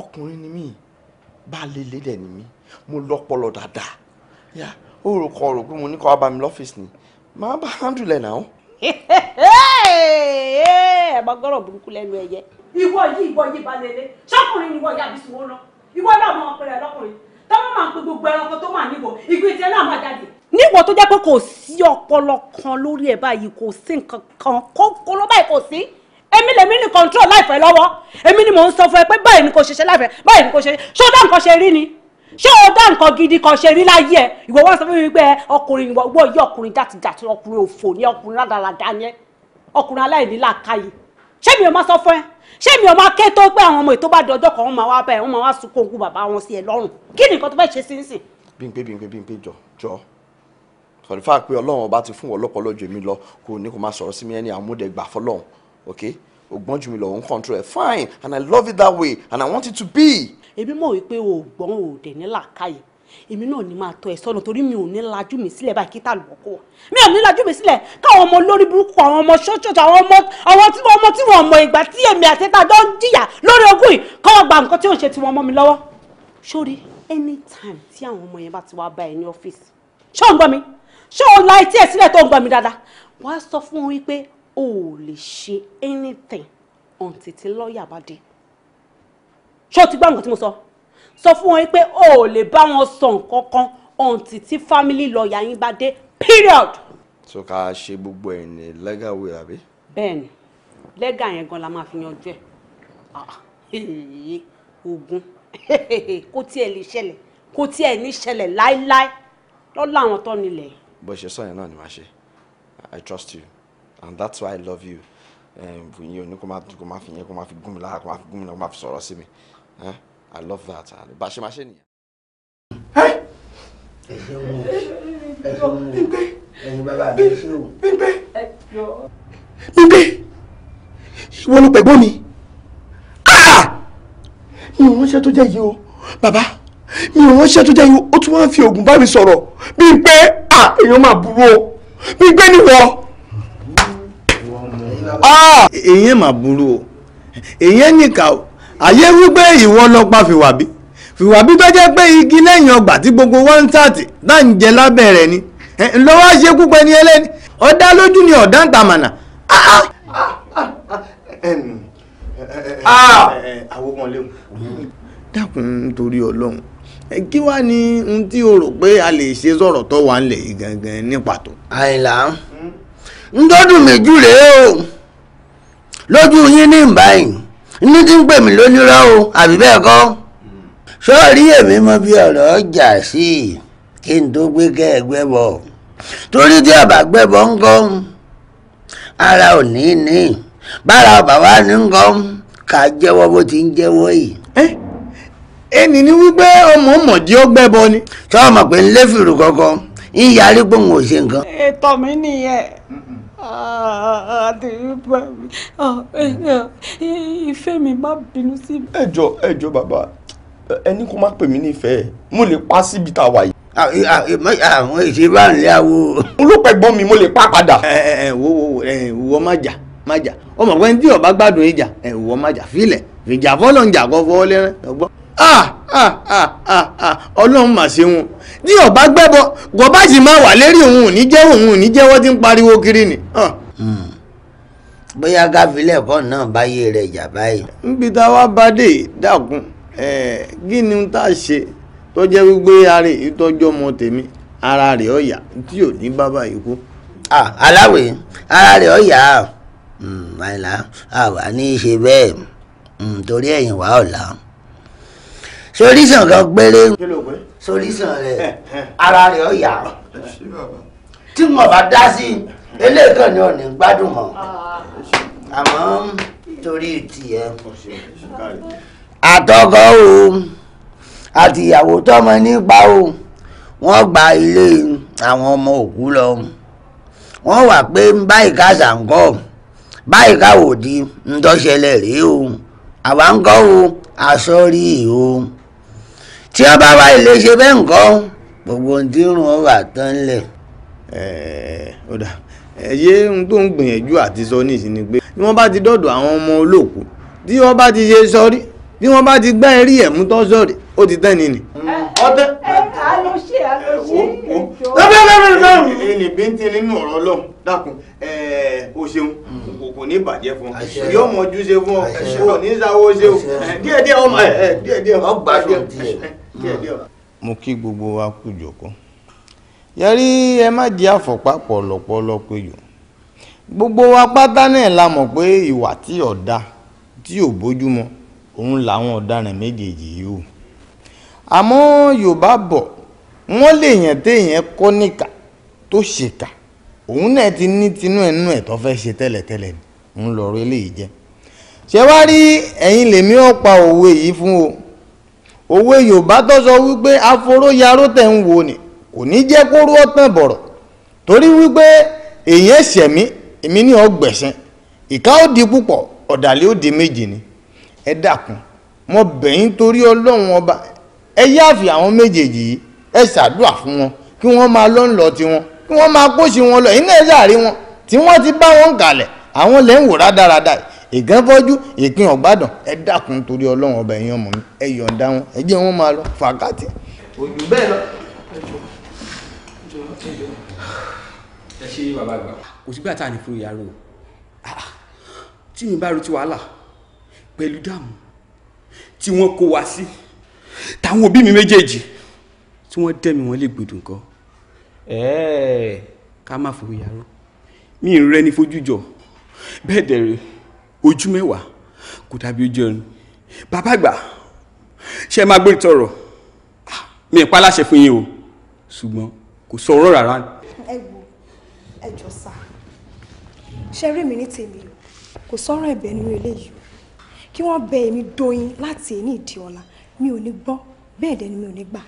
ọkùnrin ni mí baálé ilé dẹ̀ ni mí mo lọ́pọlọ dáadáa yà ó rò kọ rò pé mo ní kọ́ wá bá mi lọ́fíìsì ni màá bá handle ẹ̀ náà. ẹ bá gbọ́rọ̀ burúkú lẹ́nu ẹ̀yẹ. ìwọ yìí ìwọ yìí baálé ilé ṣọkùnrin ni ìwọ yà bí sùnwó náà ìwọ náà mọ ọpẹlẹ lọkùnrin tọ́wọ́ máa ń pe gbogbo ẹranko tó máa níwọ̀ ìgbé tiẹ̀ náà máa jáde. níwọ̀ tó jẹ́ pé kò sí ọpọlọ kan lórí ẹ̀ báyìí kò sí nǹkan kan kó kó ló báyìí kò sí èmi lèmi ní control life ẹ lọ́wọ́ èmi ni mò ń sọ fún ẹ pé báyìí ni kò ṣe ṣe life ẹ báyìí ni kò ṣe ṣé ó dá nǹkan ṣe rí ni ṣé o dá nǹkan gidi kan ṣe rí láyé ẹ ìwọ wọn sọ fún mi pé ọkùnrin ìwọ ìwọ yí ọkùnrin jàtìjàtì ọkùnrin òfò ní ọkùnrin ládàradà ni ẹ ọkùnrin aláìní làákàyè ṣé mi ò máa sọ fún ẹ ṣé mi ò máa ké tó pé àwọn ọmọ ètò bá dọjọ́ kan wọn máa wá bẹ́ẹ̀ wọn máa wá sunkún òkú bàbá wọn sí ẹ lọ́rùn kí ni nǹkan tó fẹ́ ṣe sí nsìn. Bímpé Bímpé Bímpé jọ jọ sọ̀rọ̀ fáà pé Ọlọ́run ọba ti fún wọn lọ́pọ̀lọ́jọ èmi lọ kò ní kó máa sọ̀rọ̀ sí mi ẹni àmúdẹ̀gbà fọlọ́run okay o gbọ́n jù mí lọ o control ẹ̀ fine and i love it that way and i want it to be. èmi mọ̀ wípé o gbọ́n o dẹ̀ ní làákàyè èmi náà ni máa tọ́ ẹ sọ́nà torí mi ò ní lajú mi sílẹ̀ báyìí kíta lọ́kọ̀ wa mi ò ní lajú mi sílẹ̀ káwọn ọmọ lórí burúkú àwọn ọmọ ṣọ́ṣọ́ṣọ́ àwọn ọmọ àwọn tí wọ́n mọ tí wọ́n mọ ìgbà tí èmi àti ẹ̀ta jọ ń jìyà lórí ogún yìí káwọn gba nǹkan tí ò ń ṣe tiwọn mọ́ mi lọ́wọ́. sórí anytime tí àwọn ọmọ yẹn bá ti wá bá ẹ ní ọ́fíìsì ṣé ò ń gbọ́ mi ṣé ò ń la etí ẹ̀ sílẹ̀ tó ń gbọ́ mi dáadáa wàá sọ fún wọn wípé o ò lè ṣe anything until tí lọ́ọ̀yà bá dé ṣé o ti gbọ́ nǹkan tí mo sọ sọ fún wọn pé o ò lè bá wọn sọ nǹkan kan until tí family lọ́ọ̀yà yín bá dé period. so ká ṣe gbogbo ẹ̀ ní lẹ́gà wí àbí. bẹ́ẹ̀ni lẹ́gà yẹn gan la máa fi yanjú ẹ̀ ah, eh, ogun [LAUGHS] kó tiẹ̀ lè ṣẹlẹ̀ kó tiẹ̀ ní ṣẹlẹ̀ láéláé lọ́la àwọn tó nílẹ̀. bó ṣe sọ yẹn náà ni màá ṣe i trust you and that's why i love you ìyẹn ò ní kó máa kó máa fi yẹn kó máa fi gún mi lára kó máa fi gún mi náà kó i love that bá a ṣe máa ṣe nìyẹn. ẹ̀sìn wo ẹ̀sìn wo ẹ̀yin bàbá mi ẹ̀sìn wo. Bímbé ìwọ ló pẹ̀gbọ́n mi ah! mi ò ránṣẹ́ tó jẹ́ yìí o bàbá mi ò ránṣẹ́ tó jẹ́ yìí o ó tún fi oògùn bá mi sọ̀rọ̀ Ah. èèyàn máa burú o Bímbé nìwọ. Ah! èyí mà burú o èyí nìkà o àyè wípé ìwọ lọ pa fìwàbí fìwàbí tó jẹ́ pé igi lẹ́yìn ọgbà tí gbogbo wọn ń tàtì náà ń jẹ lábẹ́ rẹ̀ ni lọ́wọ́ ṣe púpẹ́ ní ẹlẹ́ni ọ̀dá lójú ni ọ̀dá ń tàmànà. Ah, ah! dákun nítorí ọlọ́run kí wàá ní ohun tí o rò pé a lè ṣe sọ̀rọ̀ tó wà ń lẹ̀ yìí gangan ní pàtó. àyìnlá hmm? ń dọ́dún méjì rèé o lójú yín ní ìbáyìí ní tí ń pè mí lónírọ́ o àbí bẹ́ẹ̀ kọ́ sọ́ọ̀rí èmi mọ bí ọ̀rọ̀ ọjà sí i kí n tó gbé kẹ́ẹ̀gbẹ́ bọ̀ torí tí ọba gbẹ́bọ̀ ń kọ́ ara ò ní ní bára ọba wa ní ń kọ́ ká jẹ́wọ́ bó ti ń jẹ́wọ́ yìí. ẹnì ní wípé ọmọ mọ̀dí ó gbẹ́bọ ni. sọ́ọ̀mọ̀ pé ń lé fìrù kankan ń yarí pé òun ò ṣe nǹkan. ètò mi nìyẹn àdìbà mi ah, ìfẹ́ mi má bínú sí mi. ẹ jọ̀ọ́ ẹ jọ̀ọ́ bàbá ẹni kó má pè mí nífẹ̀ẹ́ mo lè pa síbi tá a wà yìí àwọn ah, eh, ah, eh, èsì bá ń lé awo. n ló pẹ gbọ́n mi mo lè pa padà. ẹ eh, ẹ wo wo ẹ wọ má jà má jà ọmọ pé ní tí ọba gbádùn ìjà ẹ wọ má jà fílẹ̀ fìjà fọlọ́njà kọ́ fọ́ lẹ́rẹ́ ọgbọ́n. ah ọlọ́run mà ṣe wọn ní ọba gbẹ́bọ gọbájì máa wà lérí òun ò ní jẹ́ òun ò ní jẹ́wọ́ tí ń pariwo kiri ni. Hmm. bóyá gáfílẹ̀ kọ́ náà báyé rẹ̀ jà báyìí. níbi tá a wá bá dé dákun kí ni tá a ṣe tó jẹ́ wípé ara èyí tọ́jú ọmọ tèmi ara rẹ̀ ọ̀yà tí ò ní bàbá ikú. aláwẹ̀ ara rẹ̀ ọ̀yà hmm, àìlá àwa ní í ṣe bẹ́ẹ̀ hmm, torí ẹ̀yìn wà ọ̀la. solution kan péré solution rẹ ara rẹ ọ yà tí wọn bá dá sí eléèkàn ni ọ̀nì gbádùn mọ́ ah. àmọ́ torí tiẹ̀ àtọkọ o àtìyàwó tọmọ nípa o wọ́n gba ilé àwọn ọmọ òkú lọ wọ́n wà pé báyìí ká ṣàǹkọ báyìí ká wò di ń tọ́ṣẹlẹ̀ rèé o àwa ń kọ́ o àsọrí o tí wọ́n bá wá ilé ṣe bẹ́ẹ̀ nǹkan gbogbo ohun tí ń rùn ọ̀rọ̀ àtàn lẹ̀. ó dà ẹyẹ ohun tó ń gbìyànjú àti sọ nísìn ni pé bí wọ́n bá ti dọ̀dọ̀ àwọn ọmọ olóòkú tí wọ́n bá ti ṣe sọrí bí wọ́n bá ti gbá ẹrí ẹ̀ mú tán sọ̀rí ó ti tán ni nì. ọtẹ alóṣè alóṣè ìjọ. lọ́bẹ̀ lọ́bẹ̀ lọ́bẹ̀. èlé bíntì nínú ọ̀rọ̀ ọlọ́run dákun o ṣeun hmm. kò kò ní bàjẹ́ fún ọ yóò mọ̀jú ṣe fún ọ kò ní sáwó ṣe o díẹ̀ ọmọ ẹ díẹ̀ ọgbà díẹ̀ mo kí gbogbo wa kú jòkó yẹrí ẹ má jẹ́ àfọ̀pá pọ̀lọ̀pọ̀lọ̀ péjọ gbogbo wa pátá náà la mọ̀ pé ìwà tí ọ̀dà tí ò bójúmọ òun làwọn ọ̀daràn méjèèjì yìí o àmọ́ yorùbá bọ̀ wọ́n lè yàn téèyàn kọ́ níkà tó ṣèkà òun náà ti ní tinú ẹnu ẹ̀ tó fẹ́ ṣe tẹ́lẹ̀tẹ́lẹ̀ ni òun lọ́rọ̀ eléyìí jẹ́ ṣé ẹ̀yin lèmi ọ̀pá òwe yìí fún o òwe yorùbá tó sọ wípé aforóyaró tẹ̀ ń wo ni kò ní jẹ́ kóró ọ̀tàn bọ̀rọ̀ torí wípé èèyàn ṣẹ̀mí èmi ní ọgbẹ̀sẹ̀ ìka ó di púpọ̀ ọ̀dàlẹ̀ ó di méjì ni ẹ dákun mo bẹ̀ yín torí ọlọ́run ọba ẹ yáàfì àwọn méjèèjì yìí ẹ ṣàdúà fún wọn kí wọ́n máa lọ́n lọ tiwọn kí wọ́n máa kóṣì wọn lọ iná ẹ̀ sàárẹ̀ wọn tí wọ́n ti bá wọn kalẹ̀ àwọn lẹ́ ń wò rádaràda yìí ìgànfọ́jú ìpín ọ̀gbádùn ẹ dákun torí ọlọ́run ọba ẹ̀yin ọmọ mi ẹ yọ̀ǹda wọn ẹ jẹ́ wọn máa lọ fàkàtì. òjò bẹ́ẹ̀ lọ. ẹ ṣe bàbá àgbà. kò sígbà tá a ní fúru yàrá o ah, ah. tí mi bá rotí wàhálà pẹ̀lú dààmú tí wọ́n kó wa sí táwọn òbí mi méjèèjì tí wọ́n dẹ́mi wọn lè gbèdùn kan ká má fòrò yàrá mi ì rẹ́ni fojú jọ bẹ́ẹ̀ dẹ̀ rèé ojú mẹ́wàá kò dàbí ojú ọ̀run bàbá àgbà ṣe máa gbé ìtọ̀rọ̀ ah, mi ì paláṣẹ fún yín o ṣùgbọ́n kò sọ ọ̀rọ̀ rárá. ẹ wo ẹ jọ sá ṣe rí mi ní tèmi o kò sọ̀rọ̀ ẹ̀bẹ̀ nínú eléyìí o kí wọ́n bẹ èmi doyin láti èní ìdí ọ̀la mi ò ní gbọ́ bẹ́ẹ̀ dẹ̀ ni mi ò ní gbà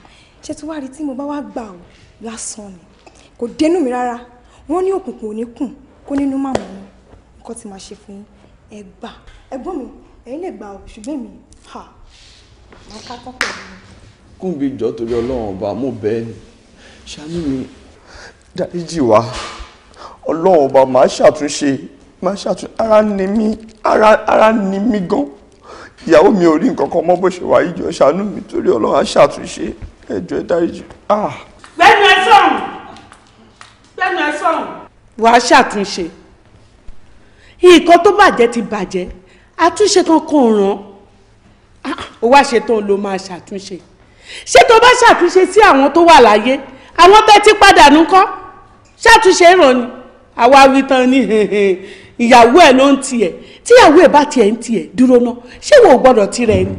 ṣé tí wàá rí tí mo bá wá gbà o lásán ni kò dénú mi rárá wọ́n ní òkùnkùn ò ní kùn kó nínú màmú nǹkan tí màá ṣe fún yín ẹ gbà ẹ̀gbọ́n mi ẹ̀yin lè gbà ọ ṣùgbọ́n mi ha máa ká tán pẹ̀lú mi. kúńbi ìjọ torí ọlọ́run ọba mo bẹ́ẹ̀ ni ṣáánú mi dáríjì wá ọlọ́run ọba máa ṣàtúnṣe máa ṣàtúnṣe ara ni mí ara ara ni mí gan ìyàwó mi ò rí nǹkan kan mọ́ bó ṣe wà ìjọ ṣàánú mi torí ọlọ́run á ṣàtúnṣe ẹjọ́ ẹ dáríjì. Ah. gbẹ́nu ẹ sọ̀rùn gbẹ́nu ẹ sọ̀rùn. wàá ṣàtúnṣe nǹkan tó bàjẹ́ ti bàjẹ́ àtúnṣe kankan ò ràn ah, ó wá ṣetán ló máa ṣàtúnṣe ṣé tó bá ṣàtúnṣe sí àwọn tó wà láyé àwọn tẹ́ ti pàdánù kọ́ ṣàtúnṣe ìrọ̀ni àwa wí tán ní ìyàwó ẹ̀ ló ń tiẹ̀ tíyàwó ẹ̀ bá tiẹ̀ ń tiẹ̀ dúró ná ṣé wo gbọ́dọ̀ tirẹ̀ ni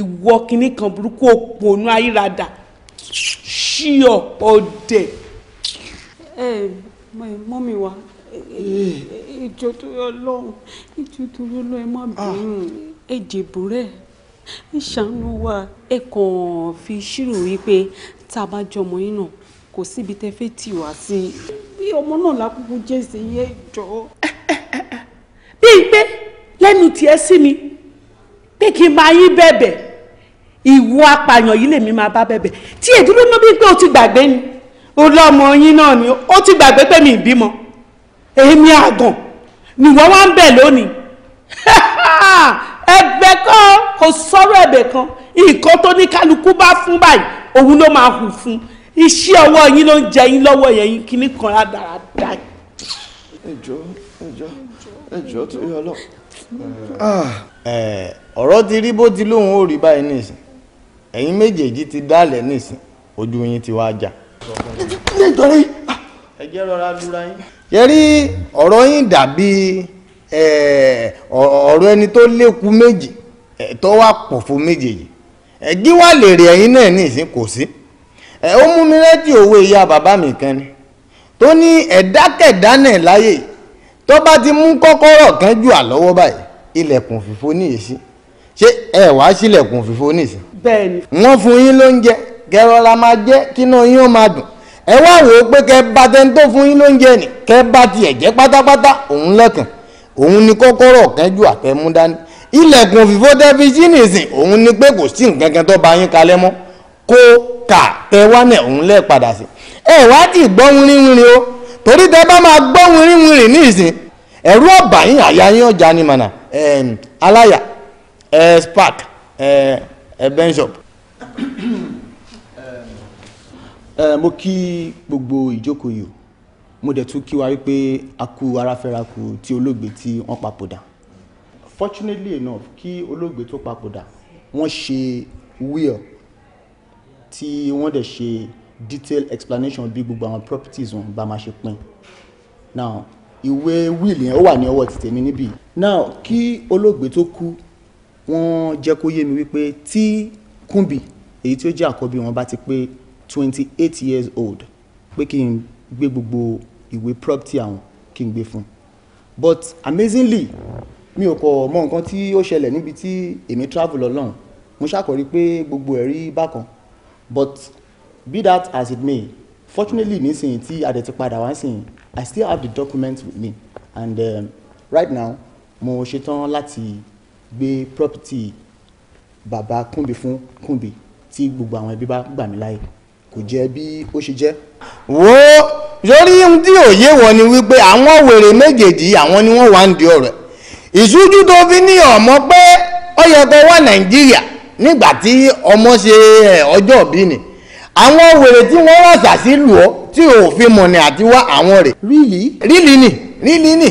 ìwọ kìíní kan burúkú òpònú ayírada ṣíọ ọdẹ. ẹ mọ mi wá Eh, ìjọ tó yọ lọ́hùn ìjọ tó yọ lọ́hùn ẹ má ah. bínú ẹ jèbù rẹ̀ ẹ ṣàánú wa ẹ kàn fi ṣírò wípé tá a bá jọmọ yín náà kò síbi tẹ́ fẹ́ tì wá sí i bí ọmọ náà lákòókò jẹ́sẹ̀ yẹ ìjọ. bíi pé lẹ́nu tiẹ̀ sí mi pé kí n máa yín bẹ̀bẹ̀ ìwọ apààyàn yìí lèmi máa bá bẹ̀bẹ̀ tí èdúró mọ́ bíi pé o ti gbàgbé ni o lọ́mọ yín náà ni o ti gbàgbé pé mi ì bímọ èmi àgàn ni wọ́n wá ń bẹ̀ lónìí ẹ̀bẹ̀ kan kò sọ̀rọ̀ ẹ̀bẹ̀ kan nǹkan tó ní kálukú bá fún báyìí òun ló máa hù fún iṣẹ́ ọwọ́ yín ló ń jẹ yín lọ́wọ́ yẹn yín kíní kan rádaràda. ẹjọ́ ẹjọ́ ẹjọ́ tó yọ lọ. ọ̀rọ̀ ti rí bó ti lóun ó rí báyìí nìsín ẹ̀yin méjèèjì ti dálẹ̀ nìsín ojú yín ti wá jà. ẹ jẹ́ rọra lura yín yẹrí ọ̀rọ̀ yín dàbí ọ̀rọ̀ ẹni tó lékú méjì tó wà pọ̀ fún méjèèjì ẹ̀gí wà lèrè ẹ̀yìn náà ní ìsín kò sí ẹ̀ ó mú mi rẹ́dí òwe ìyá bàbá mi kan ni tó ní ẹ̀dákẹ̀dá náà láyè tó bá ti mú kọ́kọ́rọ́ kan jù à lọ́wọ́ báyìí ilẹ̀kùn fìfo ní èsì ṣé ẹ wàá sílẹ̀kùn fìfo ní ìsìn. bẹ́ẹ̀ni. wọ́n fún yín lóúnjẹ kẹrọra máa jẹ kínú yín ó máa dùn ẹ wá wò ó pé kẹ bá tẹni tó fún yín lóúnjẹ nì kẹ bá tiẹ̀ jẹ́ pátápátá òun lẹ́kàn òun ni kọ́kọ́rọ́ kẹjú àtẹmú dání ilẹ̀kùn òfìfó tẹ́fi òun ni pé kò sí nǹkan kan tó bá yín kalẹ̀ mọ́ kó kà tẹ wá náà òun lẹ́ẹ̀ padà sí ẹ wá ti gbọ́ wínrínwínrín o torí tẹ bá máa gbọ́ wínrínwínrín nìsín ẹ̀rú ọ̀bà yín àyà yín ọjà ni mànà aláyà spark benshop mo kí gbogbo ìjókòó yìí mo dẹ̀ tún kí wa wípé a kú tí olóògbé tí wọ́n papòdà fortunately enough kí olóògbé tó papòdà wọ́n ṣe will tí wọ́n dẹ̀ ṣe detailed explanation bí gbogbo àwọn properties wọn bá máa ṣe pín now ìwé will yẹn ó wà ní ọwọ́ ti tèmi níbí now kí olóògbé tó kú wọ́n jẹ́ kó yé mi wípé tí kúnbì èyí tí ó jẹ́ àkọ́bí wọn bá ti pé 28 years old pé kí n gbé gbogbo ìwé property àwọn kí n gbé fún but amazingly mi ò kọ mọ nǹkan tí ó ṣẹlẹ̀ níbi tí èmi travel ọlọ́run mo ṣàkọrí pé gbogbo ẹ̀ bákan but be that as it may fortunately nísìnyí tí adẹ̀ ti padà wá nísìnyí i still have the documents with me and um, right now mo ṣetán láti gbé property bàbá kúnbi fún kúnbi tí gbogbo àwọn ẹbí bá gbà mí láyè kò jẹ́ bí ó ṣe jẹ́. wo lórí ohun tí òye wọ ni wípé àwọn wèrè méjèèjì àwọn ni wọ́n wà ń di ọ̀rọ̀ ìṣújú tó fi ní ọmọ pé ó yẹ kó wá nàìjíríà nígbà tí ọmọ ṣe ọjọ́ òbí ni àwọn wèrè tí wọ́n wà sàṣìlù ọ́ tí òfin mọ̀nì àti wá àwọn rẹ̀. rílì rílì nì rílì nì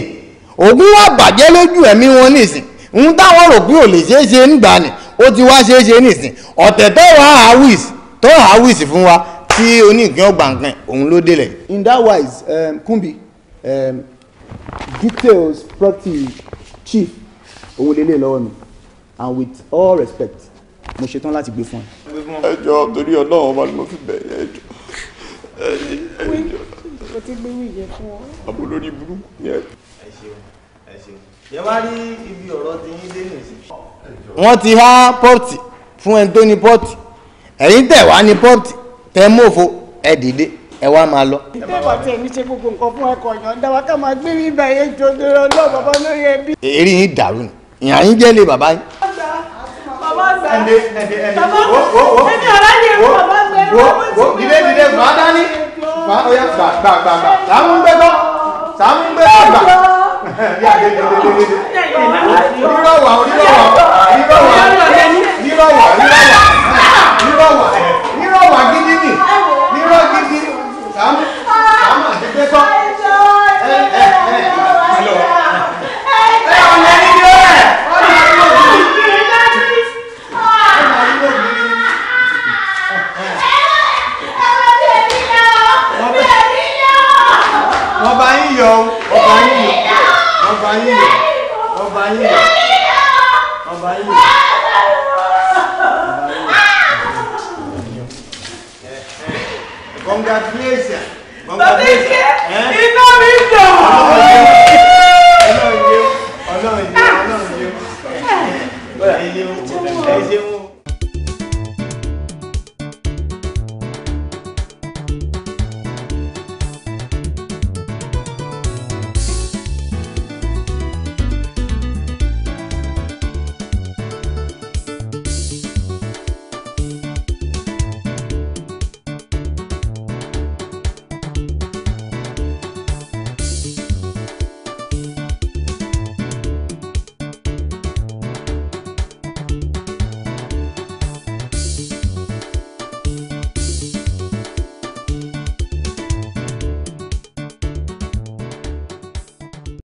ògùn wà bàjẹ́ lójú ẹ̀mí wọn nìsín ń táwọn rò pé ò lè ṣeé ṣe nígbà ni ó ti wá ṣeé ṣe nìsín ọ̀tẹ̀ tó wà áwìs tó áwìs fún wa tí oníkan gbàǹkan òun ló délẹ̀. in that wise um, Kumbi um, details property chief òun lélẹ̀ lọ́wọ́ mi and with all respect mo ṣetán láti gbé fún ẹ. ẹ torí Ọlọ́run ọba ni mo fi bẹ̀ ẹ jọ̀ọ́ ẹ ti gbé wíìyẹ fún ọ. àbúrò ní burúkú ni ẹ. ẹ wá rí ibi ọ̀rọ̀ ti yín dé nìyí. wọ́n ti há pọ́ọ̀tì fún ẹni tó ní pọ́ọ̀tì ẹ̀yin tẹ̀ wá ní pọ́ọ̀tì tẹ mọ́fọ́ ẹ dìde ẹ wá máa lọ. ìjọba wa tiẹ̀ ní ṣe gbogbo nǹkan fún ẹ̀kọ́ yàn dáwà ká máa gbé ní ibà yẹn jọ lórí ọlọ́ọ̀ bàbá lórí ẹbí. èrè yín dàrú ni ìyá yín jẹ́ lé bàbá yín. bàbá sà bàbá ẹni ọ̀rá yẹn fún bàbá gbẹrù ọmọ tí mi lè dìde gbà dání gbà ó yà gbà gbà gbà gbà sàmú gbẹ gbọ sàmú gbẹ gbà [LAUGHS] yà dé dé dé dé dé nírọ̀wà nírọ̀wà nírọ̀wà nírọ̀wà nírọ̀wà nírọ̀wà nírọ̀wà kàmú kàmú àdégbé tọ́. ẹ ẹ ẹ lọ. ẹ ọ̀nà yín yọ ẹ. ọ̀nà yín yọ ẹ. ọ̀nà yín yọ ẹ. wọ́n bá yín yọ ọba yín yọ ọba yín yọ ọba yín yọ ọba yín yọ. congratulations. congratulations. iná eh? mi dùn. ọlọ́run yé ọlọ́run yé ọlọ́run yé. Ah. Eh, ẹ ṣeun